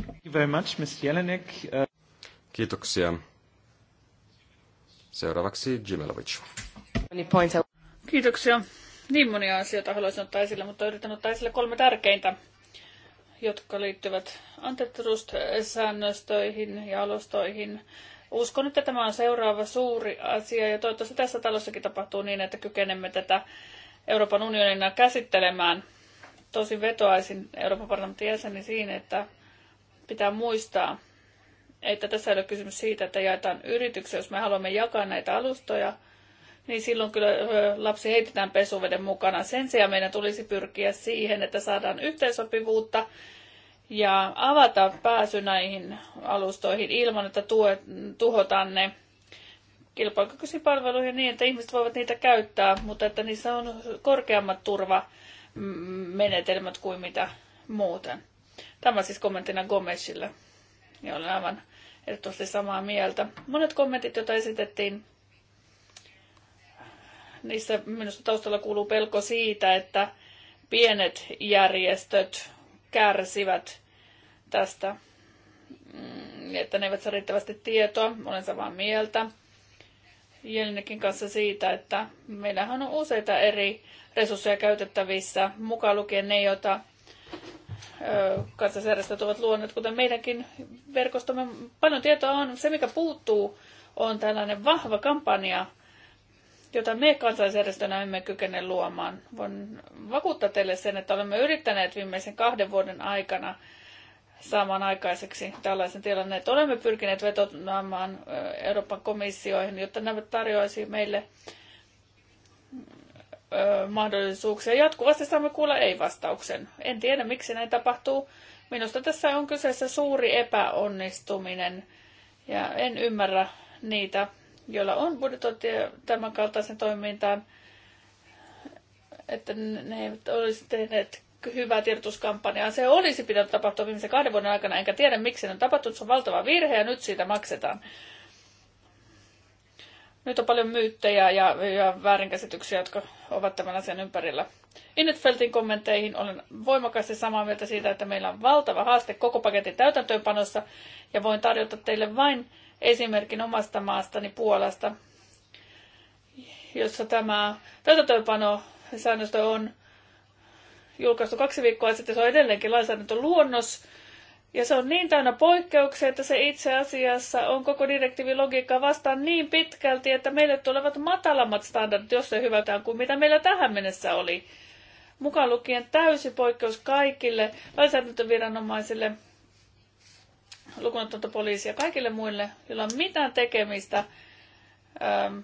Thank you very much, Ms. Jelenek. Uh, Kiitoksia. Seuraavaksi Jimelovic. Kiitoksia. Niin monia asioita haluaisin ottaa esille, mutta yritän ottaa esille kolme tärkeintä, jotka liittyvät antitrust-säännöstöihin ja alustoihin, Uskon, että tämä on seuraava suuri asia ja toivottavasti tässä talossakin tapahtuu niin, että kykenemme tätä Euroopan unionina käsittelemään. Tosin vetoaisin Euroopan parlamentin jäseni siinä, että pitää muistaa, että tässä ei ole kysymys siitä, että jaetaan yrityksiä, jos me haluamme jakaa näitä alustoja, niin silloin kyllä lapsi heitetään pesuveden mukana. Sen sijaan meidän tulisi pyrkiä siihen, että saadaan yhteensopivuutta ja avata pääsy näihin alustoihin ilman, että tuhotaan ne kilpailukykyisiin niin, että ihmiset voivat niitä käyttää, mutta että niissä on korkeammat turvamenetelmät kuin mitä muuten. Tämä siis kommenttina Gomesille, ja olen aivan ehdottomasti samaa mieltä. Monet kommentit, joita esitettiin, niissä minusta taustalla kuuluu pelko siitä, että pienet järjestöt kärsivät tästä, mm, että ne eivät saa riittävästi tietoa. Olen samaa mieltä Jelinekin kanssa siitä, että meillähän on useita eri resursseja käytettävissä, mukaan lukien ne, joita kansalaisjärjestöt ovat luoneet, kuten meidänkin verkostomme. Paljon tietoa on. Se, mikä puuttuu, on tällainen vahva kampanja jota me kansalaisjärjestönä emme kykene luomaan. Voin vakuuttaa teille sen, että olemme yrittäneet viimeisen kahden vuoden aikana saamaan aikaiseksi tällaisen tilanteen, että olemme pyrkineet vetoamaan Euroopan komissioihin, jotta nämä tarjoaisi meille mahdollisuuksia. Jatkuvasti saamme kuulla ei-vastauksen. En tiedä, miksi näin tapahtuu. Minusta tässä on kyseessä suuri epäonnistuminen ja en ymmärrä niitä joilla on budjetointia tämän kaltaisen toimintaan, että ne eivät olisi tehneet hyvää tiedotuskampanjaa. Se olisi pitänyt tapahtua viimeisen kahden vuoden aikana, enkä tiedä miksi ne on tapahtunut. Se on valtava virhe ja nyt siitä maksetaan. Nyt on paljon myyttejä ja, ja väärinkäsityksiä, jotka ovat tämän asian ympärillä. Innetfeltin kommentteihin olen voimakkaasti samaa mieltä siitä, että meillä on valtava haaste koko paketin täytäntöönpanossa ja voin tarjota teille vain esimerkin omasta maastani Puolasta, jossa tämä täytäntöönpano säännöstö on julkaistu kaksi viikkoa sitten, se on edelleenkin lainsäädäntöluonnos, ja se on niin täynnä poikkeuksia, että se itse asiassa on koko direktiivin logiikkaa vastaan niin pitkälti, että meille tulevat matalammat standardit, jos se hyvätään kuin mitä meillä tähän mennessä oli. Mukaan lukien täysi poikkeus kaikille lainsäädäntöviranomaisille lukunottamatta poliisia, kaikille muille, joilla on mitään tekemistä ähm,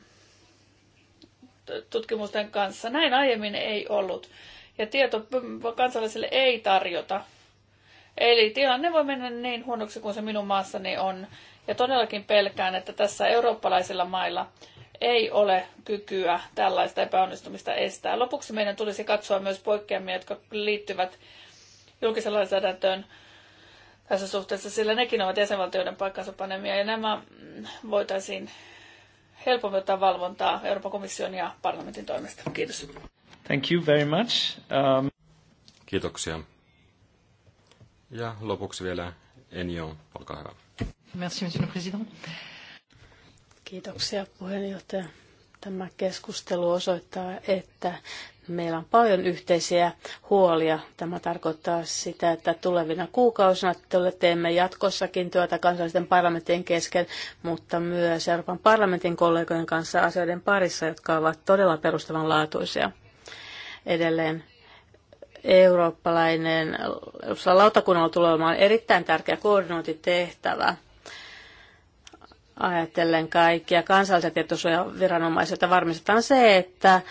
tutkimusten kanssa. Näin aiemmin ei ollut. Ja tieto kansalaisille ei tarjota. Eli tilanne voi mennä niin huonoksi kuin se minun maassani on. Ja todellakin pelkään, että tässä eurooppalaisilla mailla ei ole kykyä tällaista epäonnistumista estää. Lopuksi meidän tulisi katsoa myös poikkeamia, jotka liittyvät julkisen lainsäädäntöön tässä suhteessa, sillä nekin ovat jäsenvaltioiden paikkansa panemia, ja nämä voitaisiin helpommin ottaa valvontaa Euroopan komission ja parlamentin toimesta. Kiitos. Thank you very much. Um... Kiitoksia. Ja lopuksi vielä Enio, olkaa hyvä. Merci, monsieur le président. Kiitoksia puheenjohtaja. Tämä keskustelu osoittaa, että meillä on paljon yhteisiä huolia. Tämä tarkoittaa sitä, että tulevina kuukausina teemme jatkossakin työtä kansallisten parlamenttien kesken, mutta myös Euroopan parlamentin kollegojen kanssa asioiden parissa, jotka ovat todella perustavanlaatuisia. Edelleen eurooppalainen lautakunnalla tulee olemaan erittäin tärkeä koordinointitehtävä ajatellen kaikkia kansallisia tietosuojaviranomaisilta varmistetaan se, että äh,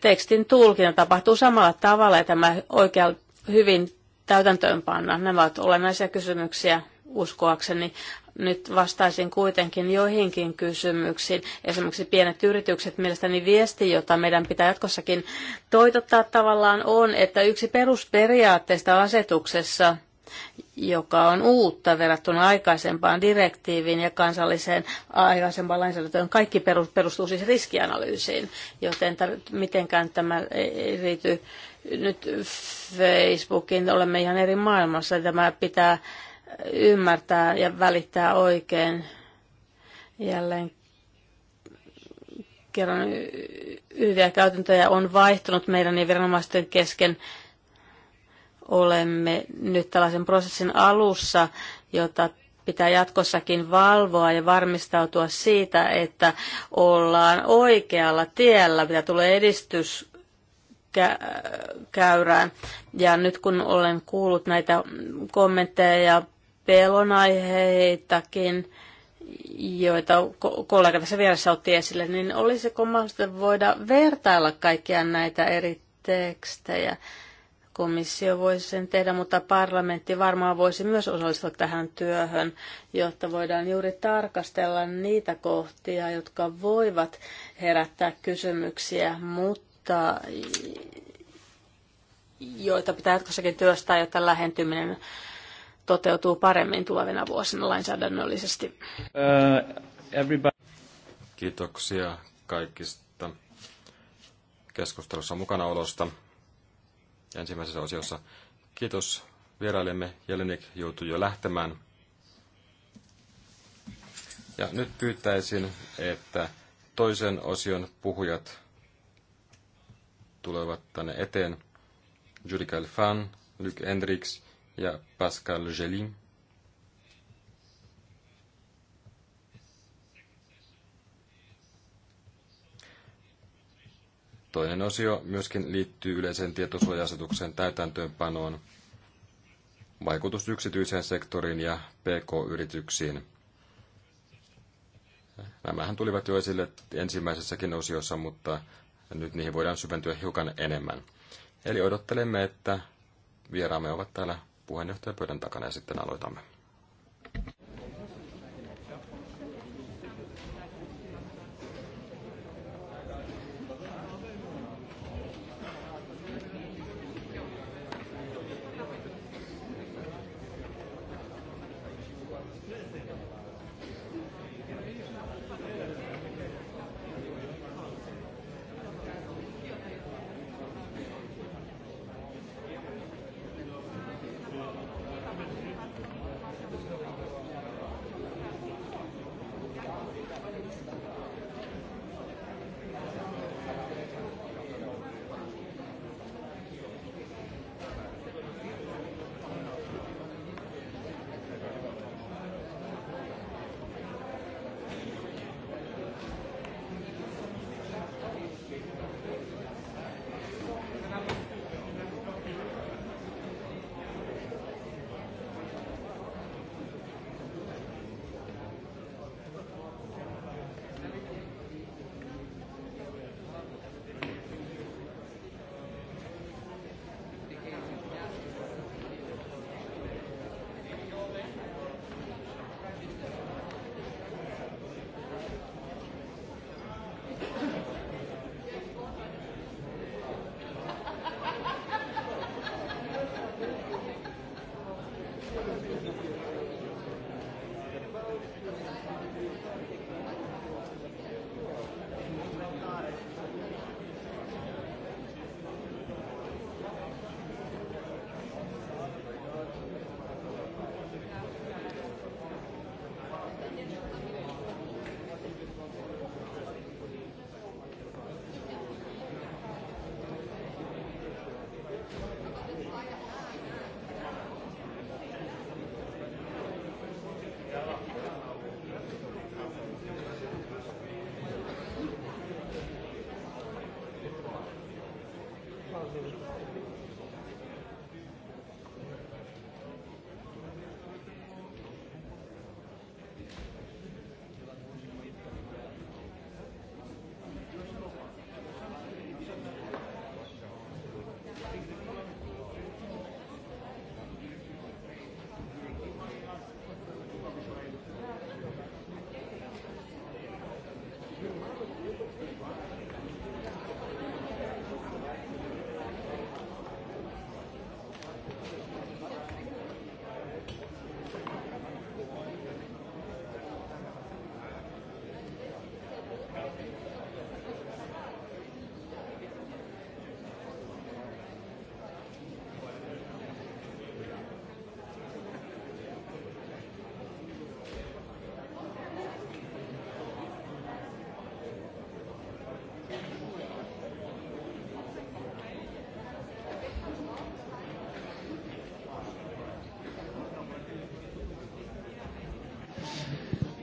tekstin tulkinta tapahtuu samalla tavalla ja tämä oikein hyvin täytäntöönpanna. Nämä ovat olennaisia kysymyksiä uskoakseni. Nyt vastaisin kuitenkin joihinkin kysymyksiin. Esimerkiksi pienet yritykset, mielestäni viesti, jota meidän pitää jatkossakin toitottaa tavallaan on, että yksi perusperiaatteista asetuksessa – joka on uutta verrattuna aikaisempaan direktiiviin ja kansalliseen aikaisempaan lainsäädäntöön. Kaikki perustuu siis riskianalyysiin, joten tar- mitenkään tämä ei riity nyt Facebookiin. Olemme ihan eri maailmassa. Tämä pitää ymmärtää ja välittää oikein jälleen kerran hyviä käytäntöjä on vaihtunut meidän ja viranomaisten kesken Olemme nyt tällaisen prosessin alussa, jota pitää jatkossakin valvoa ja varmistautua siitä, että ollaan oikealla tiellä, mitä tulee edistys käyrään. Ja nyt kun olen kuullut näitä kommentteja ja pelonaiheitakin, joita kollega tässä vieressä otti esille, niin olisiko mahdollista voida vertailla kaikkia näitä eri tekstejä? Komissio voisi sen tehdä, mutta parlamentti varmaan voisi myös osallistua tähän työhön, jotta voidaan juuri tarkastella niitä kohtia, jotka voivat herättää kysymyksiä, mutta joita pitää jatkossakin työstää, jotta lähentyminen toteutuu paremmin tulevina vuosina lainsäädännöllisesti. Uh, Kiitoksia kaikista keskustelussa mukana olosta ensimmäisessä osiossa. Kiitos vierailemme. jelenik joutui jo lähtemään. Ja nyt pyytäisin, että toisen osion puhujat tulevat tänne eteen. Judika Fan, Luc Hendricks ja Pascal Gelin. Toinen osio myöskin liittyy yleisen tietosuoja-asetuksen täytäntöönpanoon, vaikutus yksityiseen sektoriin ja PK-yrityksiin. Nämähän tulivat jo esille ensimmäisessäkin osiossa, mutta nyt niihin voidaan syventyä hiukan enemmän. Eli odottelemme, että vieraamme ovat täällä puheenjohtajapöydän takana ja sitten aloitamme.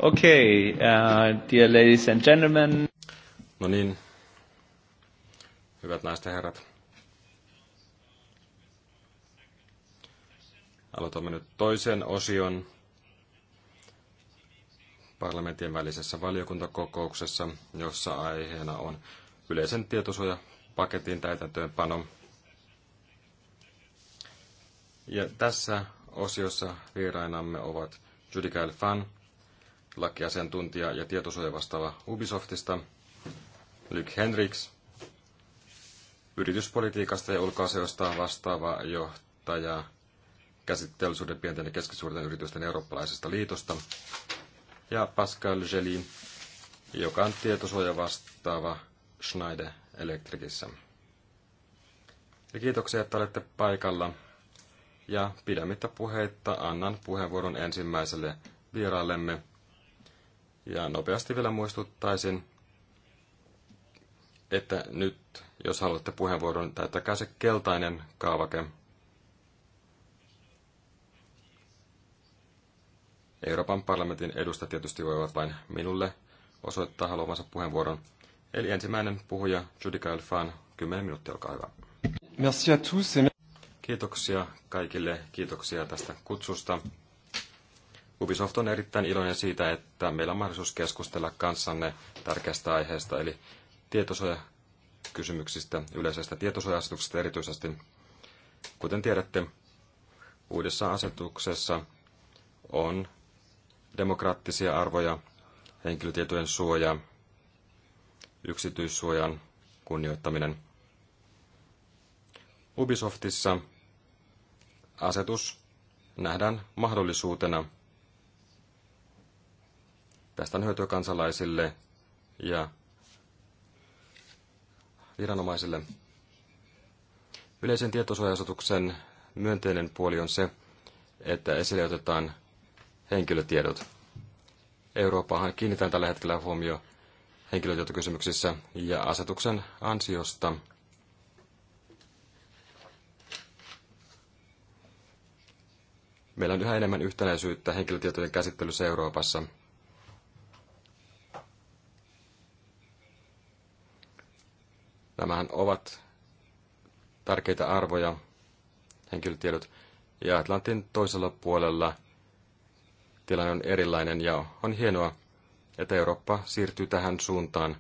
Okay, uh, dear ladies and gentlemen. No niin, hyvät naiset ja herrat. Aloitamme nyt toisen osion parlamentin välisessä valiokuntakokouksessa, jossa aiheena on yleisen tietosuojapaketin täytäntöönpano. Ja tässä osiossa vierainamme ovat Judy Fan, lakiasiantuntija ja tietosuoja vastaava Ubisoftista, Luke Henriks, yrityspolitiikasta ja ulkoasioista vastaava johtaja käsitteollisuuden pienten ja keskisuurten yritysten eurooppalaisesta liitosta, ja Pascal Geli, joka on tietosuoja vastaava Schneider Electricissä. Ja kiitoksia, että olette paikalla. Ja pidemmittä puheitta annan puheenvuoron ensimmäiselle vieraallemme, ja nopeasti vielä muistuttaisin, että nyt, jos haluatte puheenvuoron, täyttäkää se keltainen kaavake. Euroopan parlamentin edustajat tietysti voivat vain minulle osoittaa haluamansa puheenvuoron. Eli ensimmäinen puhuja, Judica Elfan, 10 minuuttia, olkaa hyvä. Merci à tous. Kiitoksia kaikille, kiitoksia tästä kutsusta. Ubisoft on erittäin iloinen siitä, että meillä on mahdollisuus keskustella kanssanne tärkeästä aiheesta, eli tietosuojakysymyksistä, yleisestä tietosuoja erityisesti. Kuten tiedätte, uudessa asetuksessa on demokraattisia arvoja, henkilötietojen suoja, yksityissuojan kunnioittaminen. Ubisoftissa asetus nähdään mahdollisuutena Tästä on hyötyä kansalaisille ja viranomaisille. Yleisen tietosuojasotuksen myönteinen puoli on se, että esille otetaan henkilötiedot. Euroopahan kiinnitään tällä hetkellä huomio henkilötietokysymyksissä ja asetuksen ansiosta meillä on yhä enemmän yhtenäisyyttä henkilötietojen käsittelyssä Euroopassa – Nämähän ovat tärkeitä arvoja, henkilötiedot. Ja Atlantin toisella puolella tilanne on erilainen ja on hienoa, että Eurooppa siirtyy tähän suuntaan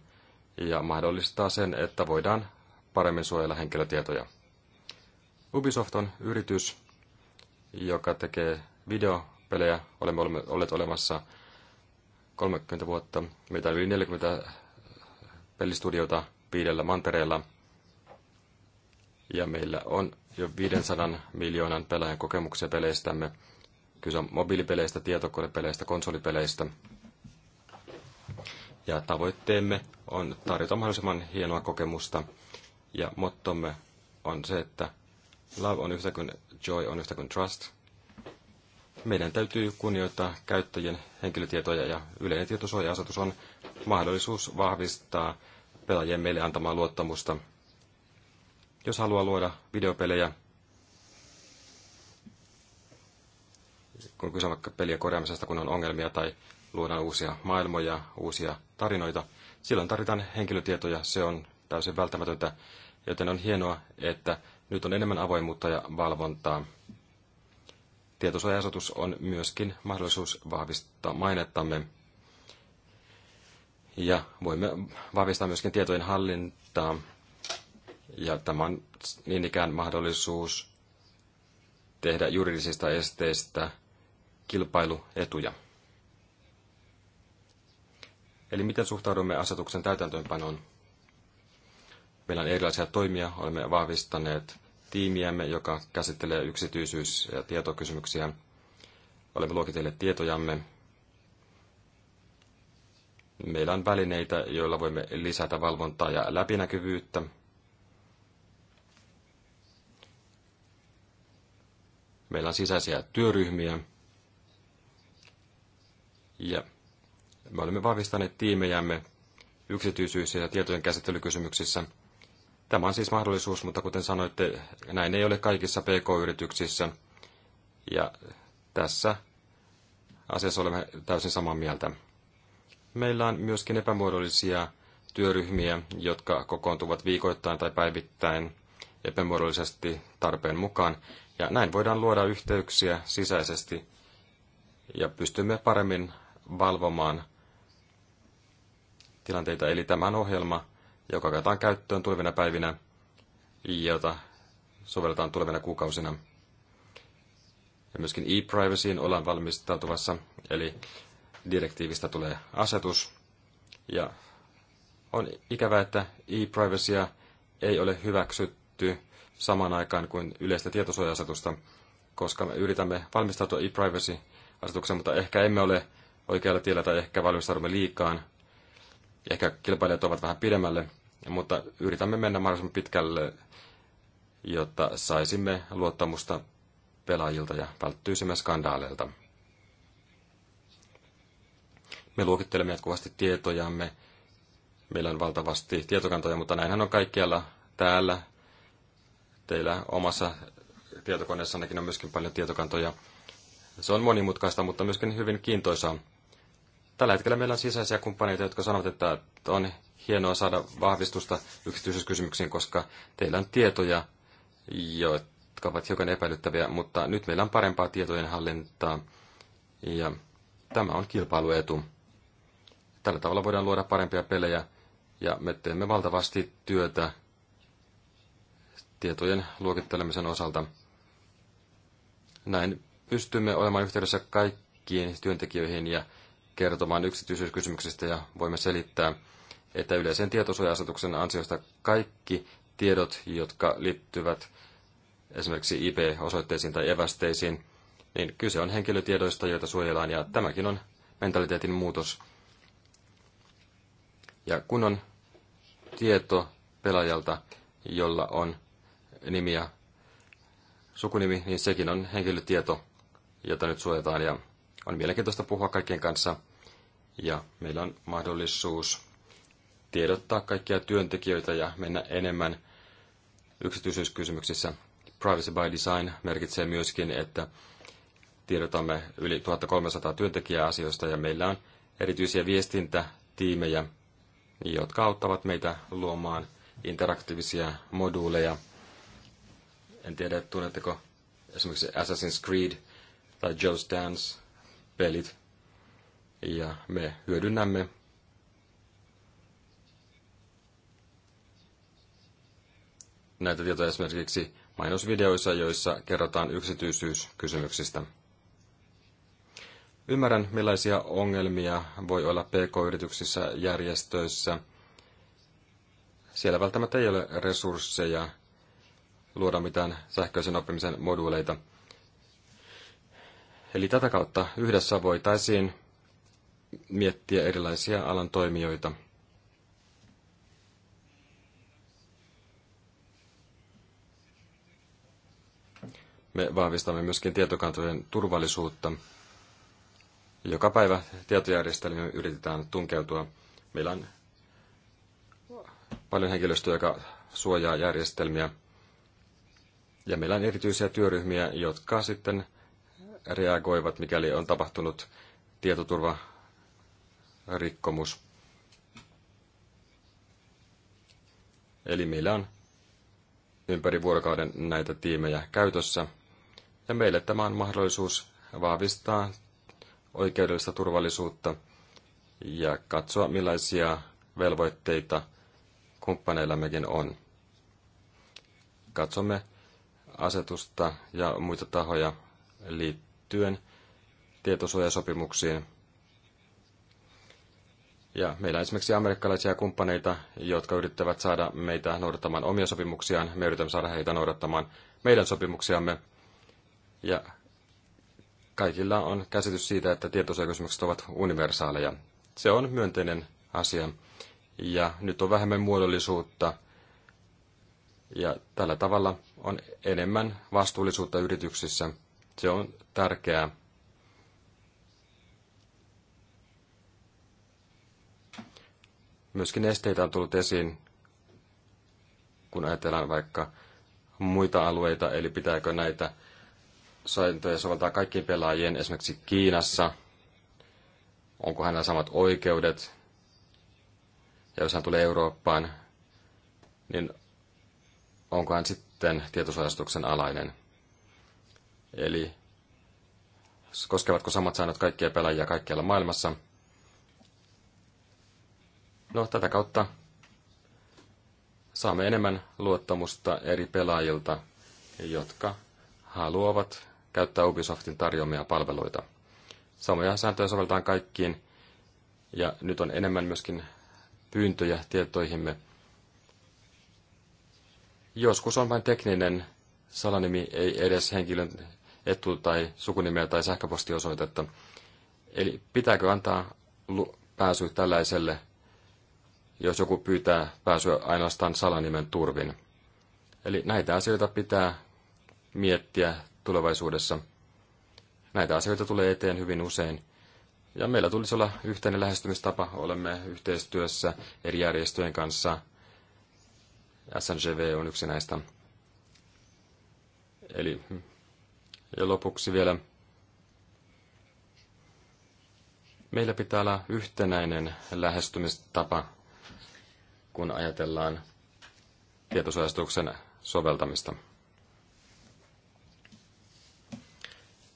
ja mahdollistaa sen, että voidaan paremmin suojella henkilötietoja. Ubisoft on yritys, joka tekee videopelejä. Olemme olleet olemassa 30 vuotta, mitä yli 40 pelistudiota viidellä mantereella. Ja meillä on jo 500 miljoonan pelaajan kokemuksia peleistämme. Kyse on mobiilipeleistä, tietokonepeleistä, konsolipeleistä. Ja tavoitteemme on tarjota mahdollisimman hienoa kokemusta. Ja mottomme on se, että love on yhtä kuin joy on yhtä kuin trust. Meidän täytyy kunnioittaa käyttäjien henkilötietoja ja yleinen tietosuoja-asetus on mahdollisuus vahvistaa pelaajien meille antamaa luottamusta. Jos haluaa luoda videopelejä, kun kyse on vaikka peliä korjaamisesta, kun on ongelmia tai luodaan uusia maailmoja, uusia tarinoita, silloin tarvitaan henkilötietoja, se on täysin välttämätöntä, joten on hienoa, että nyt on enemmän avoimuutta ja valvontaa. Tietosuojaisuus on myöskin mahdollisuus vahvistaa mainettamme ja voimme vahvistaa myöskin tietojen hallintaa. Ja tämä on niin ikään mahdollisuus tehdä juridisista esteistä kilpailuetuja. Eli miten suhtaudumme asetuksen täytäntöönpanoon? Meillä on erilaisia toimia. Olemme vahvistaneet tiimiämme, joka käsittelee yksityisyys- ja tietokysymyksiä. Olemme luokitelleet tietojamme meillä on välineitä, joilla voimme lisätä valvontaa ja läpinäkyvyyttä. Meillä on sisäisiä työryhmiä. Ja me olemme vahvistaneet tiimejämme yksityisyys- ja tietojen käsittelykysymyksissä. Tämä on siis mahdollisuus, mutta kuten sanoitte, näin ei ole kaikissa PK-yrityksissä. Ja tässä asiassa olemme täysin samaa mieltä. Meillä on myöskin epämuodollisia työryhmiä, jotka kokoontuvat viikoittain tai päivittäin epämuodollisesti tarpeen mukaan. Ja näin voidaan luoda yhteyksiä sisäisesti ja pystymme paremmin valvomaan tilanteita. Eli on ohjelma, joka otetaan käyttöön tulevina päivinä, jota sovelletaan tulevina kuukausina. Ja myöskin e-privacyin ollaan valmistautuvassa eli direktiivistä tulee asetus. Ja on ikävää, että e privacya ei ole hyväksytty samaan aikaan kuin yleistä tietosuoja-asetusta, koska me yritämme valmistautua e-privacy-asetukseen, mutta ehkä emme ole oikealla tiellä tai ehkä valmistaudumme liikaan. Ehkä kilpailijat ovat vähän pidemmälle, mutta yritämme mennä mahdollisimman pitkälle, jotta saisimme luottamusta pelaajilta ja välttyisimme skandaaleilta. Me luokittelemme jatkuvasti tietojamme. Meillä on valtavasti tietokantoja, mutta näinhän on kaikkialla täällä. Teillä omassa tietokoneessannekin on myöskin paljon tietokantoja. Se on monimutkaista, mutta myöskin hyvin kiintoisaa. Tällä hetkellä meillä on sisäisiä kumppaneita, jotka sanovat, että on hienoa saada vahvistusta yksityiskysymyksiin, koska teillä on tietoja, jotka ovat hiukan epäilyttäviä, mutta nyt meillä on parempaa tietojen hallintaa ja tämä on kilpailuetu. Tällä tavalla voidaan luoda parempia pelejä ja me teemme valtavasti työtä tietojen luokittelemisen osalta. Näin pystymme olemaan yhteydessä kaikkiin työntekijöihin ja kertomaan yksityisyyskysymyksistä ja voimme selittää, että yleisen tietosuoja-asetuksen ansiosta kaikki tiedot, jotka liittyvät esimerkiksi IP-osoitteisiin tai evästeisiin, niin kyse on henkilötiedoista, joita suojellaan, ja tämäkin on mentaliteetin muutos, ja kun on tieto pelaajalta, jolla on nimi ja sukunimi, niin sekin on henkilötieto, jota nyt suojataan. Ja on mielenkiintoista puhua kaikkien kanssa. Ja meillä on mahdollisuus tiedottaa kaikkia työntekijöitä ja mennä enemmän yksityisyyskysymyksissä. Privacy by Design merkitsee myöskin, että tiedotamme yli 1300 työntekijää asioista ja meillä on erityisiä viestintätiimejä, jotka auttavat meitä luomaan interaktiivisia moduuleja. En tiedä, tunnetteko esimerkiksi Assassin's Creed tai Joe's Dance pelit. Ja me hyödynnämme näitä tietoja esimerkiksi mainosvideoissa, joissa kerrotaan yksityisyyskysymyksistä. Ymmärrän, millaisia ongelmia voi olla pk-yrityksissä, järjestöissä. Siellä välttämättä ei ole resursseja luoda mitään sähköisen oppimisen moduuleita. Eli tätä kautta yhdessä voitaisiin miettiä erilaisia alan toimijoita. Me vahvistamme myöskin tietokantojen turvallisuutta. Joka päivä tietojärjestelmiin yritetään tunkeutua. Meillä on paljon henkilöstöä, joka suojaa järjestelmiä. Ja meillä on erityisiä työryhmiä, jotka sitten reagoivat, mikäli on tapahtunut tietoturvarikkomus. Eli meillä on ympäri vuorokauden näitä tiimejä käytössä. Ja meille tämä on mahdollisuus vahvistaa oikeudellista turvallisuutta ja katsoa, millaisia velvoitteita kumppaneillammekin on. Katsomme asetusta ja muita tahoja liittyen tietosuojasopimuksiin. Ja meillä on esimerkiksi amerikkalaisia kumppaneita, jotka yrittävät saada meitä noudattamaan omia sopimuksiaan. Me yritämme saada heitä noudattamaan meidän sopimuksiamme. Ja kaikilla on käsitys siitä, että tietosuojakysymykset ovat universaaleja. Se on myönteinen asia. Ja nyt on vähemmän muodollisuutta. Ja tällä tavalla on enemmän vastuullisuutta yrityksissä. Se on tärkeää. Myöskin esteitä on tullut esiin, kun ajatellaan vaikka muita alueita, eli pitääkö näitä sääntöjä soveltaa kaikkiin pelaajien, esimerkiksi Kiinassa, onko hänellä samat oikeudet, ja jos hän tulee Eurooppaan, niin onko hän sitten tietosuojastuksen alainen. Eli koskevatko samat säännöt kaikkia pelaajia kaikkialla maailmassa? No, tätä kautta saamme enemmän luottamusta eri pelaajilta, jotka haluavat käyttää Ubisoftin tarjoamia palveluita. Samoja sääntöjä sovelletaan kaikkiin, ja nyt on enemmän myöskin pyyntöjä tietoihimme. Joskus on vain tekninen salanimi, ei edes henkilön etu- tai sukunimeä tai sähköpostiosoitetta. Eli pitääkö antaa pääsy tällaiselle, jos joku pyytää pääsyä ainoastaan salanimen turvin? Eli näitä asioita pitää miettiä tulevaisuudessa. Näitä asioita tulee eteen hyvin usein. Ja meillä tulisi olla yhteinen lähestymistapa. Olemme yhteistyössä eri järjestöjen kanssa. SNGV on yksi näistä. Eli hmm, ja lopuksi vielä. Meillä pitää olla yhtenäinen lähestymistapa, kun ajatellaan tietosuojastuksen soveltamista.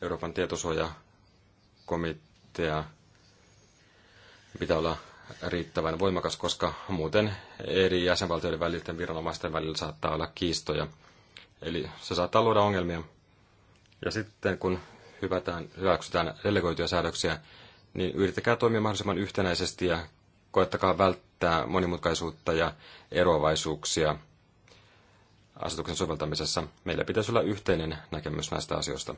Euroopan tietosuojakomitea pitää olla riittävän voimakas, koska muuten eri jäsenvaltioiden välisten viranomaisten välillä saattaa olla kiistoja. Eli se saattaa luoda ongelmia. Ja sitten kun hyvätään, hyväksytään delegoituja säädöksiä, niin yrittäkää toimia mahdollisimman yhtenäisesti ja koettakaa välttää monimutkaisuutta ja eroavaisuuksia asetuksen soveltamisessa. Meillä pitäisi olla yhteinen näkemys näistä asioista.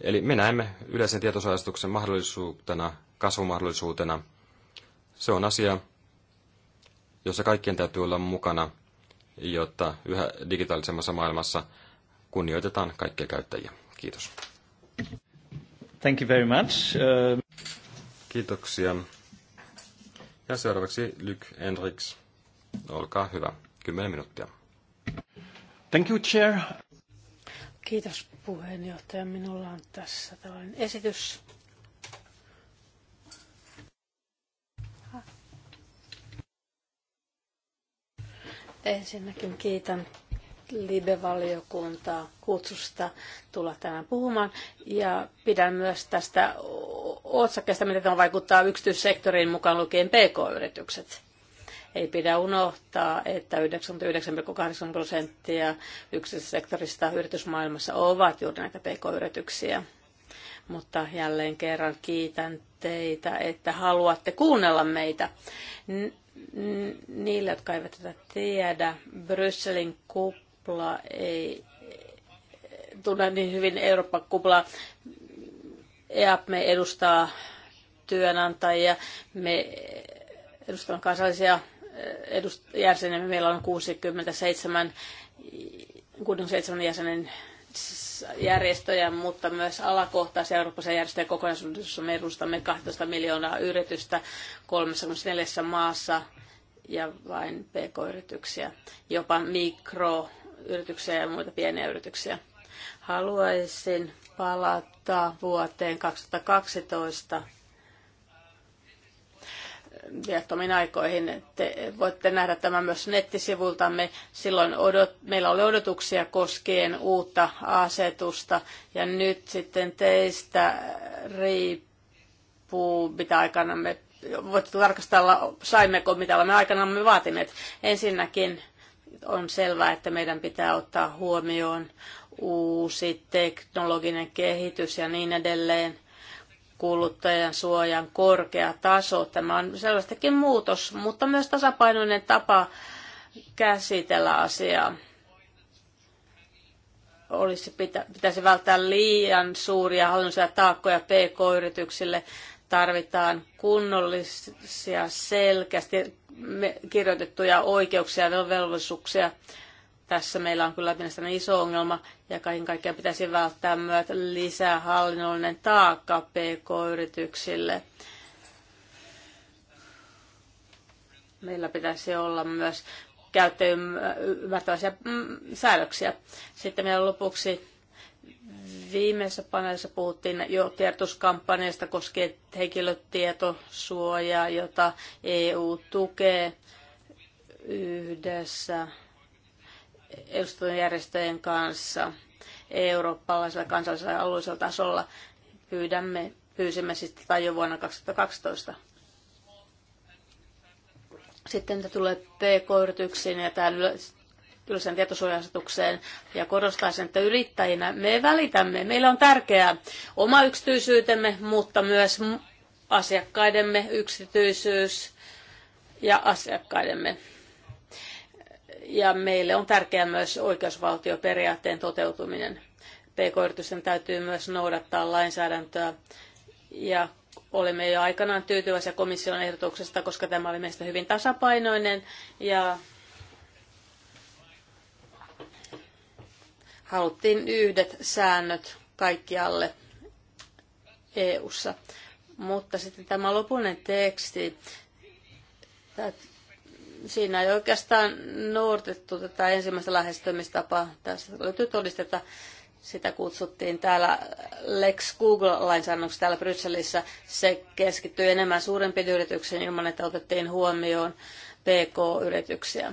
Eli me näemme yleisen tietosuojastuksen mahdollisuutena, kasvumahdollisuutena. Se on asia, jossa kaikkien täytyy olla mukana, jotta yhä digitaalisemmassa maailmassa kunnioitetaan kaikkia käyttäjiä. Kiitos. Thank you very much. Uh... Kiitoksia. Ja seuraavaksi Luc Hendricks Olkaa hyvä. 10 minuuttia. Thank you, Chair. Kiitos puheenjohtaja. Minulla on tässä tällainen esitys. Ensinnäkin kiitän Libe-valiokuntaa kutsusta tulla tänään puhumaan. Ja pidän myös tästä otsakkeesta, miten tämä vaikuttaa yksityissektoriin mukaan lukien PK-yritykset. Ei pidä unohtaa, että 99,8 prosenttia yksityissektorista yritysmaailmassa ovat juuri näitä pk-yrityksiä. Mutta jälleen kerran kiitän teitä, että haluatte kuunnella meitä. Niille, jotka eivät tätä tiedä, Brysselin kupla ei tunne niin hyvin Euroopan kuplaa. E me edustaa työnantajia, me edustamme kansallisia jäsenemme. Meillä on 67, 67 jäsenen järjestöjä, mutta myös alakohtaisia eurooppalaisia järjestöjä kokonaisuudessa. Me edustamme 12 miljoonaa yritystä 34 maassa ja vain pk-yrityksiä, jopa mikroyrityksiä ja muita pieniä yrityksiä. Haluaisin palata vuoteen 2012 viattomiin aikoihin. Te voitte nähdä tämän myös nettisivultamme. Silloin odot, meillä oli odotuksia koskien uutta asetusta ja nyt sitten teistä riippuu, mitä aikana me voitte tarkastella, saimmeko mitä olemme aikanaan me vaatineet. Ensinnäkin on selvää, että meidän pitää ottaa huomioon uusi teknologinen kehitys ja niin edelleen kuluttajan suojan korkea taso. Tämä on selvästikin muutos, mutta myös tasapainoinen tapa käsitellä asiaa. Olisi, pitä, pitäisi välttää liian suuria hallinnollisia taakkoja PK-yrityksille. Tarvitaan kunnollisia, selkeästi kirjoitettuja oikeuksia ja velvollisuuksia tässä meillä on kyllä mielestäni iso ongelma ja kaiken kaikkiaan pitäisi välttää myös lisää hallinnollinen taakka PK-yrityksille. Meillä pitäisi olla myös käyttäjyymmärtäväisiä mm, säädöksiä. Sitten meillä lopuksi viimeisessä paneelissa puhuttiin jo tiedotuskampanjasta koskien henkilötietosuojaa, jota EU tukee yhdessä edustettujen järjestöjen kanssa eurooppalaisella kansallisella ja alueellisella tasolla. Pyydämme, pyysimme sitten siis tai jo vuonna 2012. Sitten mitä tulee PK-yrityksiin ja tähän yleisen tietosuojasetukseen ja korostaisin, että yrittäjinä me välitämme. Meillä on tärkeää oma yksityisyytemme, mutta myös asiakkaidemme yksityisyys ja asiakkaidemme ja meille on tärkeää myös oikeusvaltioperiaatteen toteutuminen. PK-yritysten täytyy myös noudattaa lainsäädäntöä ja olimme jo aikanaan tyytyväisiä komission ehdotuksesta, koska tämä oli meistä hyvin tasapainoinen ja haluttiin yhdet säännöt kaikkialle EU-ssa. Mutta sitten tämä lopullinen teksti siinä ei oikeastaan noudatettu tätä ensimmäistä lähestymistapaa. Tässä löytyy todisteta, sitä kutsuttiin täällä Lex Google-lainsäädännöksi täällä Brysselissä. Se keskittyi enemmän suurempiin yrityksiin ilman, että otettiin huomioon PK-yrityksiä.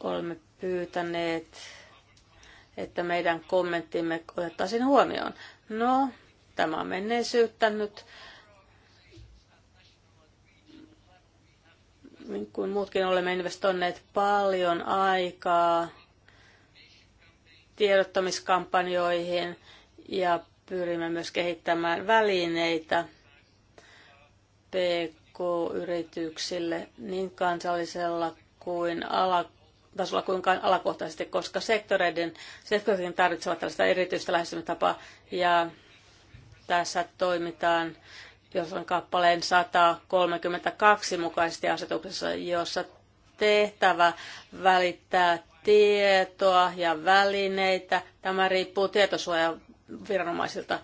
Olemme pyytäneet, että meidän kommenttimme otettaisiin huomioon. No, tämä on menneisyyttä nyt niin kuin muutkin olemme investoineet paljon aikaa tiedottamiskampanjoihin ja pyrimme myös kehittämään välineitä PK-yrityksille niin kansallisella kuin ala, tasolla kuin alakohtaisesti, koska sektoreiden, sektoreiden tarvitsevat tällaista erityistä lähestymistapaa ja tässä toimitaan jos on kappaleen 132 mukaisesti asetuksessa, jossa tehtävä välittää tietoa ja välineitä. Tämä riippuu tietosuojaviranomaisilta,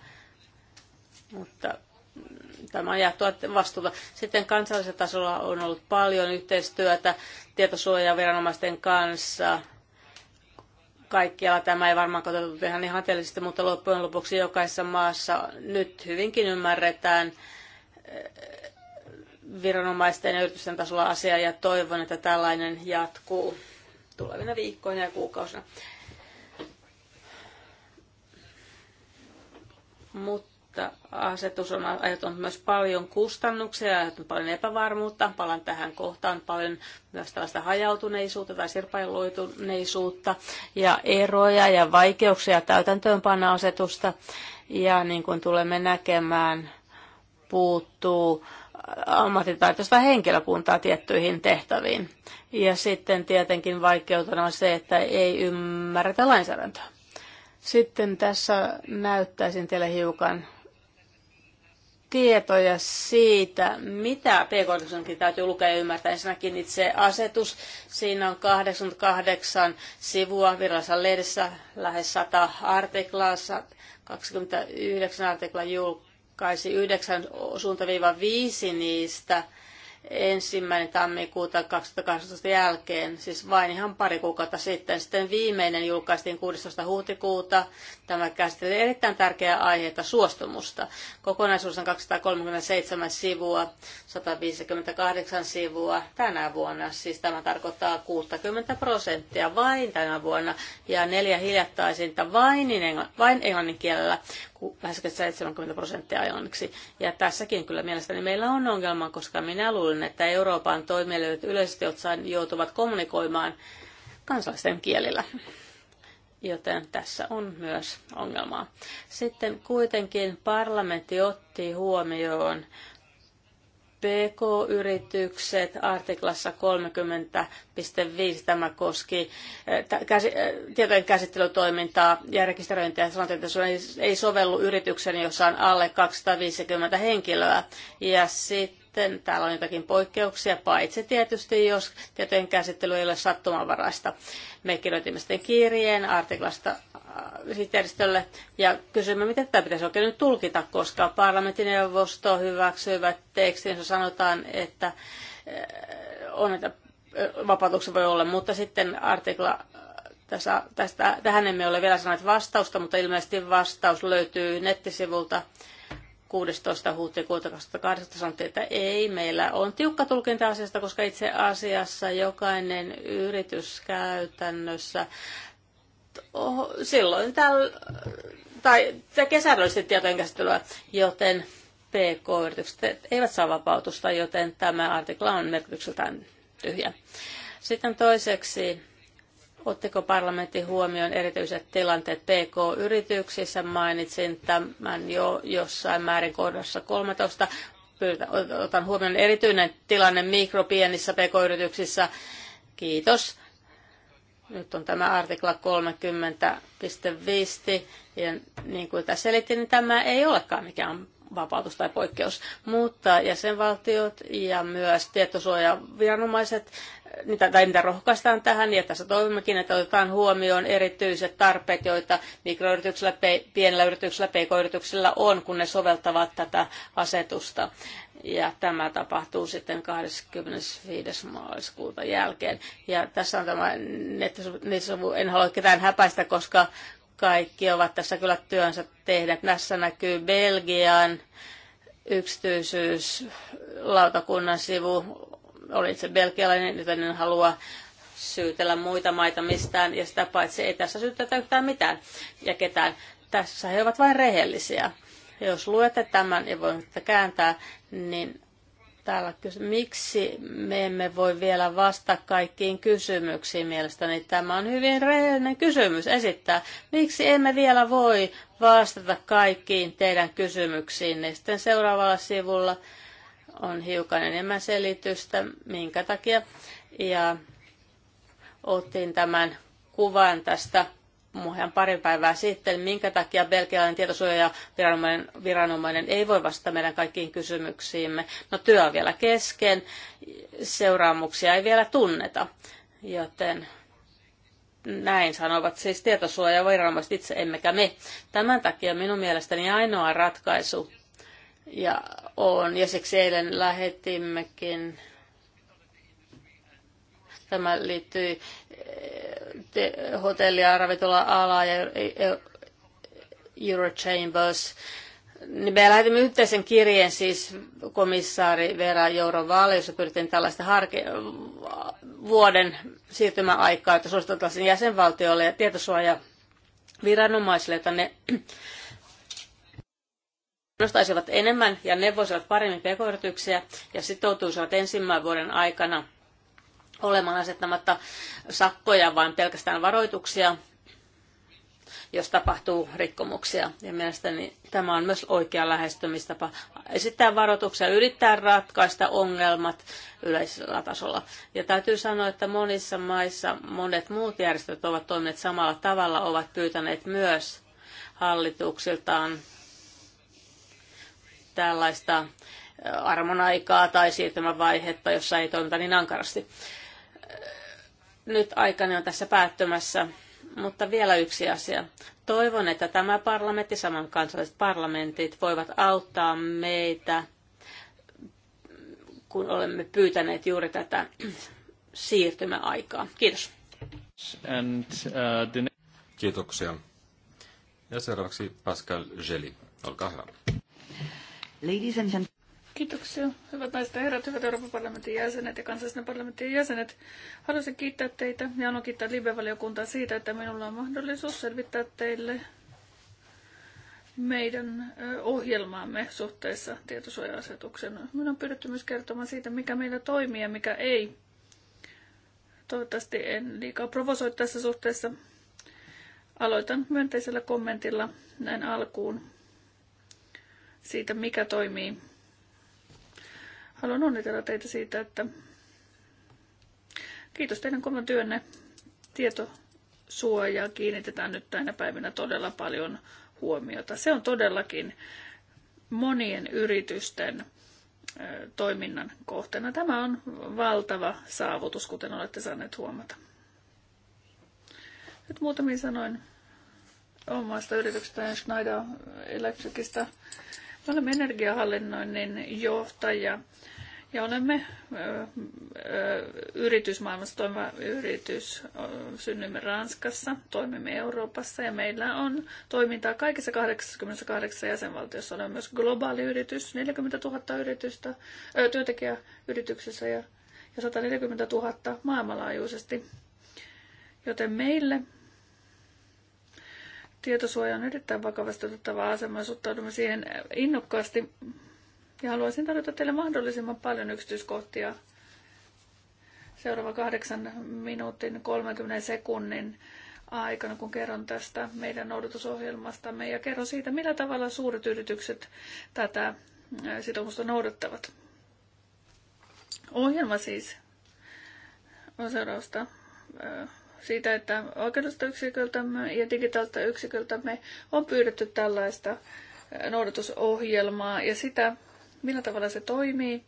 mutta tämä on jaettua vastuuta. Sitten kansallisella tasolla on ollut paljon yhteistyötä tietosuojaviranomaisten kanssa. Kaikkialla tämä ei varmaan toteutu ihan ihanteellisesti, mutta loppujen lopuksi jokaisessa maassa nyt hyvinkin ymmärretään, viranomaisten ja yritysten tasolla asia ja toivon, että tällainen jatkuu tulevina viikkoina ja kuukausina. Mutta asetus on aiheuttanut myös paljon kustannuksia ja paljon epävarmuutta. Palaan tähän kohtaan paljon myös tällaista hajautuneisuutta tai sirpailuituneisuutta ja eroja ja vaikeuksia täytäntöönpanna asetusta. Ja niin kuin tulemme näkemään, puuttuu äh, ammattitaitoista henkilökuntaa tiettyihin tehtäviin. Ja sitten tietenkin vaikeutena on se, että ei ymmärretä lainsäädäntöä. Sitten tässä näyttäisin teille hiukan tietoja siitä, mitä pk täytyy lukea ja ymmärtää. Ensinnäkin itse asetus. Siinä on 88 sivua virallisessa lehdessä, lähes 100 artiklaa, 29 artiklaa julkaisu ratkaisi. 9 suuntaviiva 5 niistä ensimmäinen tammikuuta 2018 jälkeen, siis vain ihan pari kuukautta sitten. Sitten viimeinen julkaistiin 16. huhtikuuta. Tämä käsitteli erittäin tärkeää aiheita suostumusta. Kokonaisuus on 237 sivua, 158 sivua tänä vuonna. Siis tämä tarkoittaa 60 prosenttia vain tänä vuonna ja neljä hiljattaisinta vain, vain englannin kielellä lähes 70 prosenttia ajoimmiksi. Ja tässäkin kyllä mielestäni meillä on ongelma, koska minä luulen, että Euroopan toimijat yleisesti ottaen joutuvat kommunikoimaan kansallisten kielillä. Joten tässä on myös ongelmaa. Sitten kuitenkin parlamentti otti huomioon PK-yritykset artiklassa 30.5 tämä koski eh, eh, tietojen käsittelytoimintaa ja rekisteröintiä että ei, ei sovellu yrityksen, jossa on alle 250 henkilöä. Ja sitten täällä on jotakin poikkeuksia, paitsi tietysti jos tietojen käsittely ei ole sattumanvaraista. Me kirjoitimme sitten kirjeen artiklasta äh, sihteeristölle ja kysymme, miten tämä pitäisi oikein nyt tulkita, koska parlamentineuvosto hyväksyivät tekstin, jossa sanotaan, että äh, on, että äh, vapautuksen voi olla, mutta sitten artikla tässä, tästä, tähän emme ole vielä sanoneet vastausta, mutta ilmeisesti vastaus löytyy nettisivulta 16. huhtikuuta 2018 sanottiin, että ei, meillä on tiukka tulkinta asiasta, koska itse asiassa jokainen yritys käytännössä oh, silloin täl, tai, tai kesällöllisesti tietojen käsittelyä, joten PK-yritykset eivät saa vapautusta, joten tämä artikla on merkitykseltään tyhjä. Sitten toiseksi Ottiko parlamentti huomioon erityiset tilanteet PK-yrityksissä? Mainitsin tämän jo jossain määrin kohdassa 13. Otan huomioon erityinen tilanne mikropienissä PK-yrityksissä. Kiitos. Nyt on tämä artikla 30.5 ja niin kuin tässä selitin, niin tämä ei olekaan mikään vapautus tai poikkeus, mutta jäsenvaltiot ja myös tietosuojaviranomaiset mitä, tai mitä rohkaistaan tähän, ja tässä toivommekin, että otetaan huomioon erityiset tarpeet, joita mikroyrityksillä, pienellä yrityksillä, pk-yrityksillä on, kun ne soveltavat tätä asetusta. Ja tämä tapahtuu sitten 25. maaliskuuta jälkeen. Ja tässä on tämä nettisivu, en halua ketään häpäistä, koska kaikki ovat tässä kyllä työnsä tehdä. Tässä näkyy Belgian yksityisyyslautakunnan sivu olen itse belgialainen, joten en halua syytellä muita maita mistään, ja sitä paitsi ei tässä syytetä yhtään mitään ja ketään. Tässä he ovat vain rehellisiä. Ja jos luette tämän ja voitte kääntää, niin täällä kysy- miksi me emme voi vielä vastata kaikkiin kysymyksiin mielestäni. Tämä on hyvin rehellinen kysymys esittää. Miksi emme vielä voi vastata kaikkiin teidän kysymyksiin? Sitten seuraavalla sivulla on hiukan enemmän selitystä, minkä takia. Ja otin tämän kuvan tästä muuhan pari päivää sitten, minkä takia belgialainen tietosuojaviranomainen viranomainen ei voi vastata meidän kaikkiin kysymyksiimme. No työ on vielä kesken, seuraamuksia ei vielä tunneta, joten näin sanovat siis tietosuojaviranomaiset itse, emmekä me. Tämän takia minun mielestäni ainoa ratkaisu ja on. Ja siksi eilen lähetimmekin Tämä liittyy eh, hotelli- ja ravintola ala ja e, e, Eurochambers. Niin me lähetimme yhteisen kirjeen siis komissaari Vera Jourovalle, jossa pyrittiin tällaista harke- vuoden siirtymäaikaa, että suositeltaisiin jäsenvaltioille ja tietosuojaviranomaisille, viranomaisille, että ne kiinnostaisivat enemmän ja neuvoisivat paremmin pk-yrityksiä ja sitoutuisivat ensimmäisen vuoden aikana olemaan asettamatta sakkoja, vaan pelkästään varoituksia, jos tapahtuu rikkomuksia. Ja mielestäni tämä on myös oikea lähestymistapa. Esittää varoituksia, yrittää ratkaista ongelmat yleisellä tasolla. Ja täytyy sanoa, että monissa maissa monet muut järjestöt ovat toimineet samalla tavalla, ovat pyytäneet myös hallituksiltaan tällaista armonaikaa tai siirtymävaihetta, jossa ei toimita niin ankarasti. Nyt aikani on tässä päättymässä, mutta vielä yksi asia. Toivon, että tämä parlamentti, saman kansalliset parlamentit, voivat auttaa meitä, kun olemme pyytäneet juuri tätä siirtymäaikaa. Kiitos. And, uh, the... Kiitoksia. Ja seuraavaksi Pascal Geli. Olkaa hyvä. Ladies and gentlemen. Kiitoksia. Hyvät naiset ja herrat, hyvät Euroopan parlamentin jäsenet ja kansallisen parlamentin jäsenet. Haluaisin kiittää teitä ja haluan kiittää Libe-valiokuntaa siitä, että minulla on mahdollisuus selvittää teille meidän ohjelmaamme suhteessa tietosuoja-asetukseen. Minun on pyydetty myös kertomaan siitä, mikä meillä toimii ja mikä ei. Toivottavasti en liikaa provosoi tässä suhteessa. Aloitan myönteisellä kommentilla näin alkuun siitä, mikä toimii. Haluan onnitella teitä siitä, että kiitos teidän kovan työnne. Tietosuojaa kiinnitetään nyt tänä päivänä todella paljon huomiota. Se on todellakin monien yritysten toiminnan kohteena. Tämä on valtava saavutus, kuten olette saaneet huomata. Nyt muutamia sanoin omasta yrityksestä Schneider Electricista. Me olemme energiahallinnoinnin johtaja ja olemme ö, ö, yritysmaailmassa toimiva yritys. Synnymme Ranskassa, toimimme Euroopassa ja meillä on toimintaa kaikissa 88 jäsenvaltiossa. Olemme myös globaali yritys, 40 000 yritystä, ö, työntekijäyrityksessä ja, ja 140 000 maailmanlaajuisesti. Joten meille Tietosuoja on erittäin vakavasti otettava asema ja suhtaudumme siihen innokkaasti. Ja haluaisin tarjota teille mahdollisimman paljon yksityiskohtia seuraava kahdeksan minuutin 30 sekunnin aikana, kun kerron tästä meidän noudatusohjelmastamme ja kerron siitä, millä tavalla suuret yritykset tätä sitoumusta noudattavat. Ohjelma siis on seurausta siitä, että oikeudellista yksiköltämme ja digitaalista yksiköltämme on pyydetty tällaista noudatusohjelmaa ja sitä, millä tavalla se toimii,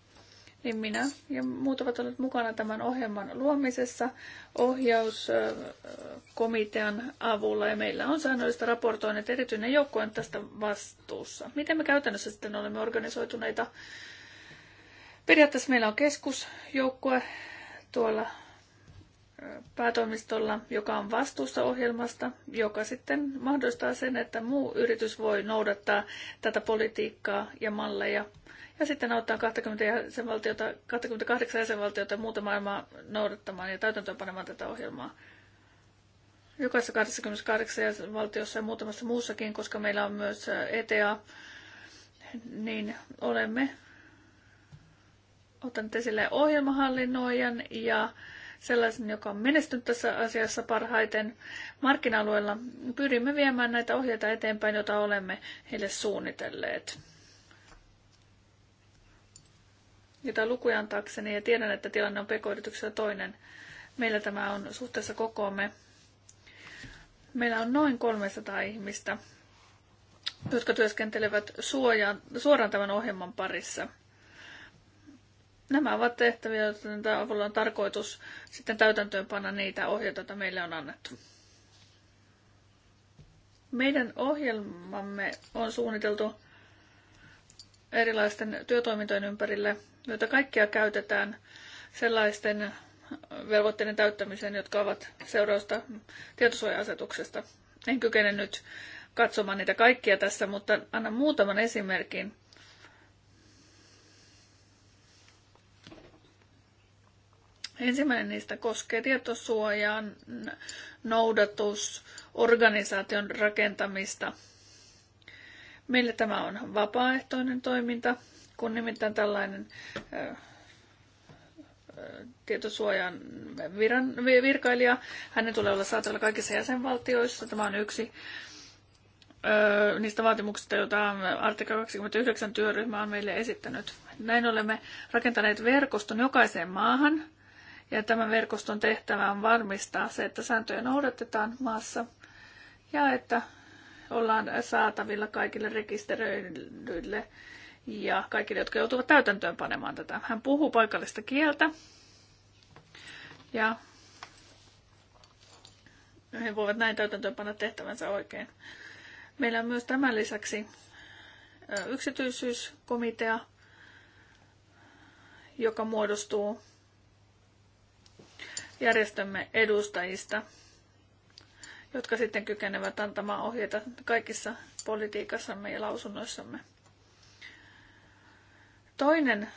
niin minä ja muut ovat olleet mukana tämän ohjelman luomisessa ohjauskomitean avulla ja meillä on säännöllistä raportoinnit erityinen joukko on tästä vastuussa. Miten me käytännössä sitten olemme organisoituneita? Periaatteessa meillä on keskusjoukkue tuolla päätoimistolla, joka on vastuussa ohjelmasta, joka sitten mahdollistaa sen, että muu yritys voi noudattaa tätä politiikkaa ja malleja. Ja sitten auttaa 20 jäsenvaltiota, 28 jäsenvaltiota ja muuta maailmaa noudattamaan ja täytäntöönpanemaan tätä ohjelmaa. Jokaisessa 28 jäsenvaltiossa ja muutamassa muussakin, koska meillä on myös ETA, niin olemme ottaneet esille ohjelmahallinnoijan ja sellaisen, joka on menestynyt tässä asiassa parhaiten markkina-alueella. Pyrimme viemään näitä ohjeita eteenpäin, joita olemme heille suunnitelleet. Jota lukuja antaakseni, ja tiedän, että tilanne on pk toinen. Meillä tämä on suhteessa kokoomme. Meillä on noin 300 ihmistä, jotka työskentelevät suoraan tämän ohjelman parissa – Nämä ovat tehtäviä, tämä avulla on tarkoitus sitten täytäntöönpanna niitä ohjeita, joita meille on annettu. Meidän ohjelmamme on suunniteltu erilaisten työtoimintojen ympärille, joita kaikkia käytetään sellaisten velvoitteiden täyttämiseen, jotka ovat seurausta tietosuoja-asetuksesta. En kykene nyt katsomaan niitä kaikkia tässä, mutta annan muutaman esimerkin Ensimmäinen niistä koskee tietosuojan noudatus, organisaation rakentamista. Meillä tämä on vapaaehtoinen toiminta, kun nimittäin tällainen tietosuojan viran, virkailija. Hänen tulee olla saatavilla kaikissa jäsenvaltioissa. Tämä on yksi ö, niistä vaatimuksista, joita artikla 29 työryhmä on meille esittänyt. Näin olemme rakentaneet verkoston jokaiseen maahan – ja tämän verkoston tehtävä on varmistaa se, että sääntöjä noudatetaan maassa ja että ollaan saatavilla kaikille rekisteröidyille ja kaikille, jotka joutuvat täytäntöön panemaan tätä. Hän puhuu paikallista kieltä ja he voivat näin täytäntöön panna tehtävänsä oikein. Meillä on myös tämän lisäksi yksityisyyskomitea, joka muodostuu järjestämme edustajista, jotka sitten kykenevät antamaan ohjeita kaikissa politiikassamme ja lausunnoissamme. Toinen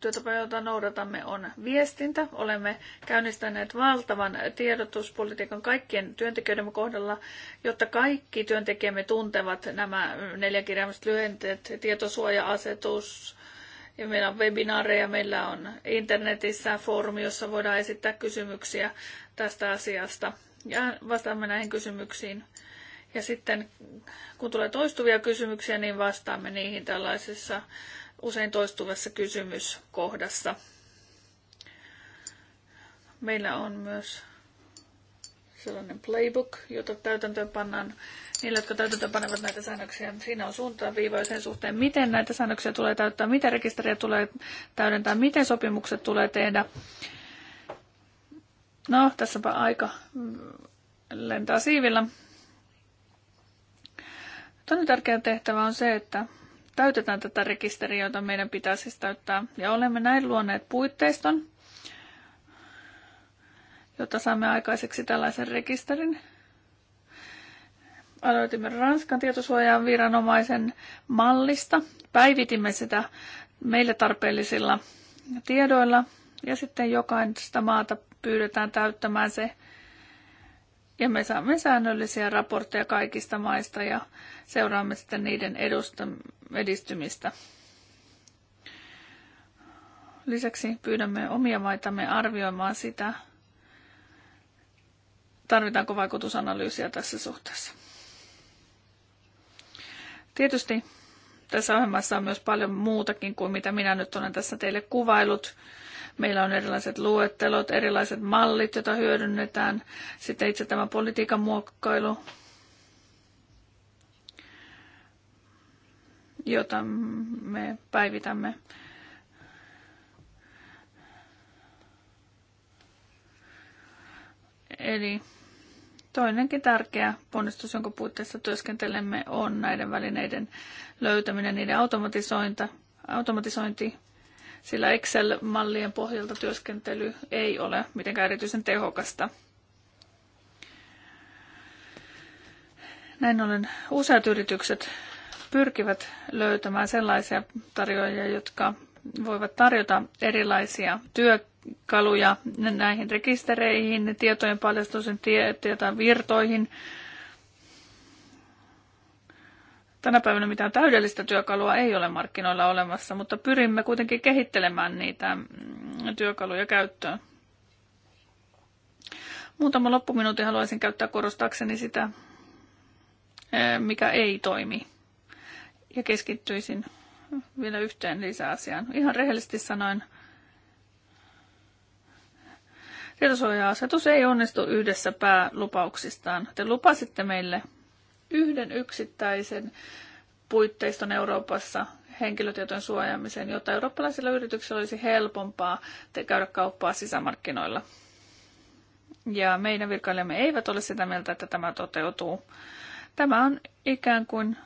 työtapa, jota noudatamme, on viestintä. Olemme käynnistäneet valtavan tiedotuspolitiikan kaikkien työntekijöiden kohdalla, jotta kaikki työntekijämme tuntevat nämä neljäkirjaimiset lyhenteet, tietosuoja-asetus, ja meillä on webinaareja, meillä on internetissä foorumi, jossa voidaan esittää kysymyksiä tästä asiasta. Ja vastaamme näihin kysymyksiin. Ja sitten kun tulee toistuvia kysymyksiä, niin vastaamme niihin tällaisessa usein toistuvassa kysymyskohdassa. Meillä on myös sellainen playbook, jota täytäntöön pannaan niille, jotka panevat näitä säännöksiä. Siinä on suuntaviivoja sen suhteen, miten näitä säännöksiä tulee täyttää, miten rekisteriä tulee täydentää, miten sopimukset tulee tehdä. No, tässäpä aika lentää siivillä. Toinen tärkeä tehtävä on se, että täytetään tätä rekisteriä, jota meidän pitää siis täyttää. Ja olemme näin luoneet puitteiston, jotta saamme aikaiseksi tällaisen rekisterin, aloitimme Ranskan tietosuojan viranomaisen mallista, päivitimme sitä meille tarpeellisilla tiedoilla ja sitten jokaista maata pyydetään täyttämään se ja me saamme säännöllisiä raportteja kaikista maista ja seuraamme sitten niiden edusta, edistymistä. Lisäksi pyydämme omia maitamme arvioimaan sitä, tarvitaanko vaikutusanalyysiä tässä suhteessa. Tietysti tässä ohjelmassa on myös paljon muutakin kuin mitä minä nyt olen tässä teille kuvailut. Meillä on erilaiset luettelot, erilaiset mallit, joita hyödynnetään. Sitten itse tämä politiikan muokkailu, jota me päivitämme. Eli Toinenkin tärkeä ponnistus, jonka puitteissa työskentelemme, on näiden välineiden löytäminen, niiden automatisointi, sillä Excel-mallien pohjalta työskentely ei ole mitenkään erityisen tehokasta. Näin ollen useat yritykset pyrkivät löytämään sellaisia tarjoajia, jotka voivat tarjota erilaisia työ, kaluja näihin rekistereihin, tietojen paljastuksen tie, virtoihin. Tänä päivänä mitään täydellistä työkalua ei ole markkinoilla olemassa, mutta pyrimme kuitenkin kehittelemään niitä mm, työkaluja käyttöön. Muutama loppuminuutti haluaisin käyttää korostaakseni sitä, eh, mikä ei toimi. Ja keskittyisin vielä yhteen lisäasiaan. Ihan rehellisesti sanoen, Tietosuoja-asetus ei onnistu yhdessä päälupauksistaan. Te lupasitte meille yhden yksittäisen puitteiston Euroopassa henkilötietojen suojaamiseen, jotta eurooppalaisilla yrityksillä olisi helpompaa käydä kauppaa sisämarkkinoilla. Ja meidän virkailijamme eivät ole sitä mieltä, että tämä toteutuu. Tämä on ikään kuin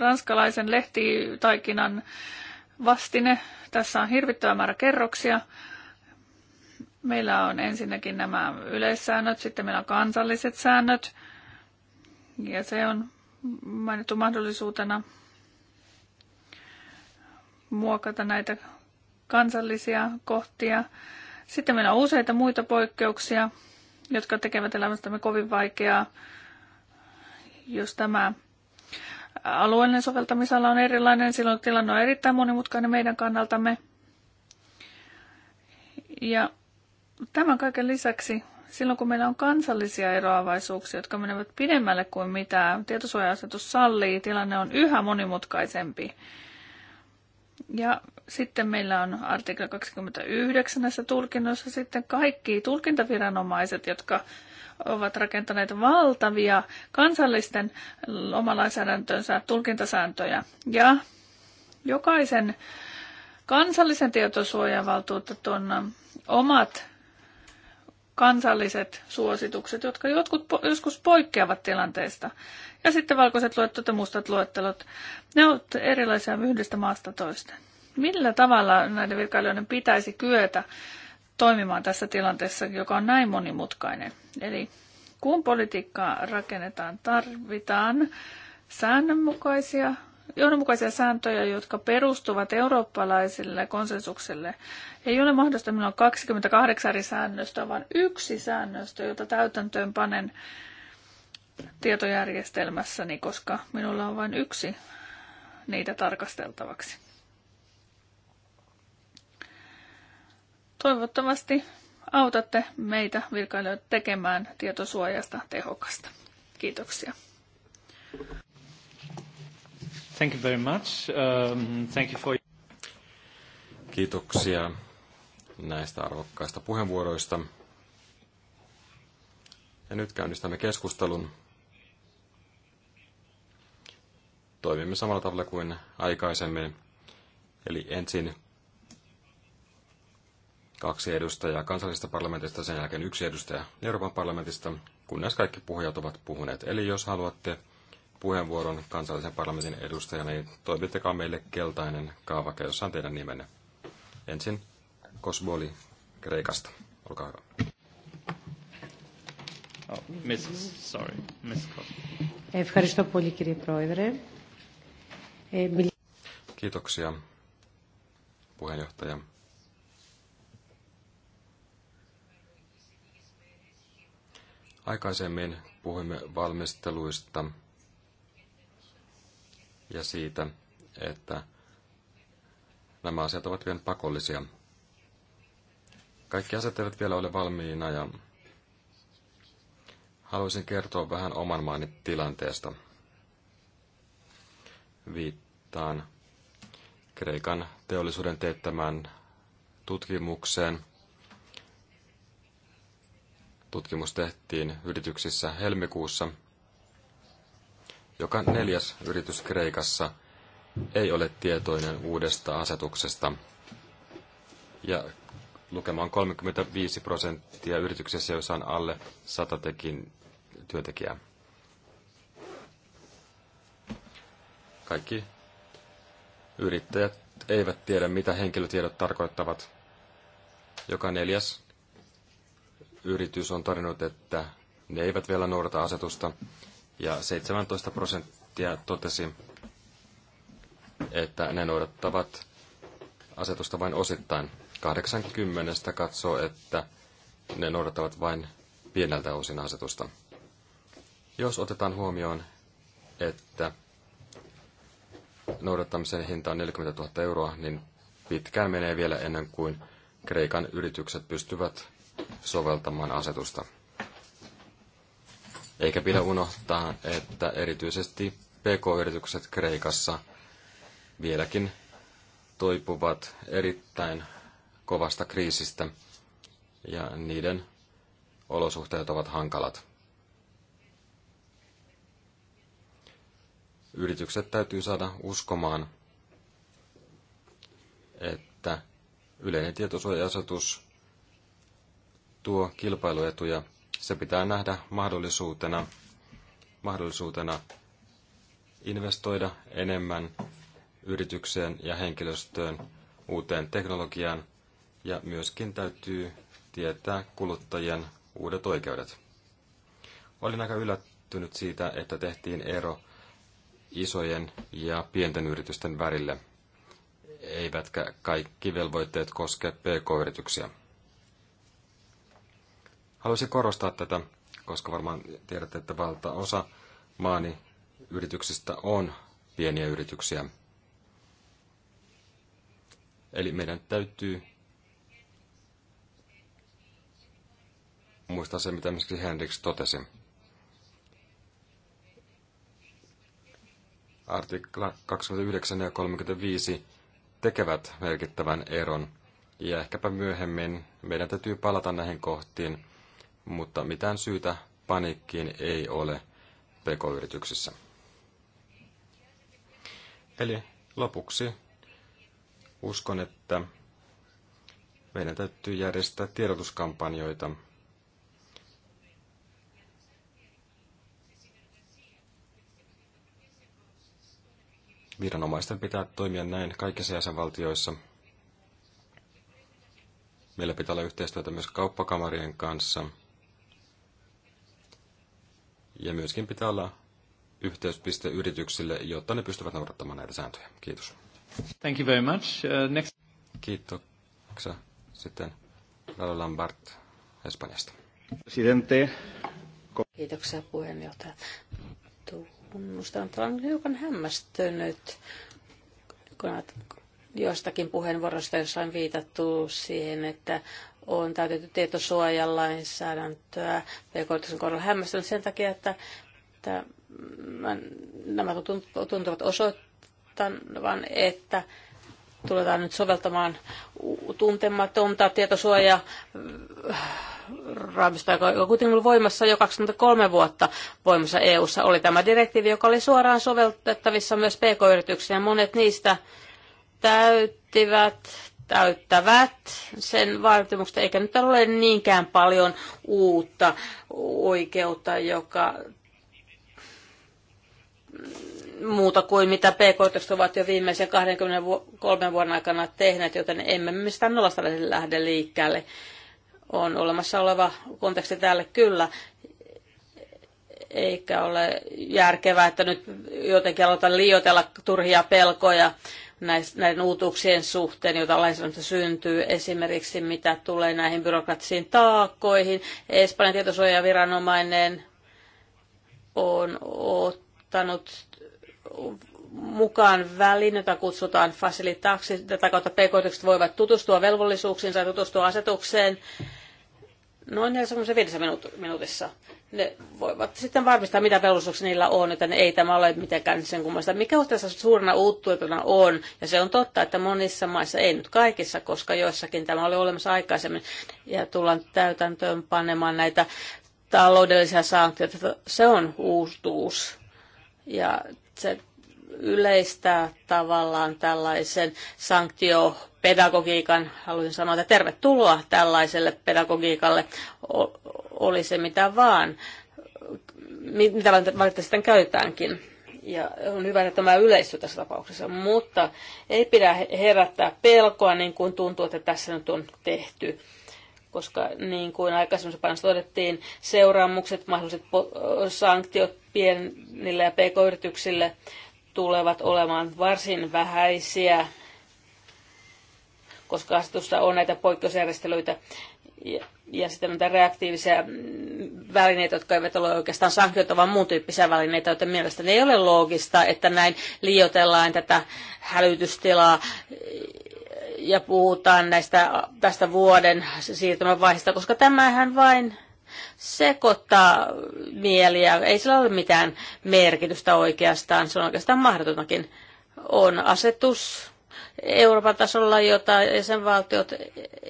ranskalaisen lehtitaikinan vastine. Tässä on hirvittävä määrä kerroksia Meillä on ensinnäkin nämä yleissäännöt, sitten meillä on kansalliset säännöt, ja se on mainittu mahdollisuutena muokata näitä kansallisia kohtia. Sitten meillä on useita muita poikkeuksia, jotka tekevät elämästämme kovin vaikeaa, jos tämä alueellinen soveltamisala on erilainen, silloin tilanne on erittäin monimutkainen meidän kannaltamme. Ja Tämän kaiken lisäksi silloin kun meillä on kansallisia eroavaisuuksia, jotka menevät pidemmälle kuin mitä tietosuoja-asetus sallii, tilanne on yhä monimutkaisempi. Ja sitten meillä on artikla 29 näissä tulkinnoissa sitten kaikki tulkintaviranomaiset, jotka ovat rakentaneet valtavia kansallisten omalainsäädäntönsä tulkintasääntöjä. Ja jokaisen kansallisen tietosuojavaltuutetun omat kansalliset suositukset, jotka jotkut, joskus poikkeavat tilanteesta. Ja sitten valkoiset luettelot ja mustat luettelot. Ne ovat erilaisia yhdestä maasta toisten. Millä tavalla näiden virkailijoiden pitäisi kyetä toimimaan tässä tilanteessa, joka on näin monimutkainen? Eli kun politiikkaa rakennetaan, tarvitaan säännönmukaisia johdonmukaisia sääntöjä, jotka perustuvat eurooppalaisille konsensukselle. Ei ole mahdollista, minulla on 28 eri säännöstä, vaan yksi säännöstö, jota täytäntöön panen tietojärjestelmässäni, koska minulla on vain yksi niitä tarkasteltavaksi. Toivottavasti autatte meitä virkailijoita tekemään tietosuojasta tehokasta. Kiitoksia. Thank you very much. Um, thank you for... Kiitoksia näistä arvokkaista puheenvuoroista. Ja nyt käynnistämme keskustelun. Toimimme samalla tavalla kuin aikaisemmin. Eli ensin kaksi edustajaa kansallisesta parlamentista, sen jälkeen yksi edustaja Euroopan parlamentista, kunnes kaikki puhujat ovat puhuneet. Eli jos haluatte puheenvuoron kansallisen parlamentin edustajana, niin toimittakaa meille keltainen kaavake, jossa on teidän nimenne. Ensin Kosboli Kreikasta. Olkaa hyvä. Oh, miss, sorry, miss Ευχαριστώ πολύ κύριε Πρόεδρε. Kiitoksia puheenjohtaja. Aikaisemmin puhuimme valmisteluista ja siitä, että nämä asiat ovat vielä pakollisia. Kaikki asiat eivät vielä ole valmiina ja haluaisin kertoa vähän oman maani tilanteesta. Viittaan Kreikan teollisuuden teettämään tutkimukseen. Tutkimus tehtiin yrityksissä helmikuussa joka neljäs yritys Kreikassa ei ole tietoinen uudesta asetuksesta. Ja lukemaan 35 prosenttia yrityksessä joissa on alle 100 tekin työntekijää. Kaikki yrittäjät eivät tiedä, mitä henkilötiedot tarkoittavat. Joka neljäs yritys on tarjonnut, että ne eivät vielä noudata asetusta, ja 17 prosenttia totesi, että ne noudattavat asetusta vain osittain. 80 katsoo, että ne noudattavat vain pieneltä osin asetusta. Jos otetaan huomioon, että noudattamisen hinta on 40 000 euroa, niin pitkään menee vielä ennen kuin Kreikan yritykset pystyvät soveltamaan asetusta. Eikä pidä unohtaa, että erityisesti PK-yritykset Kreikassa vieläkin toipuvat erittäin kovasta kriisistä ja niiden olosuhteet ovat hankalat. Yritykset täytyy saada uskomaan, että yleinen tietosuoja-asetus tuo kilpailuetuja se pitää nähdä mahdollisuutena, mahdollisuutena investoida enemmän yritykseen ja henkilöstöön, uuteen teknologiaan ja myöskin täytyy tietää kuluttajien uudet oikeudet. Olin aika yllättynyt siitä, että tehtiin ero isojen ja pienten yritysten värille, Eivätkä kaikki velvoitteet koske pk-yrityksiä. Haluaisin korostaa tätä, koska varmaan tiedätte, että valtaosa maani yrityksistä on pieniä yrityksiä. Eli meidän täytyy muistaa se, mitä esimerkiksi Henriks totesi. Artikla 29 ja 35 tekevät merkittävän eron, ja ehkäpä myöhemmin meidän täytyy palata näihin kohtiin mutta mitään syytä paniikkiin ei ole pekoyrityksissä. Eli lopuksi uskon, että meidän täytyy järjestää tiedotuskampanjoita. Viranomaisten pitää toimia näin kaikissa jäsenvaltioissa. Meillä pitää olla yhteistyötä myös kauppakamarien kanssa – ja myöskin pitää olla yhteyspiste yrityksille, jotta ne pystyvät noudattamaan näitä sääntöjä. Kiitos. Thank you very much. Uh, next. Kiitoksia. Sitten Lalo Lambert Espanjasta. Presidente. Kiitoksia puheenjohtaja. Minusta on olen hiukan hämmästynyt, kun joistakin puheenvuorosta, jossa on viitattu siihen, että on täytetty tietosuojalainsäädäntöä pk kohdalla hämmästynyt sen takia, että, että nämä tuntuvat osoittavan, että tuletaan nyt soveltamaan tuntematonta tietosuojaa raamista, joka kuitenkin ollut voimassa jo 23 vuotta voimassa EU:ssa oli tämä direktiivi, joka oli suoraan soveltettavissa myös pk ja Monet niistä täyttivät täyttävät sen vaatimukset, eikä nyt ole niinkään paljon uutta oikeutta, joka muuta kuin mitä pk ovat jo viimeisen 23 vuoden aikana tehneet, joten emme mistään nollasta lähde liikkeelle. On olemassa oleva konteksti täällä kyllä, eikä ole järkevää, että nyt jotenkin aloitan liioitella turhia pelkoja näiden uutuuksien suhteen, joita lainsäädäntö syntyy, esimerkiksi mitä tulee näihin byrokratisiin taakkoihin. Espanjan tietosuojaviranomainen on ottanut mukaan välin, jota kutsutaan fasilitaaksi. Tätä kautta pk voivat tutustua velvollisuuksiinsa ja tutustua asetukseen noin 45 minuutissa ne voivat sitten varmistaa, mitä velvollisuuksia niillä on, että ei tämä ole mitenkään sen kummasta. Mikä on tässä suurena uuttuutena on, ja se on totta, että monissa maissa, ei nyt kaikissa, koska joissakin tämä oli olemassa aikaisemmin, ja tullaan täytäntöön panemaan näitä taloudellisia sanktioita, se on uutuus. Ja se yleistää tavallaan tällaisen sanktiopedagogiikan, haluaisin sanoa, että tervetuloa tällaiselle pedagogiikalle oli se mitä vaan, mitä valitettavasti sitten käytetäänkin. Ja on hyvä, että tämä yleistyy tässä tapauksessa, mutta ei pidä herättää pelkoa niin kuin tuntuu, että tässä nyt on tehty koska niin kuin aikaisemmassa painossa todettiin, seuraamukset, mahdolliset sanktiot pienille ja pk-yrityksille tulevat olemaan varsin vähäisiä, koska asetusta on näitä poikkeusjärjestelyitä ja sitten näitä reaktiivisia välineitä, jotka eivät ole oikeastaan sanktioita, vaan muun tyyppisiä välineitä, joten mielestäni ei ole loogista, että näin liioitellaan tätä hälytystilaa ja puhutaan näistä, tästä vuoden siirtymävaiheesta, koska tämähän vain sekoittaa mieliä. Ei sillä ole mitään merkitystä oikeastaan. Se on oikeastaan mahdotonakin. On asetus, Euroopan tasolla, jota jäsenvaltiot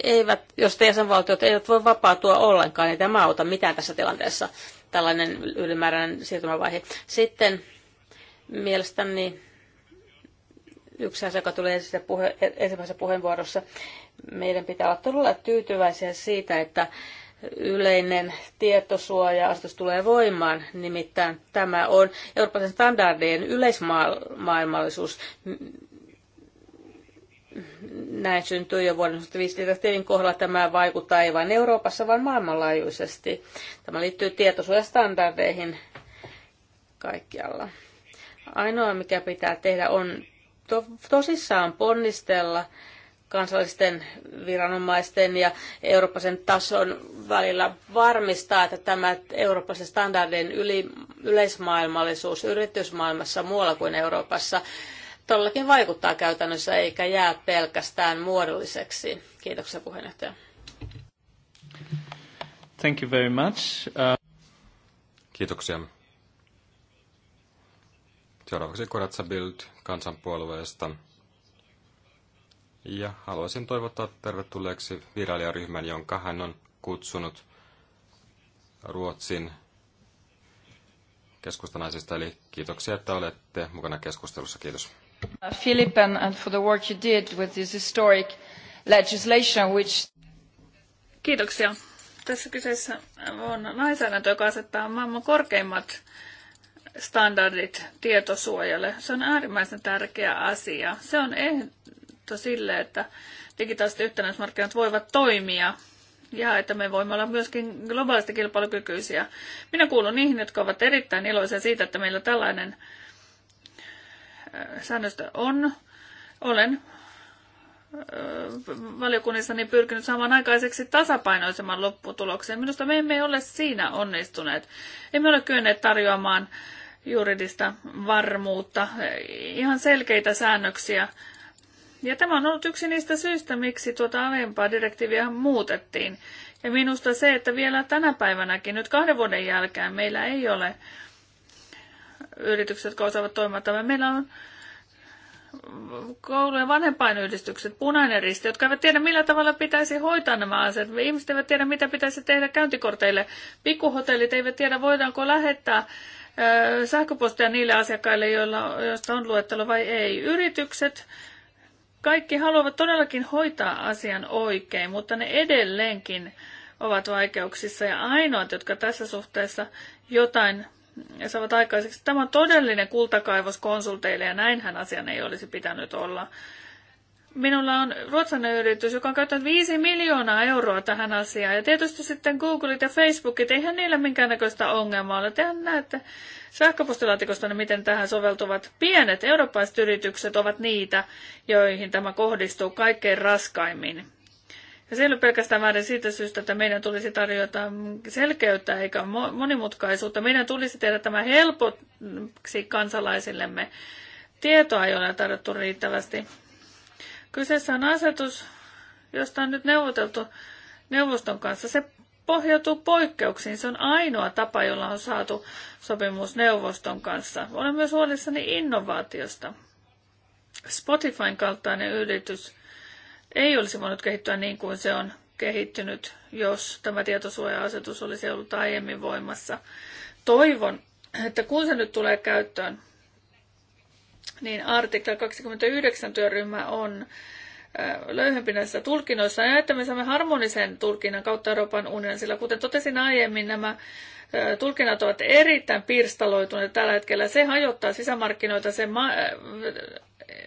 eivät, josta jäsenvaltiot eivät voi vapautua ollenkaan, niin tämä auta mitään tässä tilanteessa, tällainen ylimääräinen siirtymävaihe. Sitten mielestäni yksi asia, joka tuli puhe, ensimmäisessä puheenvuorossa, meidän pitää olla todella tyytyväisiä siitä, että yleinen tietosuoja-asetus tulee voimaan, nimittäin tämä on Euroopan standardien yleismaailmallisuus näin syntyi jo vuonna 2015 kohdalla. Tämä vaikuttaa ei vain Euroopassa, vaan maailmanlaajuisesti. Tämä liittyy tietosuojastandardeihin kaikkialla. Ainoa, mikä pitää tehdä, on to- tosissaan ponnistella kansallisten viranomaisten ja eurooppaisen tason välillä varmistaa, että tämä eurooppaisen standardin yli, yleismaailmallisuus yritysmaailmassa muualla kuin Euroopassa – todellakin vaikuttaa käytännössä eikä jää pelkästään muodolliseksi. Kiitoksia puheenjohtaja. Thank you very much. Uh... Kiitoksia. Seuraavaksi Koratsa Bild kansanpuolueesta. Ja haluaisin toivottaa tervetulleeksi virailijaryhmän, jonka hän on kutsunut Ruotsin keskustanaisista. Eli kiitoksia, että olette mukana keskustelussa. Kiitos. Uh, Philip and, for the work you did with this historic legislation which... Kiitoksia. Tässä kyseessä on lainsäädäntö, joka asettaa maailman korkeimmat standardit tietosuojalle. Se on äärimmäisen tärkeä asia. Se on ehto sille, että digitaaliset yhtenäismarkkinat voivat toimia ja että me voimme olla myöskin globaalisti kilpailukykyisiä. Minä kuulun niihin, jotka ovat erittäin iloisia siitä, että meillä tällainen säännöstä on. Olen valiokunnissani pyrkinyt saamaan aikaiseksi tasapainoisemman lopputuloksen. Minusta me emme ole siinä onnistuneet. Emme ole kyenneet tarjoamaan juridista varmuutta, ihan selkeitä säännöksiä. Ja tämä on ollut yksi niistä syistä, miksi tuota alempaa direktiiviä muutettiin. Ja minusta se, että vielä tänä päivänäkin, nyt kahden vuoden jälkeen, meillä ei ole yritykset, jotka osaavat toimia Meillä on koulujen vanhempainyhdistykset, punainen risti, jotka eivät tiedä millä tavalla pitäisi hoitaa nämä asiat. Ihmiset eivät tiedä mitä pitäisi tehdä käyntikorteille. Pikkuhotellit eivät tiedä voidaanko lähettää sähköpostia niille asiakkaille, joilla, joista on luettelo vai ei. Yritykset, kaikki haluavat todellakin hoitaa asian oikein, mutta ne edelleenkin ovat vaikeuksissa ja ainoat, jotka tässä suhteessa jotain ja saavat aikaiseksi. Tämä on todellinen kultakaivos konsulteille ja näinhän asian ei olisi pitänyt olla. Minulla on ruotsalainen yritys, joka on käyttänyt 5 miljoonaa euroa tähän asiaan. Ja tietysti sitten Googlet ja Facebookit, eihän niillä minkäännäköistä ongelmaa ole. Tehän näette sähköpostilaatikosta, niin miten tähän soveltuvat pienet eurooppalaiset yritykset ovat niitä, joihin tämä kohdistuu kaikkein raskaimmin. Ja se ei ole pelkästään väärin siitä syystä, että meidän tulisi tarjota selkeyttä eikä monimutkaisuutta. Meidän tulisi tehdä tämä helpoksi kansalaisillemme. Tietoa ei ole tarjottu riittävästi. Kyseessä on asetus, josta on nyt neuvoteltu neuvoston kanssa. Se pohjautuu poikkeuksiin. Se on ainoa tapa, jolla on saatu sopimus neuvoston kanssa. Olen myös huolissani innovaatiosta. Spotifyn kaltainen yritys – ei olisi voinut kehittyä niin kuin se on kehittynyt, jos tämä tietosuoja-asetus olisi ollut aiemmin voimassa. Toivon, että kun se nyt tulee käyttöön, niin artikla 29 työryhmä on löyhempi näissä tulkinnoissa ja että me saamme harmonisen tulkinnan kautta Euroopan unionin, sillä kuten totesin aiemmin, nämä tulkinnat ovat erittäin pirstaloituneet tällä hetkellä. Se hajottaa sisämarkkinoita, se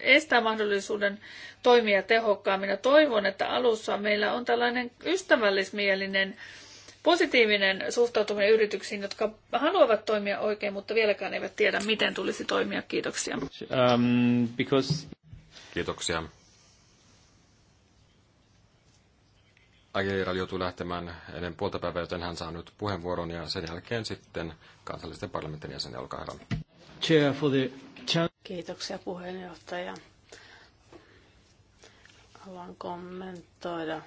estää mahdollisuuden toimia tehokkaammin. Ja toivon, että alussa meillä on tällainen ystävällismielinen, positiivinen suhtautuminen yrityksiin, jotka haluavat toimia oikein, mutta vieläkään eivät tiedä, miten tulisi toimia. Kiitoksia. Um, because... Kiitoksia. Aguilera joutui lähtemään ennen puolta päivää, joten hän saa nyt puheenvuoron ja sen jälkeen sitten kansallisten parlamentin jäsenen, Olkaa hyvä. Chair, for the Kiitoksia puheenjohtaja. Haluan kommentoida.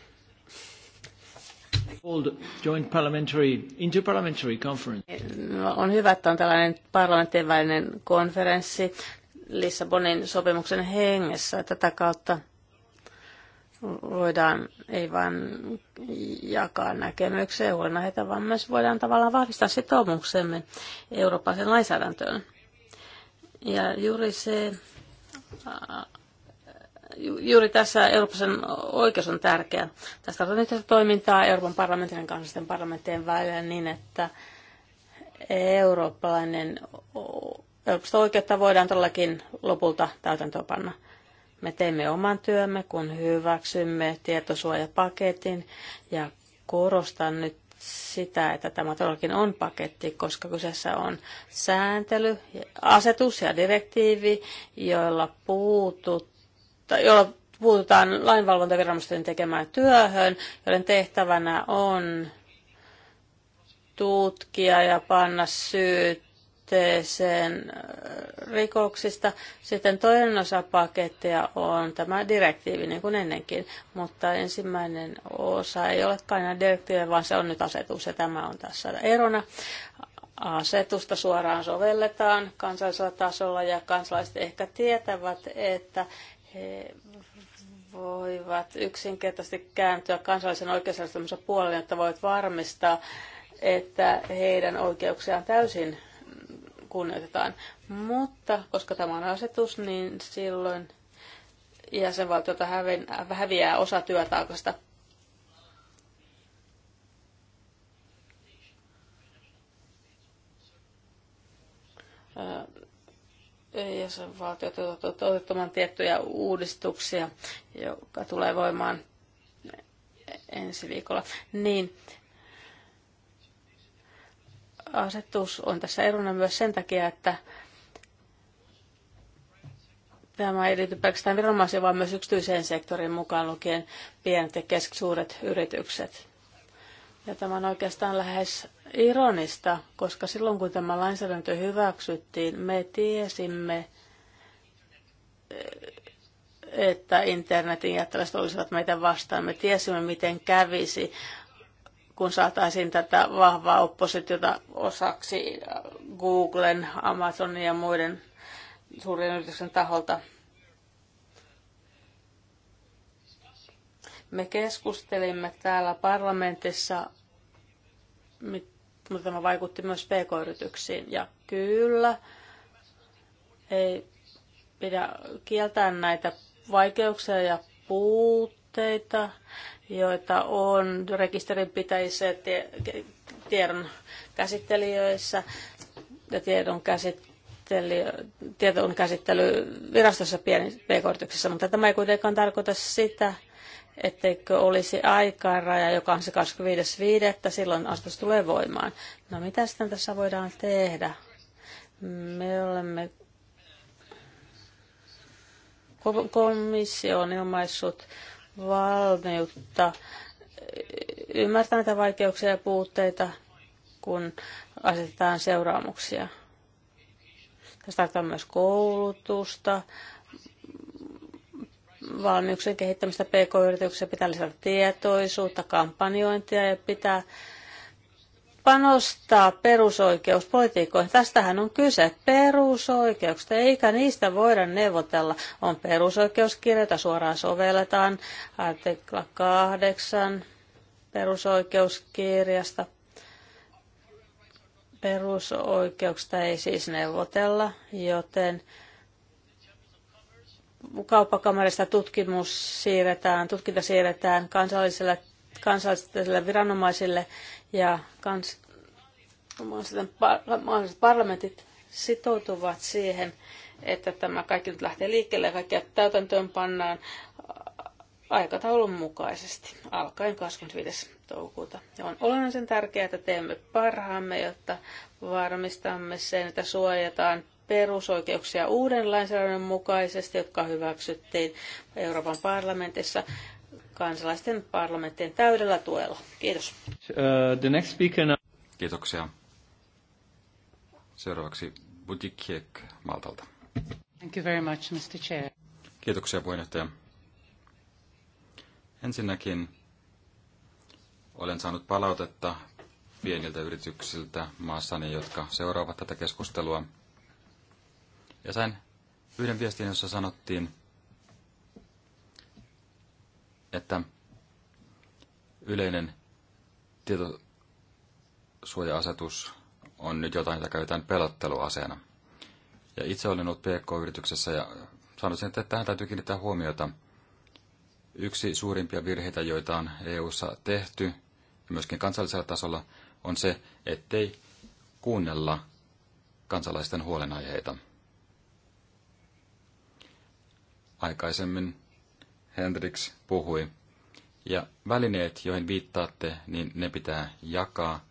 Old joint parliamentary, interparliamentary conference. No, on hyvä, että on tällainen parlamenttien välinen konferenssi Lissabonin sopimuksen hengessä. Tätä kautta voidaan ei vain jakaa näkemyksiä ja huolenaiheita, vaan myös voidaan tavallaan vahvistaa sitoumuksemme eurooppalaisen lainsäädäntöön. Ja juuri se, äh, juuri tässä Euroopan oikeus on tärkeä. Tästä on nyt toimintaa Euroopan parlamentin ja kansallisten parlamenttien välillä niin, että eurooppalainen Euroopan oikeutta voidaan todellakin lopulta täytäntöönpanna. Me teemme oman työmme, kun hyväksymme tietosuojapaketin ja korostan nyt sitä, että tämä todellakin on paketti, koska kyseessä on sääntely, asetus ja direktiivi, joilla, puututta, joilla puututaan lainvalvontaviranomaisten tekemään työhön, joiden tehtävänä on tutkia ja panna syyt syytteeseen äh, rikoksista. Sitten toinen osa pakettia on tämä direktiivi, niin kuin ennenkin, mutta ensimmäinen osa ei olekaan enää direktiivi, vaan se on nyt asetus ja tämä on tässä erona. Asetusta suoraan sovelletaan kansallisella tasolla ja kansalaiset ehkä tietävät, että he voivat yksinkertaisesti kääntyä kansallisen oikeusjärjestelmänsä puolelle, että voivat varmistaa, että heidän oikeuksiaan täysin kunnioitetaan. Mutta koska tämä on asetus, niin silloin jäsenvaltiota häviää osa työtaakasta. jäsenvaltiot toteuttamaan tiettyjä uudistuksia, joka tulee voimaan ensi viikolla. Niin, asetus on tässä erona myös sen takia, että tämä ei liity pelkästään viranomaisiin, vaan myös yksityiseen sektoriin mukaan lukien pienet ja keskisuuret yritykset. Ja tämä on oikeastaan lähes ironista, koska silloin kun tämä lainsäädäntö hyväksyttiin, me tiesimme, että internetin jättiläiset olisivat meitä vastaan. Me tiesimme, miten kävisi kun saataisiin tätä vahvaa oppositiota osaksi Googlen, Amazonin ja muiden suurien yrityksen taholta. Me keskustelimme täällä parlamentissa, mutta tämä vaikutti myös pk-yrityksiin. Ja kyllä, ei pidä kieltää näitä vaikeuksia ja puut tuotteita, joita on rekisterinpitäjissä tiedon käsittelijöissä ja tiedon käsittelijöissä tiedon käsittely virastossa pienissä pk mutta tämä ei kuitenkaan tarkoita sitä, etteikö olisi aikaraja, joka on se 25.5. Silloin asetus tulee voimaan. No mitä sitten tässä voidaan tehdä? Me olemme komissio on ilmaissut valmiutta ymmärtää näitä vaikeuksia ja puutteita, kun asetetaan seuraamuksia. Tässä tarvitaan myös koulutusta, valmiuksien kehittämistä pk-yrityksissä, pitää lisätä tietoisuutta, kampanjointia ja pitää panostaa perusoikeuspolitiikkoihin. Tästähän on kyse perusoikeuksista, eikä niistä voida neuvotella. On perusoikeuskirjoita, suoraan sovelletaan artikla 8 perusoikeuskirjasta. Perusoikeuksista ei siis neuvotella, joten kauppakamarista tutkimus siirretään, tutkinta siirretään kansalliselle kansallisille viranomaisille ja kans, mahdolliset parlamentit sitoutuvat siihen, että tämä kaikki nyt lähtee liikkeelle ja kaikkia täytäntöön pannaan äh, aikataulun mukaisesti alkaen 25. toukokuuta. Ja on olennaisen tärkeää, että teemme parhaamme, jotta varmistamme sen, että suojataan perusoikeuksia uuden lainsäädännön mukaisesti, jotka hyväksyttiin Euroopan parlamentissa kansalaisten parlamenttien täydellä tuella. Kiitos. Uh, the next speaker now. Kiitoksia. Seuraavaksi Budikiek Maltalta. Thank you very much, Mr. Chair. Kiitoksia puheenjohtaja. Ensinnäkin olen saanut palautetta pieniltä yrityksiltä maassani, jotka seuraavat tätä keskustelua. Ja sain yhden viestin, jossa sanottiin, että yleinen tietosuoja-asetus on nyt jotain, jota käytetään pelotteluaseena. Ja itse olen ollut PK-yrityksessä ja sanoisin, että tähän täytyy kiinnittää huomiota. Yksi suurimpia virheitä, joita on EU-ssa tehty, ja myöskin kansallisella tasolla, on se, ettei kuunnella kansalaisten huolenaiheita. Aikaisemmin Hendrix puhui. Ja välineet, joihin viittaatte, niin ne pitää jakaa.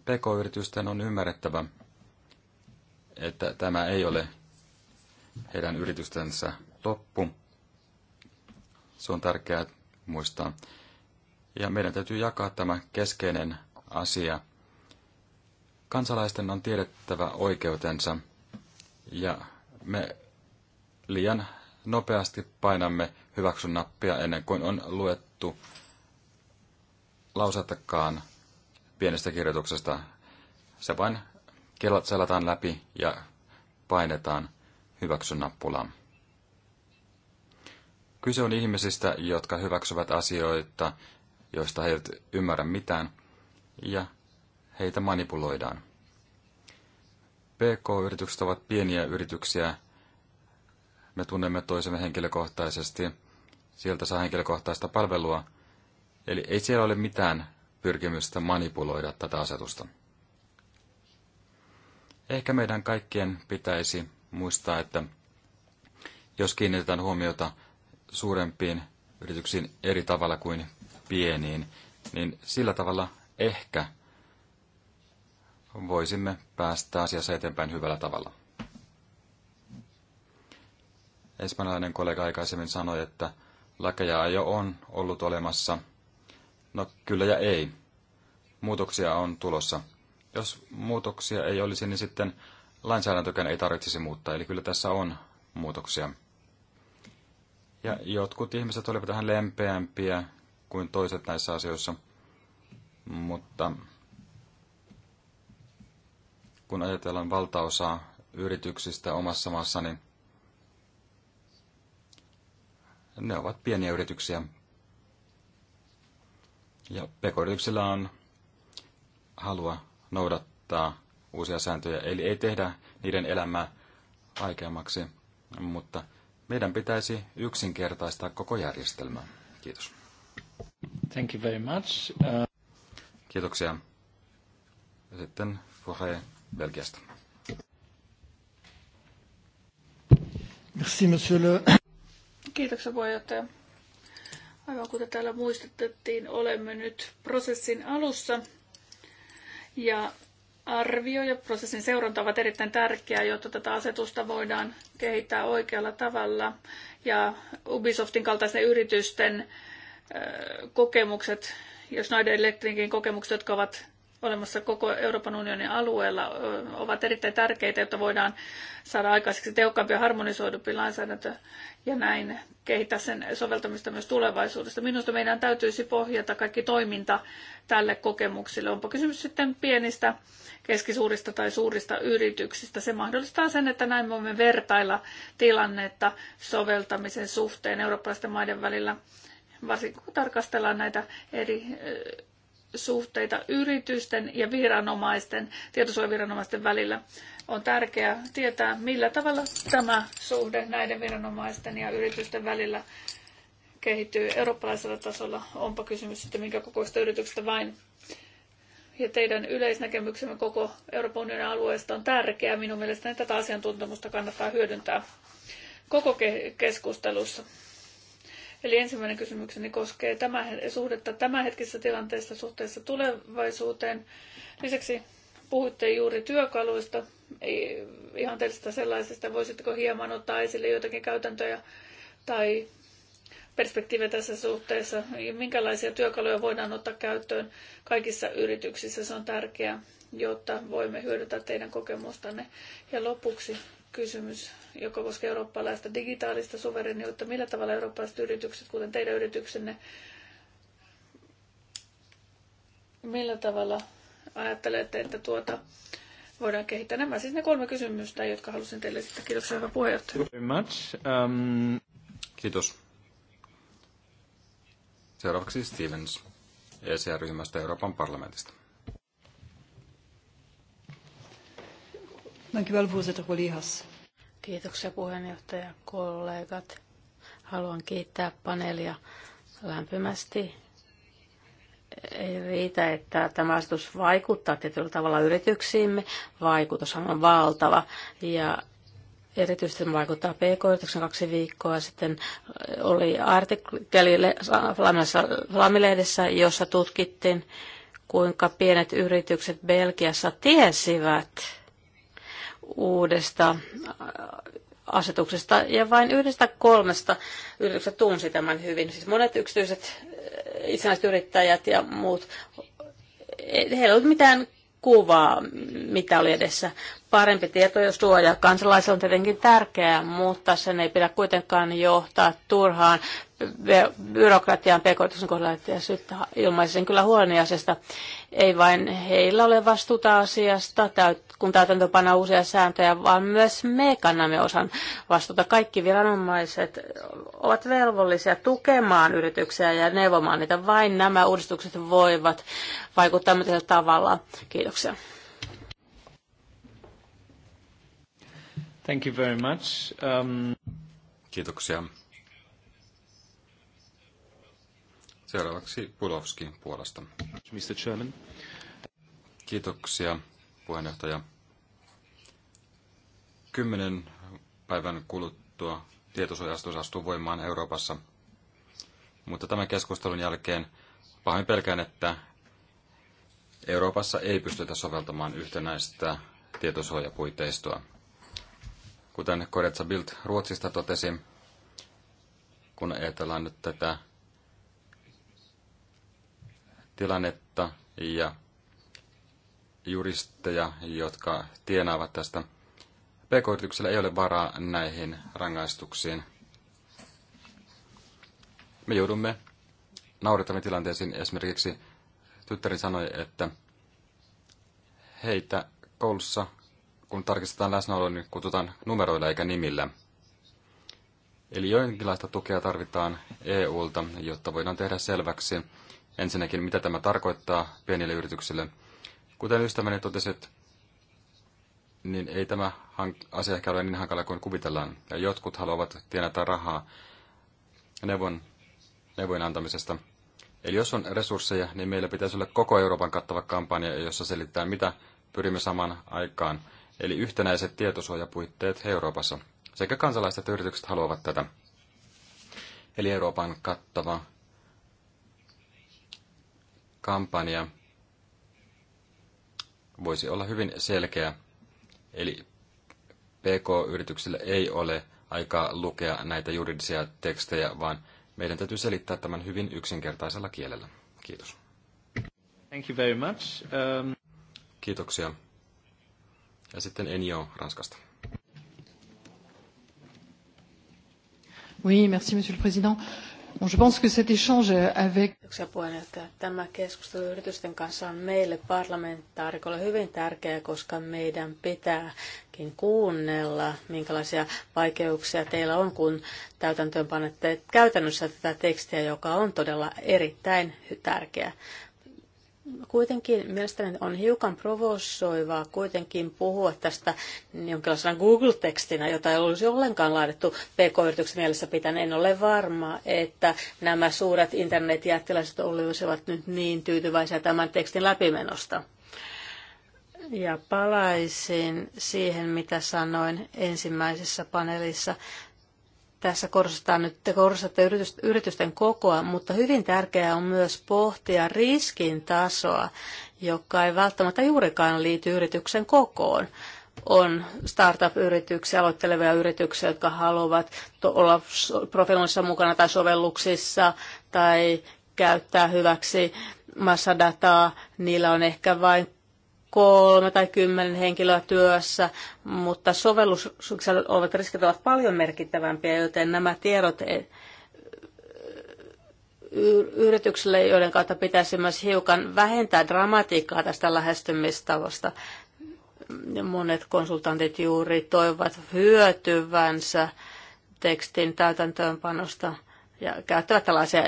PK-yritysten on ymmärrettävä, että tämä ei ole heidän yritystensä loppu. Se on tärkeää muistaa. Ja meidän täytyy jakaa tämä keskeinen asia. Kansalaisten on tiedettävä oikeutensa ja me liian nopeasti painamme hyväksyn nappia ennen kuin on luettu lausettakaan pienestä kirjoituksesta. Se vain selataan läpi ja painetaan hyväksyn nappulaa. Kyse on ihmisistä, jotka hyväksyvät asioita, joista he eivät ymmärrä mitään, ja heitä manipuloidaan. PK-yritykset ovat pieniä yrityksiä, me tunnemme toisemme henkilökohtaisesti. Sieltä saa henkilökohtaista palvelua. Eli ei siellä ole mitään pyrkimystä manipuloida tätä asetusta. Ehkä meidän kaikkien pitäisi muistaa, että jos kiinnitetään huomiota suurempiin yrityksiin eri tavalla kuin pieniin, niin sillä tavalla ehkä voisimme päästä asiassa eteenpäin hyvällä tavalla espanjalainen kollega aikaisemmin sanoi, että lakeja jo on ollut olemassa. No kyllä ja ei. Muutoksia on tulossa. Jos muutoksia ei olisi, niin sitten lainsäädäntökään ei tarvitsisi muuttaa. Eli kyllä tässä on muutoksia. Ja jotkut ihmiset olivat vähän lempeämpiä kuin toiset näissä asioissa. Mutta kun ajatellaan valtaosaa yrityksistä omassa maassa, niin ne ovat pieniä yrityksiä. Ja pk-yrityksillä on halua noudattaa uusia sääntöjä, eli ei tehdä niiden elämää vaikeammaksi, mutta meidän pitäisi yksinkertaistaa koko järjestelmää. Kiitos. Thank you very much. Uh... Kiitoksia. Sitten Fohe Belgiasta. Merci, monsieur le... Kiitoksia puheenjohtaja. Aivan kuten täällä muistutettiin, olemme nyt prosessin alussa ja arvio ja prosessin seuranta ovat erittäin tärkeää, jotta tätä asetusta voidaan kehittää oikealla tavalla ja Ubisoftin kaltaisten yritysten kokemukset jos näiden Electricin kokemukset, jotka ovat olemassa koko Euroopan unionin alueella ovat erittäin tärkeitä, jotta voidaan saada aikaiseksi tehokkaampi ja harmonisoidumpi lainsäädäntö ja näin kehittää sen soveltamista myös tulevaisuudessa. Minusta meidän täytyisi pohjata kaikki toiminta tälle kokemukselle. Onpa kysymys sitten pienistä, keskisuurista tai suurista yrityksistä. Se mahdollistaa sen, että näin voimme vertailla tilannetta soveltamisen suhteen eurooppalaisten maiden välillä varsinkin kun tarkastellaan näitä eri suhteita yritysten ja viranomaisten, tietosuojaviranomaisten välillä. On tärkeää tietää, millä tavalla tämä suhde näiden viranomaisten ja yritysten välillä kehittyy eurooppalaisella tasolla, onpa kysymys sitten minkä kokoista yrityksestä vain. Ja teidän yleisnäkemyksemme koko Euroopan unionin alueesta on tärkeää. Minun mielestäni tätä asiantuntemusta kannattaa hyödyntää koko keskustelussa. Eli ensimmäinen kysymykseni koskee tämä, suhdetta tämänhetkisessä tilanteessa suhteessa tulevaisuuteen. Lisäksi puhuitte juuri työkaluista, ihan tästä sellaisesta. Voisitteko hieman ottaa esille joitakin käytäntöjä tai perspektiivejä tässä suhteessa? Minkälaisia työkaluja voidaan ottaa käyttöön kaikissa yrityksissä? Se on tärkeää, jotta voimme hyödyntää teidän kokemustanne. Ja lopuksi kysymys, joka koskee eurooppalaista digitaalista suvereniutta. Millä tavalla eurooppalaiset yritykset, kuten teidän yrityksenne, millä tavalla ajattelette, että tuota voidaan kehittää? Nämä siis ne kolme kysymystä, jotka halusin teille sitten. Kiitoksia, hyvä puheenjohtaja. Much. Um, kiitos. Seuraavaksi Stevens, ECR-ryhmästä Euroopan parlamentista. Dank u wel, voorzitter, collega's. Kiitoksia puheenjohtaja, kollegat. Haluan kiittää paneelia lämpimästi. Ei riitä, että tämä asetus vaikuttaa tietyllä tavalla yrityksiimme. Vaikutushan on valtava ja erityisesti vaikuttaa PK-yrityksen kaksi viikkoa sitten oli artikkeli Flamilehdessä, jossa tutkittiin, kuinka pienet yritykset Belgiassa tiesivät, uudesta äh, asetuksesta ja vain yhdestä kolmesta yrityksestä tunsi tämän hyvin. Siis monet yksityiset äh, itsenäiset yrittäjät ja muut, eh, heillä ei ollut mitään kuvaa, mitä oli edessä. Parempi tieto ja suoja kansalaisilla on tietenkin tärkeää, mutta sen ei pidä kuitenkaan johtaa turhaan byrokratian pk kohdalla ja sitten ilmaisen kyllä huoneasiasta. Ei vain heillä ole vastuuta asiasta, kun panna uusia sääntöjä, vaan myös me kannamme osan vastuuta. Kaikki viranomaiset ovat velvollisia tukemaan yrityksiä ja neuvomaan niitä. Vain nämä uudistukset voivat vaikuttaa tämmöisellä tavalla. Kiitoksia. Thank you very much. Um... Kiitoksia. Seuraavaksi Pulovski puolesta. Mr. Chairman. Kiitoksia, puheenjohtaja. Kymmenen päivän kuluttua tietosuojastus astuu voimaan Euroopassa. Mutta tämän keskustelun jälkeen pahoin pelkään, että Euroopassa ei pystytä soveltamaan yhtenäistä tietosuojapuiteistoa. Kuten Koretsa Bild Ruotsista totesi, kun ajatellaan nyt tätä tilannetta ja juristeja, jotka tienaavat tästä. pk ei ole varaa näihin rangaistuksiin. Me joudumme naurettaviin tilanteisiin. Esimerkiksi tyttäri sanoi, että heitä koulussa, kun tarkistetaan läsnäolo, niin kutsutaan numeroilla eikä nimillä. Eli jonkinlaista tukea tarvitaan EUlta, jotta voidaan tehdä selväksi, ensinnäkin, mitä tämä tarkoittaa pienille yrityksille. Kuten ystäväni totesit, niin ei tämä asia ehkä ole niin hankala kuin kuvitellaan. Ja jotkut haluavat tienata rahaa neuvon, neuvojen antamisesta. Eli jos on resursseja, niin meillä pitäisi olla koko Euroopan kattava kampanja, jossa selittää, mitä pyrimme samaan aikaan. Eli yhtenäiset tietosuojapuitteet Euroopassa. Sekä kansalaiset että yritykset haluavat tätä. Eli Euroopan kattava kampanja voisi olla hyvin selkeä. Eli PK-yrityksillä ei ole aikaa lukea näitä juridisia tekstejä, vaan meidän täytyy selittää tämän hyvin yksinkertaisella kielellä. Kiitos. Thank you very much. Um... Kiitoksia. Ja sitten Enio Ranskasta. Oui, merci, monsieur le président. Je pense que cet échange avec... Tämä keskustelu yritysten kanssa on meille parlamentaarikolle hyvin tärkeää, koska meidän pitääkin kuunnella, minkälaisia vaikeuksia teillä on, kun täytäntöön panette käytännössä tätä tekstiä, joka on todella erittäin tärkeä. Kuitenkin mielestäni on hiukan provosoivaa kuitenkin puhua tästä jonkinlaisena Google-tekstinä, jota ei olisi ollenkaan laadittu PK-yrityksen mielessä pitäen. En ole varma, että nämä suuret internetjättiläiset olisivat nyt niin tyytyväisiä tämän tekstin läpimenosta. Ja palaisin siihen, mitä sanoin ensimmäisessä paneelissa. Tässä korostetaan nyt, te korostatte yritysten kokoa, mutta hyvin tärkeää on myös pohtia riskin tasoa, joka ei välttämättä juurikaan liity yrityksen kokoon on startup-yrityksiä, aloittelevia yrityksiä, jotka haluavat olla profiloinnissa mukana tai sovelluksissa tai käyttää hyväksi massadataa. Niillä on ehkä vain kolme tai kymmenen henkilöä työssä, mutta sovelluksella ovat riskit ovat paljon merkittävämpiä, joten nämä tiedot eh, yrityksille, joiden kautta pitäisi myös hiukan vähentää dramatiikkaa tästä lähestymistavasta. Monet konsultantit juuri toivat hyötyvänsä tekstin täytäntöönpanosta ja käyttävät tällaisia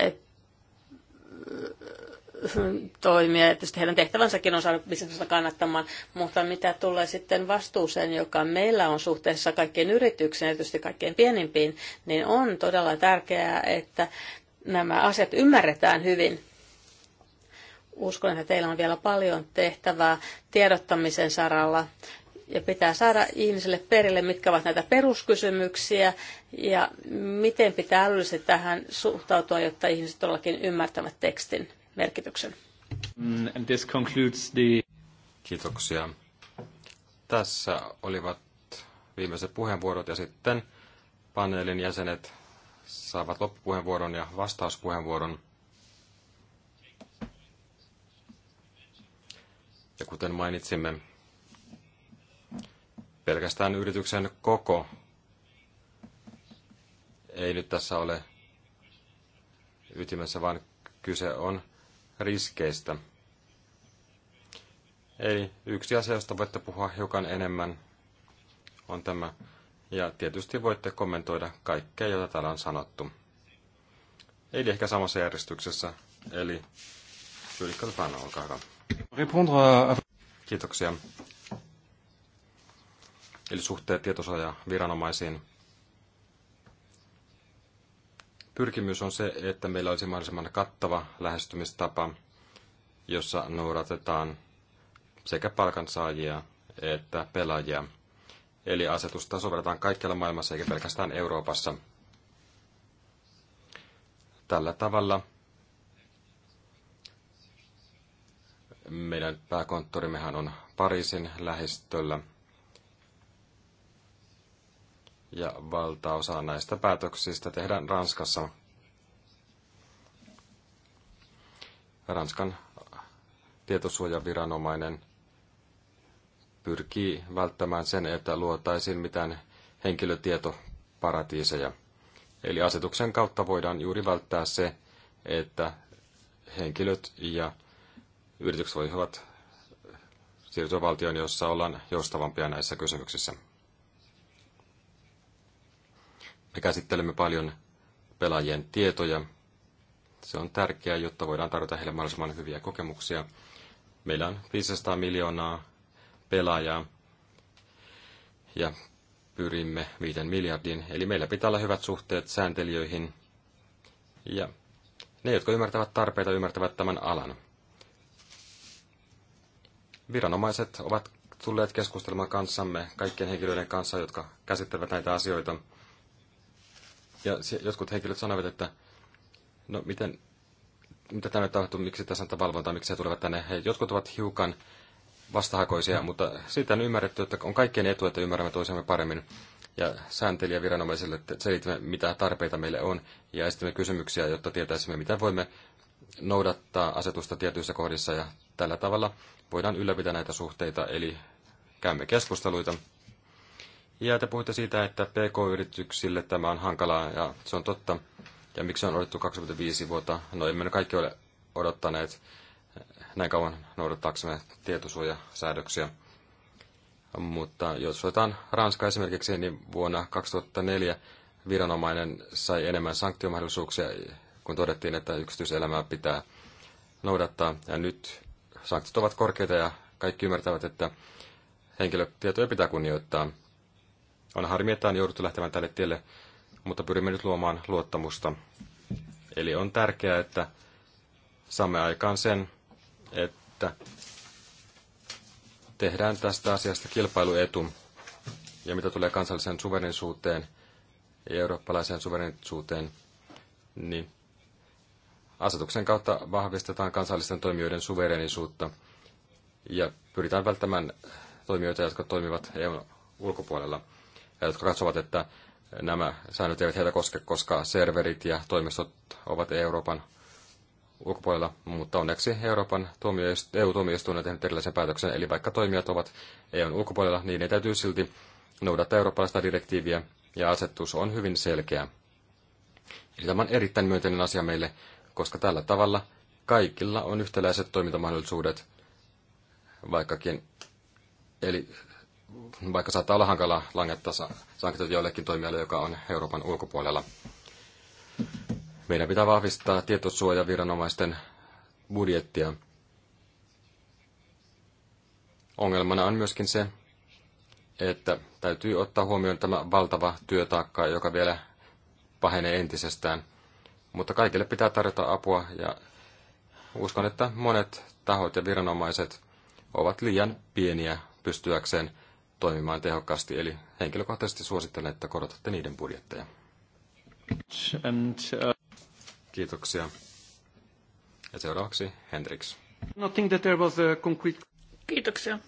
toimia. Ja tietysti heidän tehtävänsäkin on saanut bisnestä kannattamaan, mutta mitä tulee sitten vastuuseen, joka meillä on suhteessa kaikkien yrityksiin, erityisesti kaikkein pienimpiin, niin on todella tärkeää, että nämä asiat ymmärretään hyvin. Uskon, että teillä on vielä paljon tehtävää tiedottamisen saralla ja pitää saada ihmisille perille, mitkä ovat näitä peruskysymyksiä ja miten pitää älyllisesti tähän suhtautua, jotta ihmiset todellakin ymmärtävät tekstin merkityksen. And this concludes the... Kiitoksia. Tässä olivat viimeiset puheenvuorot ja sitten paneelin jäsenet saavat loppupuheenvuoron ja vastauspuheenvuoron. Ja kuten mainitsimme, pelkästään yrityksen koko ei nyt tässä ole ytimessä, vaan kyse on riskeistä. Eli yksi asia, josta voitte puhua hiukan enemmän, on tämä. Ja tietysti voitte kommentoida kaikkea, jota täällä on sanottu. Eli ehkä samassa järjestyksessä. Eli Julikka Tupana, olkaa hyvä. Kiitoksia. Eli suhteet tietosuoja viranomaisiin pyrkimys on se, että meillä olisi mahdollisimman kattava lähestymistapa, jossa noudatetaan sekä palkansaajia että pelaajia. Eli asetusta sovelletaan kaikkialla maailmassa eikä pelkästään Euroopassa. Tällä tavalla meidän pääkonttorimmehan on Pariisin lähistöllä ja valtaosa näistä päätöksistä tehdään Ranskassa. Ranskan tietosuojaviranomainen pyrkii välttämään sen, että luotaisiin mitään henkilötietoparatiiseja. Eli asetuksen kautta voidaan juuri välttää se, että henkilöt ja yritykset voivat siirtyä valtioon, jossa ollaan joustavampia näissä kysymyksissä. Me käsittelemme paljon pelaajien tietoja. Se on tärkeää, jotta voidaan tarjota heille mahdollisimman hyviä kokemuksia. Meillä on 500 miljoonaa pelaajaa ja pyrimme 5 miljardin. Eli meillä pitää olla hyvät suhteet sääntelijöihin ja ne, jotka ymmärtävät tarpeita, ymmärtävät tämän alan. Viranomaiset ovat tulleet keskustelemaan kanssamme kaikkien henkilöiden kanssa, jotka käsittelevät näitä asioita – ja se, jotkut henkilöt sanoivat, että no miten, mitä tänne tapahtuu, miksi tässä on valvontaa, miksi he tulevat tänne. He, jotkut ovat hiukan vastahakoisia, mm. mutta siitä on ymmärretty, että on kaikkien etu, että ymmärrämme toisemme paremmin ja sääntelijä viranomaisille selitämme, mitä tarpeita meille on, ja esitämme kysymyksiä, jotta tietäisimme, mitä voimme noudattaa asetusta tietyissä kohdissa, ja tällä tavalla voidaan ylläpitää näitä suhteita, eli käymme keskusteluita, ja te puhuitte siitä, että PK-yrityksille tämä on hankalaa, ja se on totta. Ja miksi on odottu 25 vuotta? No emme ne kaikki ole odottaneet näin kauan noudattaaksemme tietosuojasäädöksiä. Mutta jos otetaan Ranska esimerkiksi, niin vuonna 2004 viranomainen sai enemmän sanktiomahdollisuuksia, kun todettiin, että yksityiselämää pitää noudattaa. Ja nyt sanktiot ovat korkeita ja kaikki ymmärtävät, että henkilötietoja pitää kunnioittaa. On harmi, että on jouduttu lähtemään tälle tielle, mutta pyrimme nyt luomaan luottamusta. Eli on tärkeää, että saamme aikaan sen, että tehdään tästä asiasta kilpailuetu. Ja mitä tulee kansalliseen suverenisuuteen ja eurooppalaiseen suverenisuuteen, niin asetuksen kautta vahvistetaan kansallisten toimijoiden suverenisuutta ja pyritään välttämään toimijoita, jotka toimivat EUn ulkopuolella ja jotka katsovat, että nämä säännöt eivät heitä koske, koska serverit ja toimistot ovat Euroopan ulkopuolella, mutta onneksi Euroopan EU-tuomioistuin on tehnyt erilaisen päätöksen, eli vaikka toimijat ovat EUn ulkopuolella, niin ne täytyy silti noudattaa eurooppalaista direktiiviä, ja asetus on hyvin selkeä. Eli tämä on erittäin myönteinen asia meille, koska tällä tavalla kaikilla on yhtäläiset toimintamahdollisuudet, vaikkakin. Eli vaikka saattaa olla hankala langettaa sanktiot joillekin toimijalle, joka on Euroopan ulkopuolella. Meidän pitää vahvistaa tietosuojaviranomaisten budjettia. Ongelmana on myöskin se, että täytyy ottaa huomioon tämä valtava työtaakka, joka vielä pahenee entisestään. Mutta kaikille pitää tarjota apua ja uskon, että monet tahot ja viranomaiset ovat liian pieniä pystyäkseen toimimaan tehokkaasti. Eli henkilökohtaisesti suosittelen, että korotatte niiden budjetteja. Uh, Kiitoksia. Ja seuraavaksi Hendrix. that there was a concrete... Kiitoksia.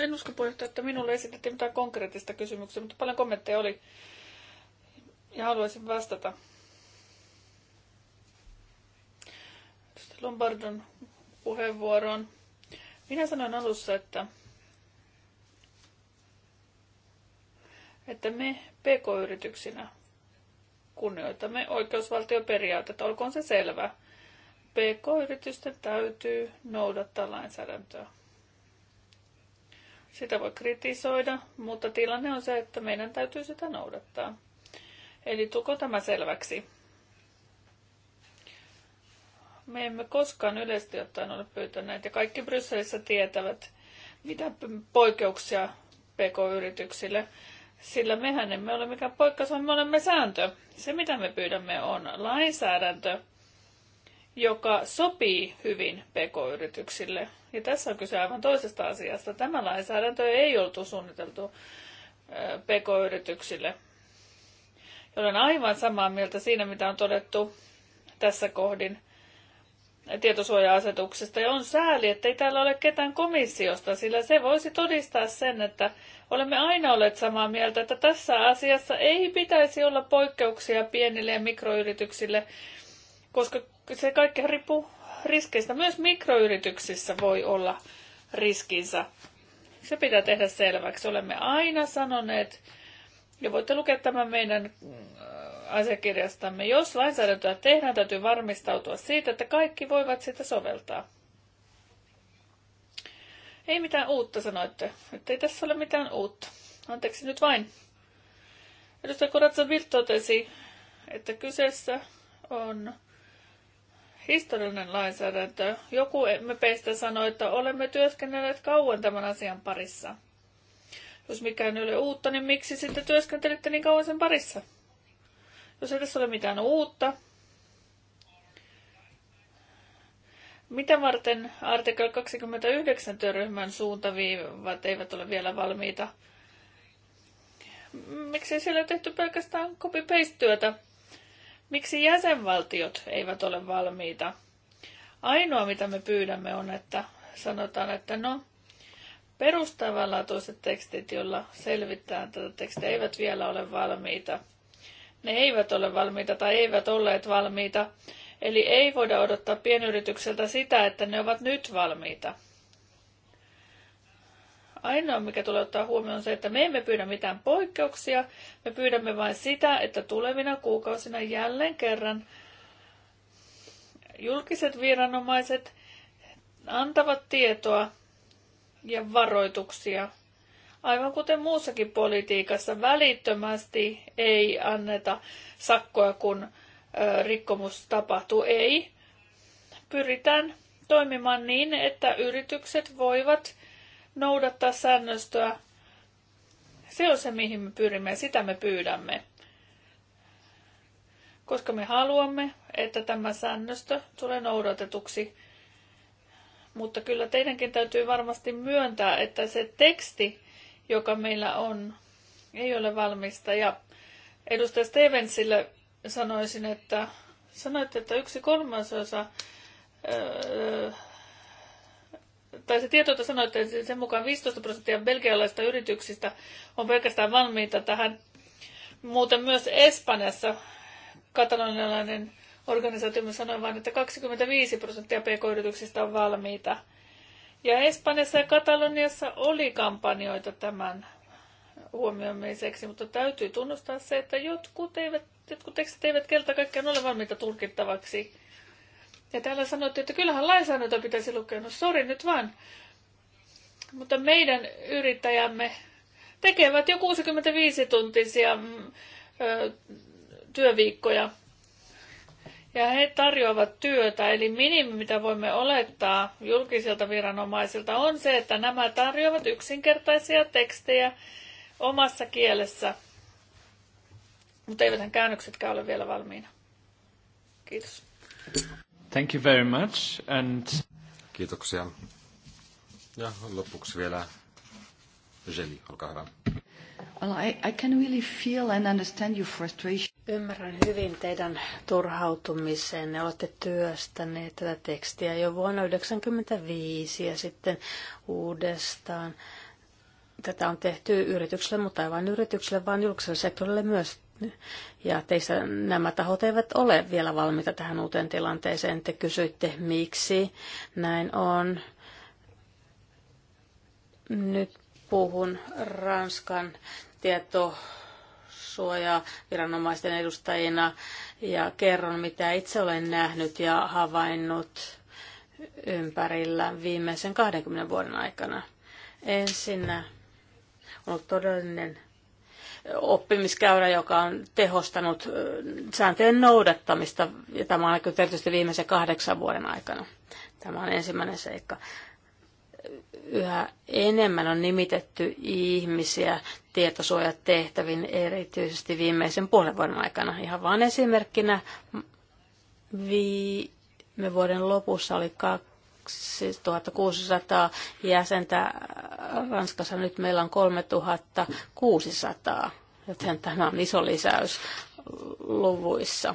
En usko puheenjohtaja, että minulle esitettiin mitään konkreettista kysymyksiä, mutta paljon kommentteja oli ja haluaisin vastata. Lombardon puheenvuoroon. Minä sanoin alussa, että että me pk-yrityksinä kunnioitamme oikeusvaltioperiaatetta, olkoon se selvä. PK-yritysten täytyy noudattaa lainsäädäntöä. Sitä voi kritisoida, mutta tilanne on se, että meidän täytyy sitä noudattaa. Eli tuko tämä selväksi. Me emme koskaan yleisesti ottaen ole pyytäneet, ja kaikki Brysselissä tietävät, mitä poikkeuksia PK-yrityksille sillä mehän emme ole mikään poikkeus, vaan me olemme sääntö. Se, mitä me pyydämme, on lainsäädäntö, joka sopii hyvin pk-yrityksille. Ja tässä on kyse aivan toisesta asiasta. Tämä lainsäädäntö ei oltu suunniteltu pk-yrityksille. Olen aivan samaa mieltä siinä, mitä on todettu tässä kohdin tietosuoja-asetuksesta. Ja on sääli, että ei täällä ole ketään komissiosta, sillä se voisi todistaa sen, että olemme aina olleet samaa mieltä, että tässä asiassa ei pitäisi olla poikkeuksia pienille ja mikroyrityksille, koska se kaikki riippuu riskeistä. Myös mikroyrityksissä voi olla riskinsä. Se pitää tehdä selväksi. Olemme aina sanoneet, ja voitte lukea tämän meidän äh, asiakirjastamme. Jos lainsäädäntöä tehdään, täytyy varmistautua siitä, että kaikki voivat sitä soveltaa. Ei mitään uutta sanoitte. Nyt ei tässä ole mitään uutta. Anteeksi nyt vain. Edustaja Kuratsa Vilt totesi, että kyseessä on historiallinen lainsäädäntö. Joku mepeistä sanoi, että olemme työskennelleet kauan tämän asian parissa – jos mikään ei ole uutta, niin miksi sitten työskentelette niin kauan sen parissa? Jos tässä ole mitään uutta, Mitä varten artikkel 29 työryhmän suuntaviivat eivät ole vielä valmiita? Miksi siellä tehty pelkästään copy-paste-työtä? Miksi jäsenvaltiot eivät ole valmiita? Ainoa, mitä me pyydämme, on, että sanotaan, että no, perustavanlaatuiset tekstit, joilla selvittää tätä tekstiä, eivät vielä ole valmiita. Ne eivät ole valmiita tai eivät olleet valmiita. Eli ei voida odottaa pienyritykseltä sitä, että ne ovat nyt valmiita. Ainoa, mikä tulee ottaa huomioon, on se, että me emme pyydä mitään poikkeuksia. Me pyydämme vain sitä, että tulevina kuukausina jälleen kerran julkiset viranomaiset antavat tietoa ja varoituksia. Aivan kuten muussakin politiikassa, välittömästi ei anneta sakkoja, kun rikkomus tapahtuu. Ei. Pyritään toimimaan niin, että yritykset voivat noudattaa säännöstöä. Se on se, mihin me pyrimme ja sitä me pyydämme. Koska me haluamme, että tämä säännöstö tulee noudatetuksi mutta kyllä teidänkin täytyy varmasti myöntää, että se teksti, joka meillä on, ei ole valmista. Ja edustaja Stevensille sanoisin, että sanoitte, että yksi kolmasosa, öö, tai se tieto, että sanoitte, että sen mukaan 15 prosenttia belgialaisista yrityksistä on pelkästään valmiita tähän. Muuten myös Espanjassa katalonialainen organisaatiomme sanoi vain, että 25 prosenttia pk-yrityksistä on valmiita. Ja Espanjassa ja Kataloniassa oli kampanjoita tämän huomioimiseksi, mutta täytyy tunnustaa se, että jotkut, eivät, jotkut tekstit eivät kelta kaikkiaan ole valmiita tulkittavaksi. Ja täällä sanottiin, että kyllähän lainsäädäntö pitäisi lukea. No sori nyt vaan. Mutta meidän yrittäjämme tekevät jo 65-tuntisia mm, työviikkoja ja he tarjoavat työtä, eli minimi, mitä voimme olettaa julkisilta viranomaisilta, on se, että nämä tarjoavat yksinkertaisia tekstejä omassa kielessä, mutta eiväthän käännöksetkään ole vielä valmiina. Kiitos. Thank you very much. And... Kiitoksia. Ja lopuksi vielä Jeli, olkaa hyvä. Well, I, I can really feel and understand your frustration. Ymmärrän hyvin teidän turhautumisenne. Olette työstäneet tätä tekstiä jo vuonna 1995 ja sitten uudestaan. Tätä on tehty yritykselle, mutta ei vain yritykselle, vaan julkiselle sektorille myös. Ja teissä nämä tahot eivät ole vielä valmiita tähän uuteen tilanteeseen. Te kysyitte, miksi näin on. Nyt puhun Ranskan tietosuoja viranomaisten edustajina ja kerron, mitä itse olen nähnyt ja havainnut ympärillä viimeisen 20 vuoden aikana. Ensinnä on ollut todellinen oppimiskäyrä, joka on tehostanut sääntöjen noudattamista, ja tämä on tietysti viimeisen kahdeksan vuoden aikana. Tämä on ensimmäinen seikka yhä enemmän on nimitetty ihmisiä tietosuojatehtäviin, erityisesti viimeisen puolen vuoden aikana. Ihan vain esimerkkinä viime vuoden lopussa oli 2600 jäsentä Ranskassa, nyt meillä on 3600, joten tämä on iso lisäys luvuissa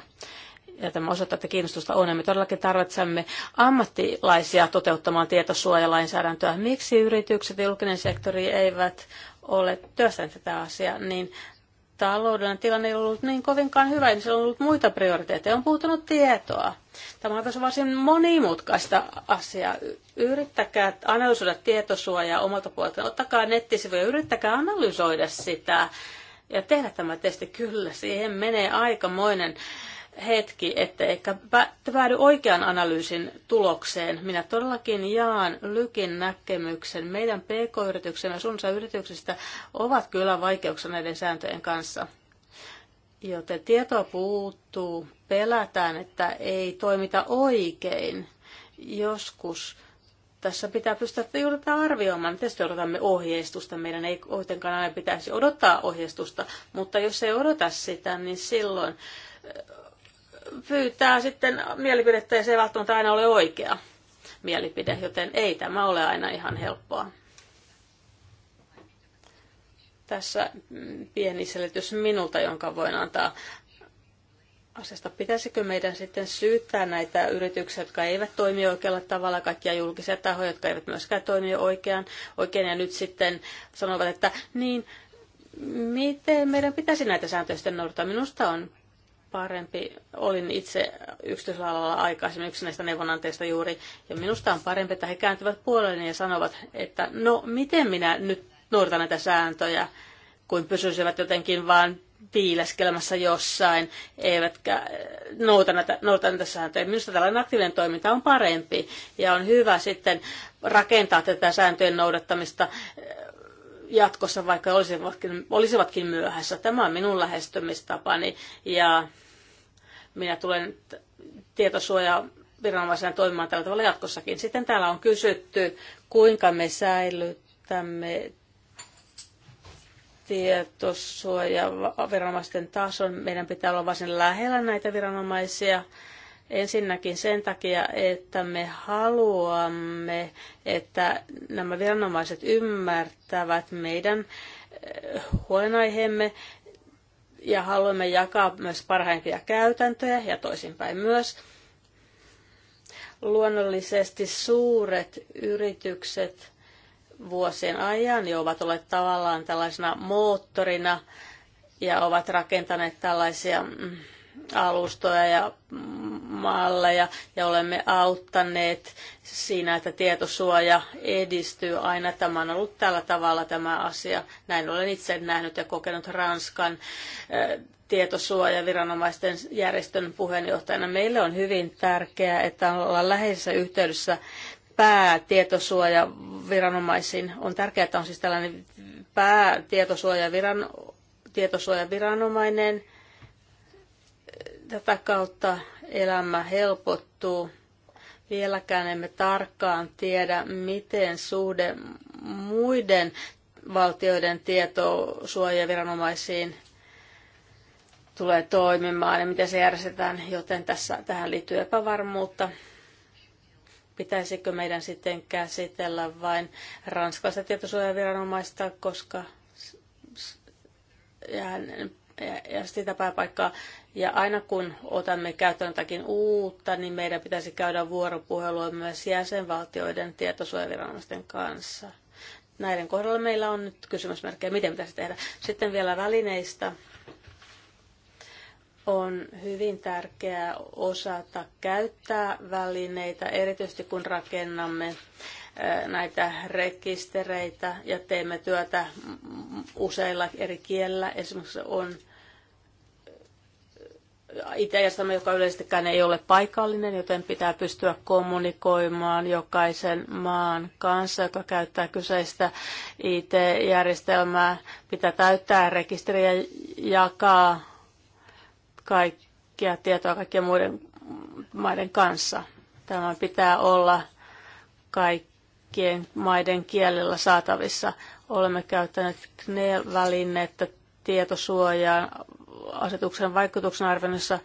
ja tämä osoittaa, että kiinnostusta on, ja me todellakin tarvitsemme ammattilaisia toteuttamaan tietosuojalainsäädäntöä. Miksi yritykset ja julkinen sektori eivät ole työstäneet tätä asiaa, niin taloudellinen tilanne ei ollut niin kovinkaan hyvä, niin siellä on ollut muita prioriteetteja, on puuttunut tietoa. Tämä on myös varsin monimutkaista asiaa. Yrittäkää analysoida tietosuojaa omalta puolelta. Ottakaa nettisivuja, yrittäkää analysoida sitä ja tehdä tämä testi. Kyllä, siihen menee aikamoinen hetki, ettei päädy oikean analyysin tulokseen. Minä todellakin jaan Lykin näkemyksen. Meidän pk-yrityksemme sunsa yrityksistä ovat kyllä vaikeuksia näiden sääntöjen kanssa. Joten tietoa puuttuu, pelätään, että ei toimita oikein. Joskus tässä pitää pystyä juuri arvioimaan. Tietysti odotamme ohjeistusta. Meidän ei kuitenkaan aina pitäisi odottaa ohjeistusta, mutta jos ei odota sitä, niin silloin pyytää sitten mielipidettä ja se ei välttämättä aina ole oikea mielipide, joten ei tämä ole aina ihan helppoa. Tässä mm, pieni selitys minulta, jonka voin antaa asiasta. Pitäisikö meidän sitten syyttää näitä yrityksiä, jotka eivät toimi oikealla tavalla, kaikkia julkisia tahoja, jotka eivät myöskään toimi oikean, oikein, ja nyt sitten sanovat, että niin, miten meidän pitäisi näitä sääntöjä sitten noudattaa? Minusta on parempi. Olin itse yksityisalalla aikaisemmin yksi näistä neuvonanteista juuri, ja minusta on parempi, että he kääntyvät puolelle ja sanovat, että no miten minä nyt noudatan näitä sääntöjä, kuin pysyisivät jotenkin vaan piileskelmässä jossain, eivätkä eh, nouta näitä, nouta näitä sääntöjä. Minusta tällainen aktiivinen toiminta on parempi ja on hyvä sitten rakentaa tätä sääntöjen noudattamista eh, jatkossa, vaikka olisivatkin, olisivatkin myöhässä. Tämä on minun lähestymistapani ja minä tulen tietosuoja viranomaisena toimimaan tällä tavalla jatkossakin. Sitten täällä on kysytty, kuinka me säilytämme viranomaisten tason. Meidän pitää olla varsin lähellä näitä viranomaisia Ensinnäkin sen takia, että me haluamme, että nämä viranomaiset ymmärtävät meidän eh, huolenaiheemme ja haluamme jakaa myös parhaimpia käytäntöjä ja toisinpäin myös. Luonnollisesti suuret yritykset vuosien ajan jo ovat olleet tavallaan tällaisena moottorina ja ovat rakentaneet tällaisia mm, alustoja ja malleja ja olemme auttaneet siinä, että tietosuoja edistyy aina. Tämä on ollut tällä tavalla tämä asia. Näin olen itse nähnyt ja kokenut Ranskan viranomaisten järjestön puheenjohtajana. Meille on hyvin tärkeää, että ollaan läheisessä yhteydessä viranomaisiin. On tärkeää, että on siis tällainen päätietosuoja tietosuojaviranomainen – Tätä kautta elämä helpottuu. Vieläkään emme tarkkaan tiedä, miten suhde muiden valtioiden tietosuojaviranomaisiin tulee toimimaan ja miten se järjestetään, joten tässä, tähän liittyy epävarmuutta. Pitäisikö meidän sitten käsitellä vain ranskalaista tietosuojaviranomaista, koska ja, ja, ja sitä pääpaikkaa ja aina kun otamme käyttöön jotakin uutta, niin meidän pitäisi käydä vuoropuhelua myös jäsenvaltioiden tietosuojaviranomaisten kanssa. Näiden kohdalla meillä on nyt kysymysmerkkejä, miten pitäisi tehdä. Sitten vielä välineistä on hyvin tärkeää osata käyttää välineitä, erityisesti kun rakennamme näitä rekistereitä ja teemme työtä useilla eri kielillä. Esimerkiksi on itäjärjestelmä, joka yleisestikään ei ole paikallinen, joten pitää pystyä kommunikoimaan jokaisen maan kanssa, joka käyttää kyseistä IT-järjestelmää. Pitää täyttää rekisteriä ja jakaa kaikkia tietoa kaikkien muiden maiden kanssa. Tämä pitää olla kaikkien maiden kielellä saatavissa. Olemme käyttäneet KNEL-välinettä tietosuojaan asetuksen vaikutuksen arvioinnissa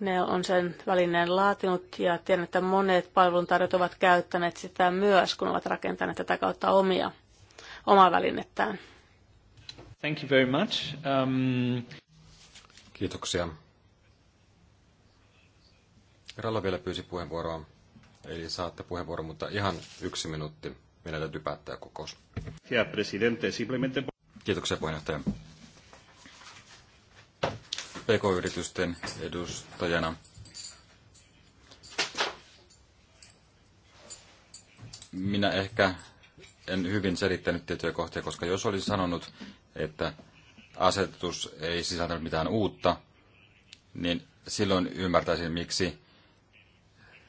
ne on sen välineen laatinut ja tiedän, että monet palveluntarjot ovat käyttäneet sitä myös, kun ovat rakentaneet tätä kautta omia, omaa välinettään. Thank you very much. Um... Kiitoksia. Ralla vielä pyysi puheenvuoroa. Eli saatte puheenvuoron, mutta ihan yksi minuutti. Meidän täytyy päättää kokous. Kiitoksia puheenjohtaja pk-yritysten edustajana. Minä ehkä en hyvin selittänyt tiettyjä kohtia, koska jos olisin sanonut, että asetus ei sisältänyt mitään uutta, niin silloin ymmärtäisin, miksi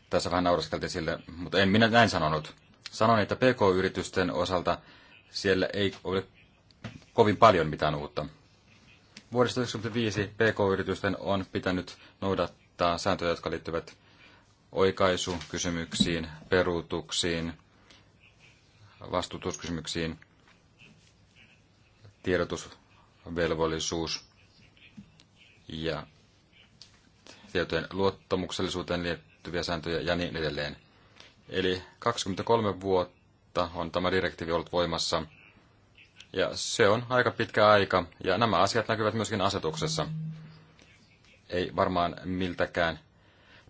tässä vähän nauraskeltiin sille, mutta en minä näin sanonut. Sanoin, että PK-yritysten osalta siellä ei ole kovin paljon mitään uutta. Vuodesta 1995 PK-yritysten on pitänyt noudattaa sääntöjä, jotka liittyvät oikaisukysymyksiin, peruutuksiin, vastuutuskysymyksiin, tiedotusvelvollisuus ja tietojen luottamuksellisuuteen liittyviä sääntöjä ja niin edelleen. Eli 23 vuotta on tämä direktiivi ollut voimassa – ja se on aika pitkä aika, ja nämä asiat näkyvät myöskin asetuksessa. Ei varmaan miltäkään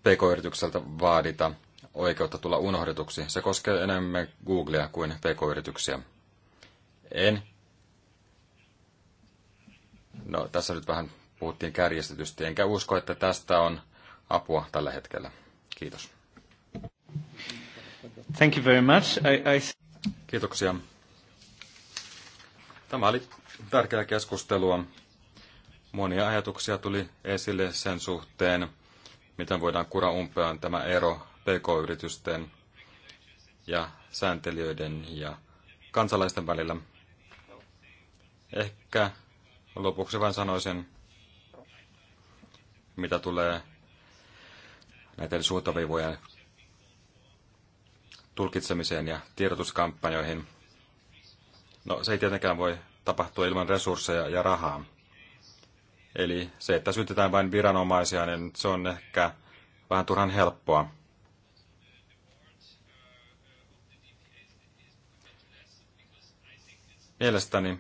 pk-yritykseltä vaadita oikeutta tulla unohdetuksi. Se koskee enemmän Googlea kuin pk-yrityksiä. En. No, tässä nyt vähän puhuttiin kärjestetysti, enkä usko, että tästä on apua tällä hetkellä. Kiitos. Thank you very much. I, I... Kiitoksia. Tämä oli tärkeää keskustelua. Monia ajatuksia tuli esille sen suhteen, miten voidaan kura umpeaan tämä ero pk-yritysten ja sääntelijöiden ja kansalaisten välillä. Ehkä lopuksi vain sanoisin, mitä tulee näiden suuntaviivojen tulkitsemiseen ja tiedotuskampanjoihin – No se ei tietenkään voi tapahtua ilman resursseja ja rahaa. Eli se, että syytetään vain viranomaisia, niin se on ehkä vähän turhan helppoa. Mielestäni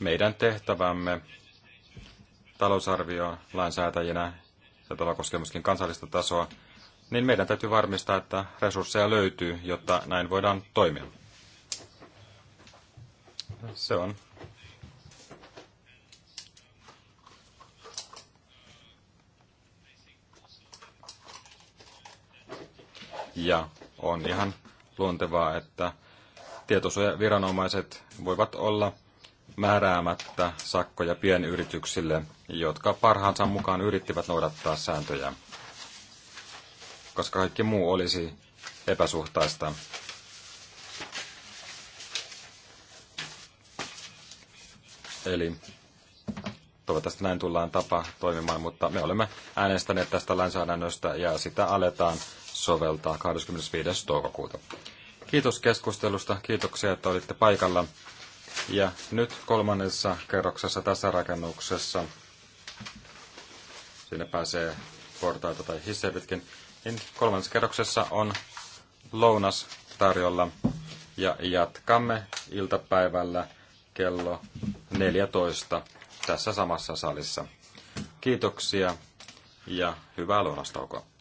meidän tehtävämme talousarvio lainsäätäjinä, ja tämä koskee myöskin kansallista tasoa, niin meidän täytyy varmistaa, että resursseja löytyy, jotta näin voidaan toimia se on. Ja on ihan luontevaa, että tietosuojaviranomaiset voivat olla määräämättä sakkoja pienyrityksille, jotka parhaansa mukaan yrittivät noudattaa sääntöjä, koska kaikki muu olisi epäsuhtaista. Eli toivottavasti näin tullaan tapa toimimaan, mutta me olemme äänestäneet tästä lainsäädännöstä ja sitä aletaan soveltaa 25. toukokuuta. Kiitos keskustelusta, kiitoksia, että olitte paikalla. Ja nyt kolmannessa kerroksessa tässä rakennuksessa, sinne pääsee portaita tai hissejä pitkin, niin kolmannessa kerroksessa on lounas tarjolla ja jatkamme iltapäivällä kello 14 tässä samassa salissa. Kiitoksia ja hyvää lounastaukoa.